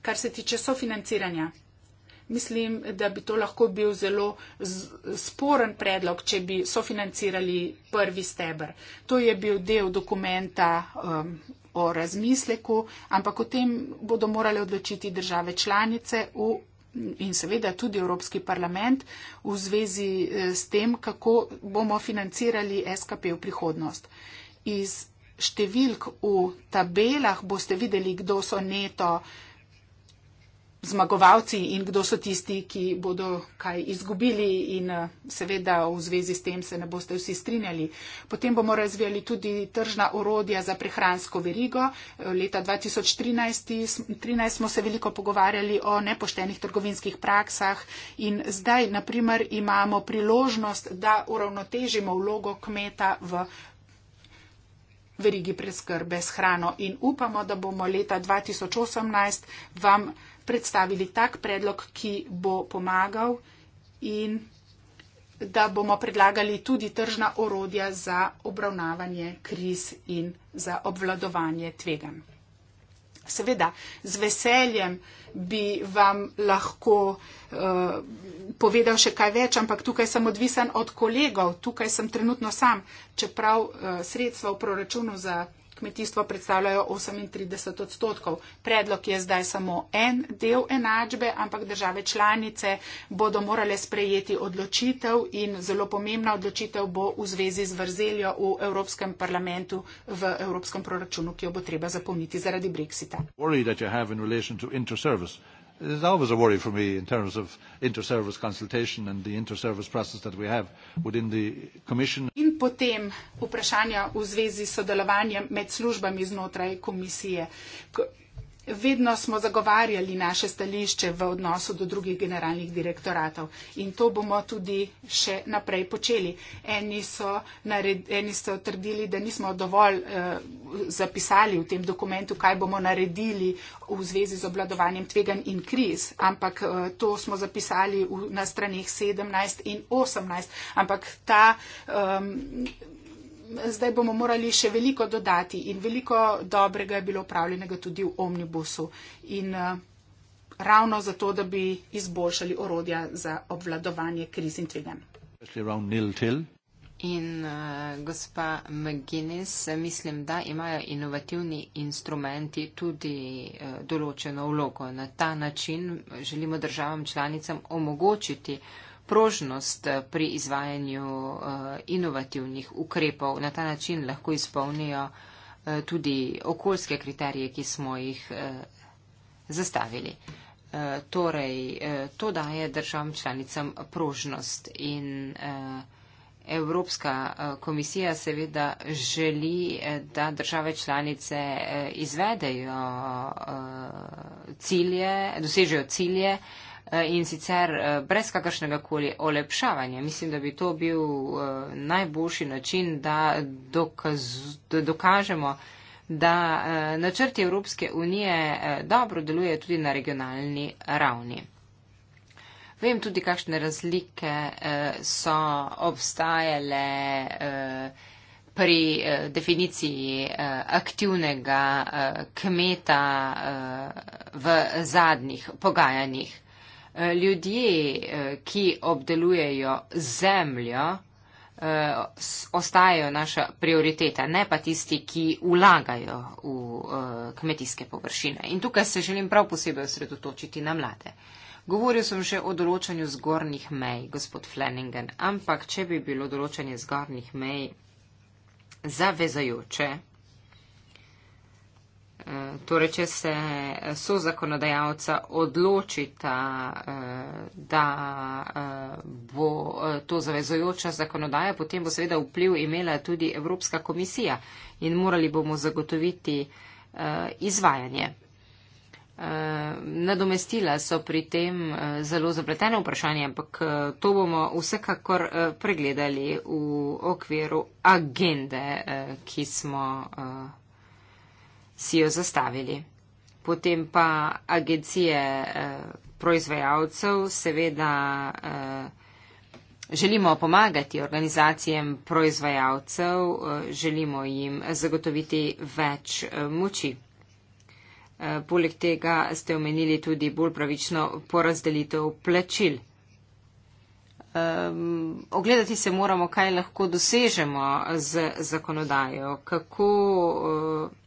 kar se tiče sofinanciranja mislim, da bi to lahko bil zelo sporen predlog, če bi sofinancirali prvi stebr. To je bil del dokumenta um, o razmisleku, ampak o tem bodo morali odločiti države članice v, in seveda tudi Evropski parlament v zvezi eh, s tem, kako bomo financirali SKP v prihodnost. Iz številk v tabelah boste videli, kdo so neto zmagovalci in kdo so tisti, ki bodo kaj izgubili in eh, seveda v zvezi s tem se ne boste vsi strinjali. Potem bomo razvijali tudi tržna orodja za prehransko verigo. Eh, leta 2013 smo se veliko pogovarjali o nepoštenih trgovinskih praksah in zdaj, naprimer, imamo priložnost, da uravnotežimo vlogo kmeta v verigi preskrbe s hrano in upamo, da bomo leta 2018 vam predstavili tak predlog, ki bo pomagal in da bomo predlagali tudi tržna orodja za obravnavanje kriz in za obvladovanje tvegan. Seveda, z veseljem bi vam lahko uh, povedal še kaj več, ampak tukaj sem odvisen od kolegov, tukaj sem trenutno sam, čeprav uh, sredstva v proračunu za kmetijstvo predstavljajo 38 odstotkov. Predlog je zdaj samo en del enačbe, ampak države članice bodo morale sprejeti odločitev in zelo pomembna odločitev bo v zvezi z vrzeljo v Evropskem parlamentu v Evropskem proračunu, ki jo bo treba zapolniti zaradi Brexita is always a worry for me in terms of inter service consultation and the inter service process that we have within the Commission. In potem vprašanja v zvezi s sodelovanjem med službami znotraj komisije vedno smo zagovarjali naše stališče v odnosu do drugih generalnih direktoratov in to bomo tudi še naprej počeli. Eni so, nared, eni so trdili, da nismo dovolj eh, zapisali v tem dokumentu, kaj bomo naredili v zvezi z obladovanjem tvegan in kriz, ampak eh, to smo zapisali v, na stranih 17 in 18, ampak ta. Eh, zdaj bomo morali še veliko dodati in veliko dobrega je bilo upravljenega tudi v omnibusu in eh, ravno zato, da bi izboljšali orodja za obvladovanje kriz in tveganj. In uh, gospa McGuinness, mislim, da imajo inovativni instrumenti tudi uh, določeno vlogo. Na ta način želimo državam članicam omogočiti uh, prožnost pri izvajanju eh, inovativnih ukrepov. Na ta način lahko izpolnijo eh, tudi okoljske kriterije, ki smo jih eh, zastavili. Torej, to daje državam članicam prožnost in Evropska komisija seveda želi, da države članice izvedejo cilje, dosežejo cilje, Eh, in sicer eh, brez kakršnega koli olepšavanja. Mislim, da bi to bil eh, najboljši način, da, dokaz, da dokažemo, da načrt Evropske unije dobro deluje tudi na regionalni ravni. Vem tudi, kakšne razlike so obstajale pri definiciji aktivnega kmeta v zadnjih pogajanjih ljudje, eh, ki obdelujejo zemljo, eh, ostajajo naša prioriteta, ne pa tisti, ki vlagajo v eh, kmetijske površine. In tukaj se želim prav posebej osredotočiti na mlade. Govoril sem že o določanju zgornjih mej, gospod Flanagan, ampak če bi bilo določanje zgornjih mej zavezajoče, Torej, če se so zakonodajalca odločita, eh, da eh, bo eh, to zavezojoča zakonodaja, potem bo seveda vpliv imela tudi Evropska komisija in morali bomo zagotoviti izvajanje. Nadomestila so pri tem zelo zapletene vprašanje, ampak to bomo vsekakor pregledali v okviru agende, ki smo si jo zastavili. Potem pa agencije eh, proizvajalcev, seveda eh, želimo pomagati organizacijam proizvajalcev, eh, želimo jim zagotoviti več moči. Poleg tega ste omenili tudi bolj pravično porazdelitev plačil. Um, ogledati se moramo, kaj lahko dosežemo z zakonodajo, kako uh,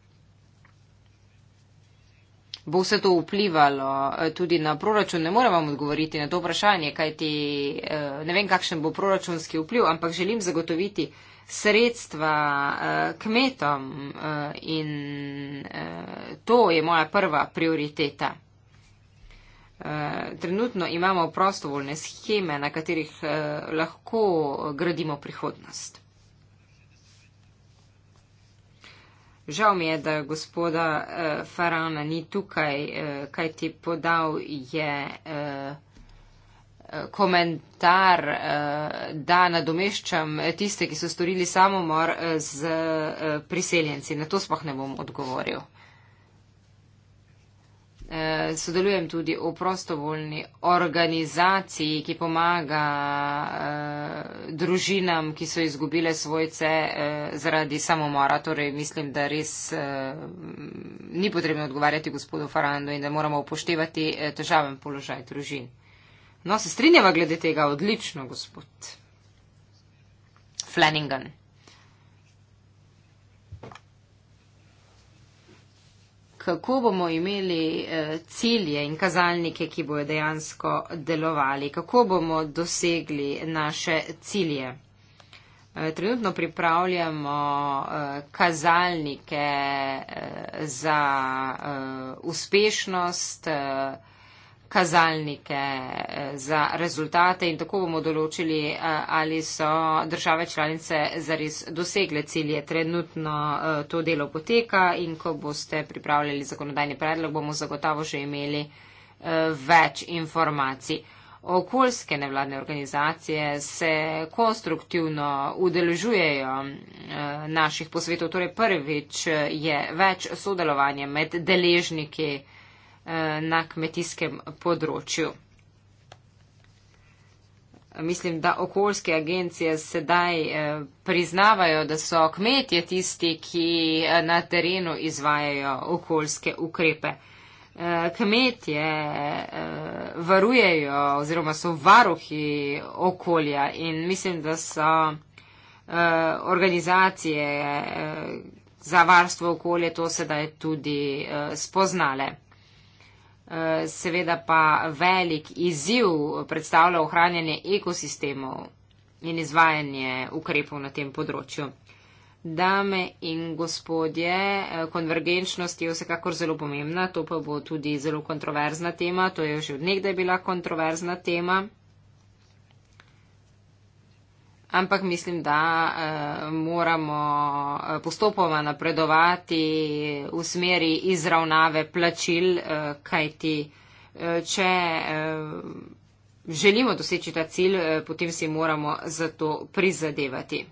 bo vse to vplivalo eh, tudi na proračun. Ne morem vam odgovoriti na to vprašanje, kajti eh, ne vem, kakšen bo proračunski vpliv, ampak želim zagotoviti sredstva eh, kmetom in to je moja prva prioriteta. Trenutno imamo prostovoljne scheme, na katerih lahko gradimo prihodnost. Žal mi je, da gospoda uh, Farana ni tukaj, uh, eh, kaj ti podal je uh, komentar, uh, da nadomeščam tiste, ki so storili samomor uh, z uh, priseljenci. Na to spoh ne bom odgovoril. Eh, sodelujem tudi v prostovoljni organizaciji, ki pomaga eh, družinam, ki so izgubile svojce eh, zaradi samomora. Torej, mislim, da res eh, ni potrebno odgovarjati gospodu Farando in da moramo upoštevati eh, težaven položaj družin. No, se strinjava glede tega odlično, gospod Flanagan. kako bomo imeli eh, cilje in kazalnike, ki bojo dejansko delovali, kako bomo dosegli naše cilje. Eh, trenutno pripravljamo eh, kazalnike za uspešnost, kazalnike eh, za rezultate in tako bomo določili, eh, ali so države članice zares dosegle cilje. Trenutno eh, to delo poteka in ko boste pripravljali zakonodajni predlog, bomo zagotovo že imeli več informacij. Okoljske nevladne organizacije se konstruktivno udeležujejo naših posvetov, torej prvič je več sodelovanja med deležniki Eh, na kmetijskem področju. Mislim, da okoljske agencije sedaj eh, priznavajo, da so kmetje tisti, ki eh, na terenu izvajajo okoljske ukrepe. Kmetje varujejo oziroma so varuhi okolja in mislim, da so organizacije za varstvo okolja to sedaj tudi spoznale seveda pa velik izziv predstavlja ohranjanje ekosistemov in izvajanje ukrepov na tem področju. Dame in gospodje, konvergenčnost je vsekakor zelo pomembna, to pa bo tudi zelo kontroverzna tema, to je že odnegdaj bila kontroverzna tema ampak mislim, da uh, moramo eh, postopoma napredovati v smeri izravnave plačil, uh, kajti uh, če uh, želimo doseči ta cilj, uh, potem si moramo za to prizadevati.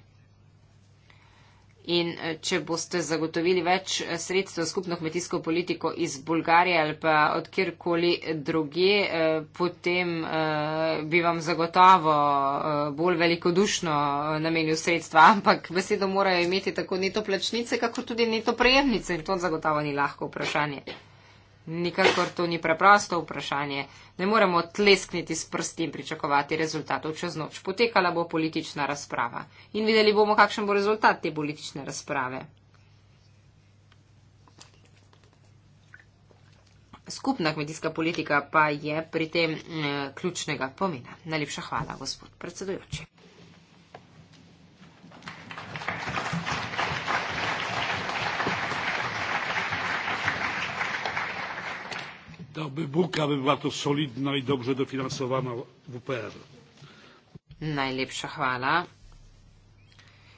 In eh, če boste zagotovili več eh, sredstev skupno kmetijsko politiko iz Bulgarije ali pa od kjerkoli druge, eh, potem bi vam zagotovo bolj velikodušno namenil sredstva, ampak besedo morajo imeti tako neto plačnice, kako tudi neto prejemnice in to zagotovo ni lahko vprašanje. Nikakor to ni preprosto vprašanje. Ne moremo tleskniti s prsti in pričakovati rezultatov čez noč. Potekala bo politična razprava in videli bomo, kakšen bo rezultat te politične razprave. Skupna kmetijska politika pa je pri tem eh, ključnega pomena. Najlepša hvala, gospod predsedujoči. ta obubuka bi bila to solidna in dobro dofinancovana v PR. Najlepša hvala.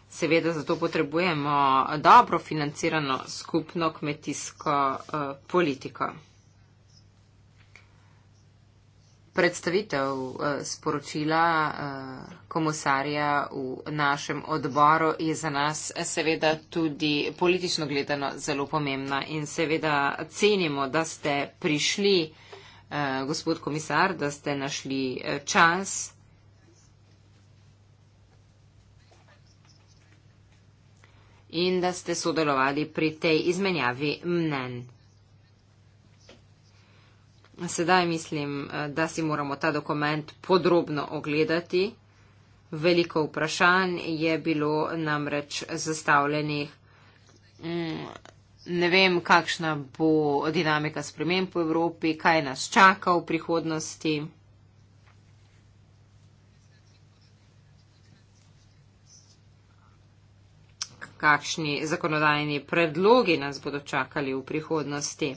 Seveda zato potrebujemo dobro financirano skupno kmetijsko uh, politiko predstavitev eh, sporočila eh, komisarja v našem odboru je za nas eh, seveda tudi politično gledano zelo pomembna in seveda cenimo, da ste prišli, gospod komisar, da ste našli čas. In da ste sodelovali pri tej izmenjavi mnen. Sedaj mislim, eh, da si moramo ta dokument podrobno ogledati. Veliko vprašanj je bilo namreč zastavljenih. Mm, ne vem, kakšna bo dinamika sprememb v Evropi, kaj nas čaka v prihodnosti. Kakšni zakonodajni predlogi nas bodo čakali v prihodnosti.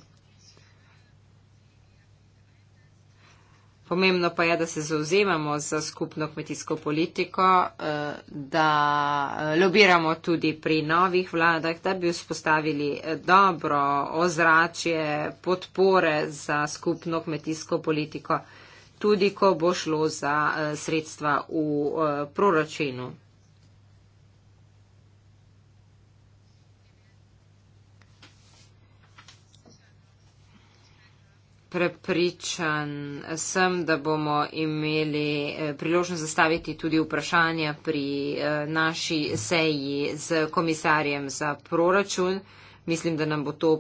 Pomembno pa je, da se zauzemamo za skupno kmetijsko politiko, eh, da lobiramo tudi pri novih vladah, da bi vzpostavili eh, dobro ozračje podpore za skupno kmetijsko politiko, tudi ko bo šlo za eh, sredstva v proračunu. Prepričan sem, da bomo imeli eh, priložnost zastaviti tudi vprašanja pri eh, naši seji z komisarjem za proračun. Mislim, da nam bo to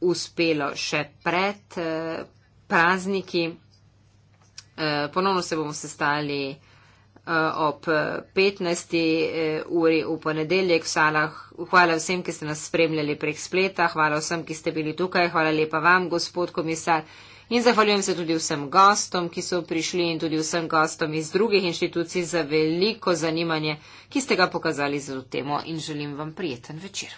uspelo še pred eh, prazniki. Ponovno se bomo sestali. Eh, ob 15. Eh, uri v ponedeljek. Hvala, hvala vsem, ki ste nas spremljali prek spleta, hvala vsem, ki ste bili tukaj, hvala lepa vam, gospod komisar. In zahvaljujem se tudi vsem gostom, ki so prišli in tudi vsem gostom iz drugih inštitucij za veliko zanimanje, ki ste ga pokazali za to temo in želim vam prijeten večer.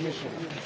Thank you.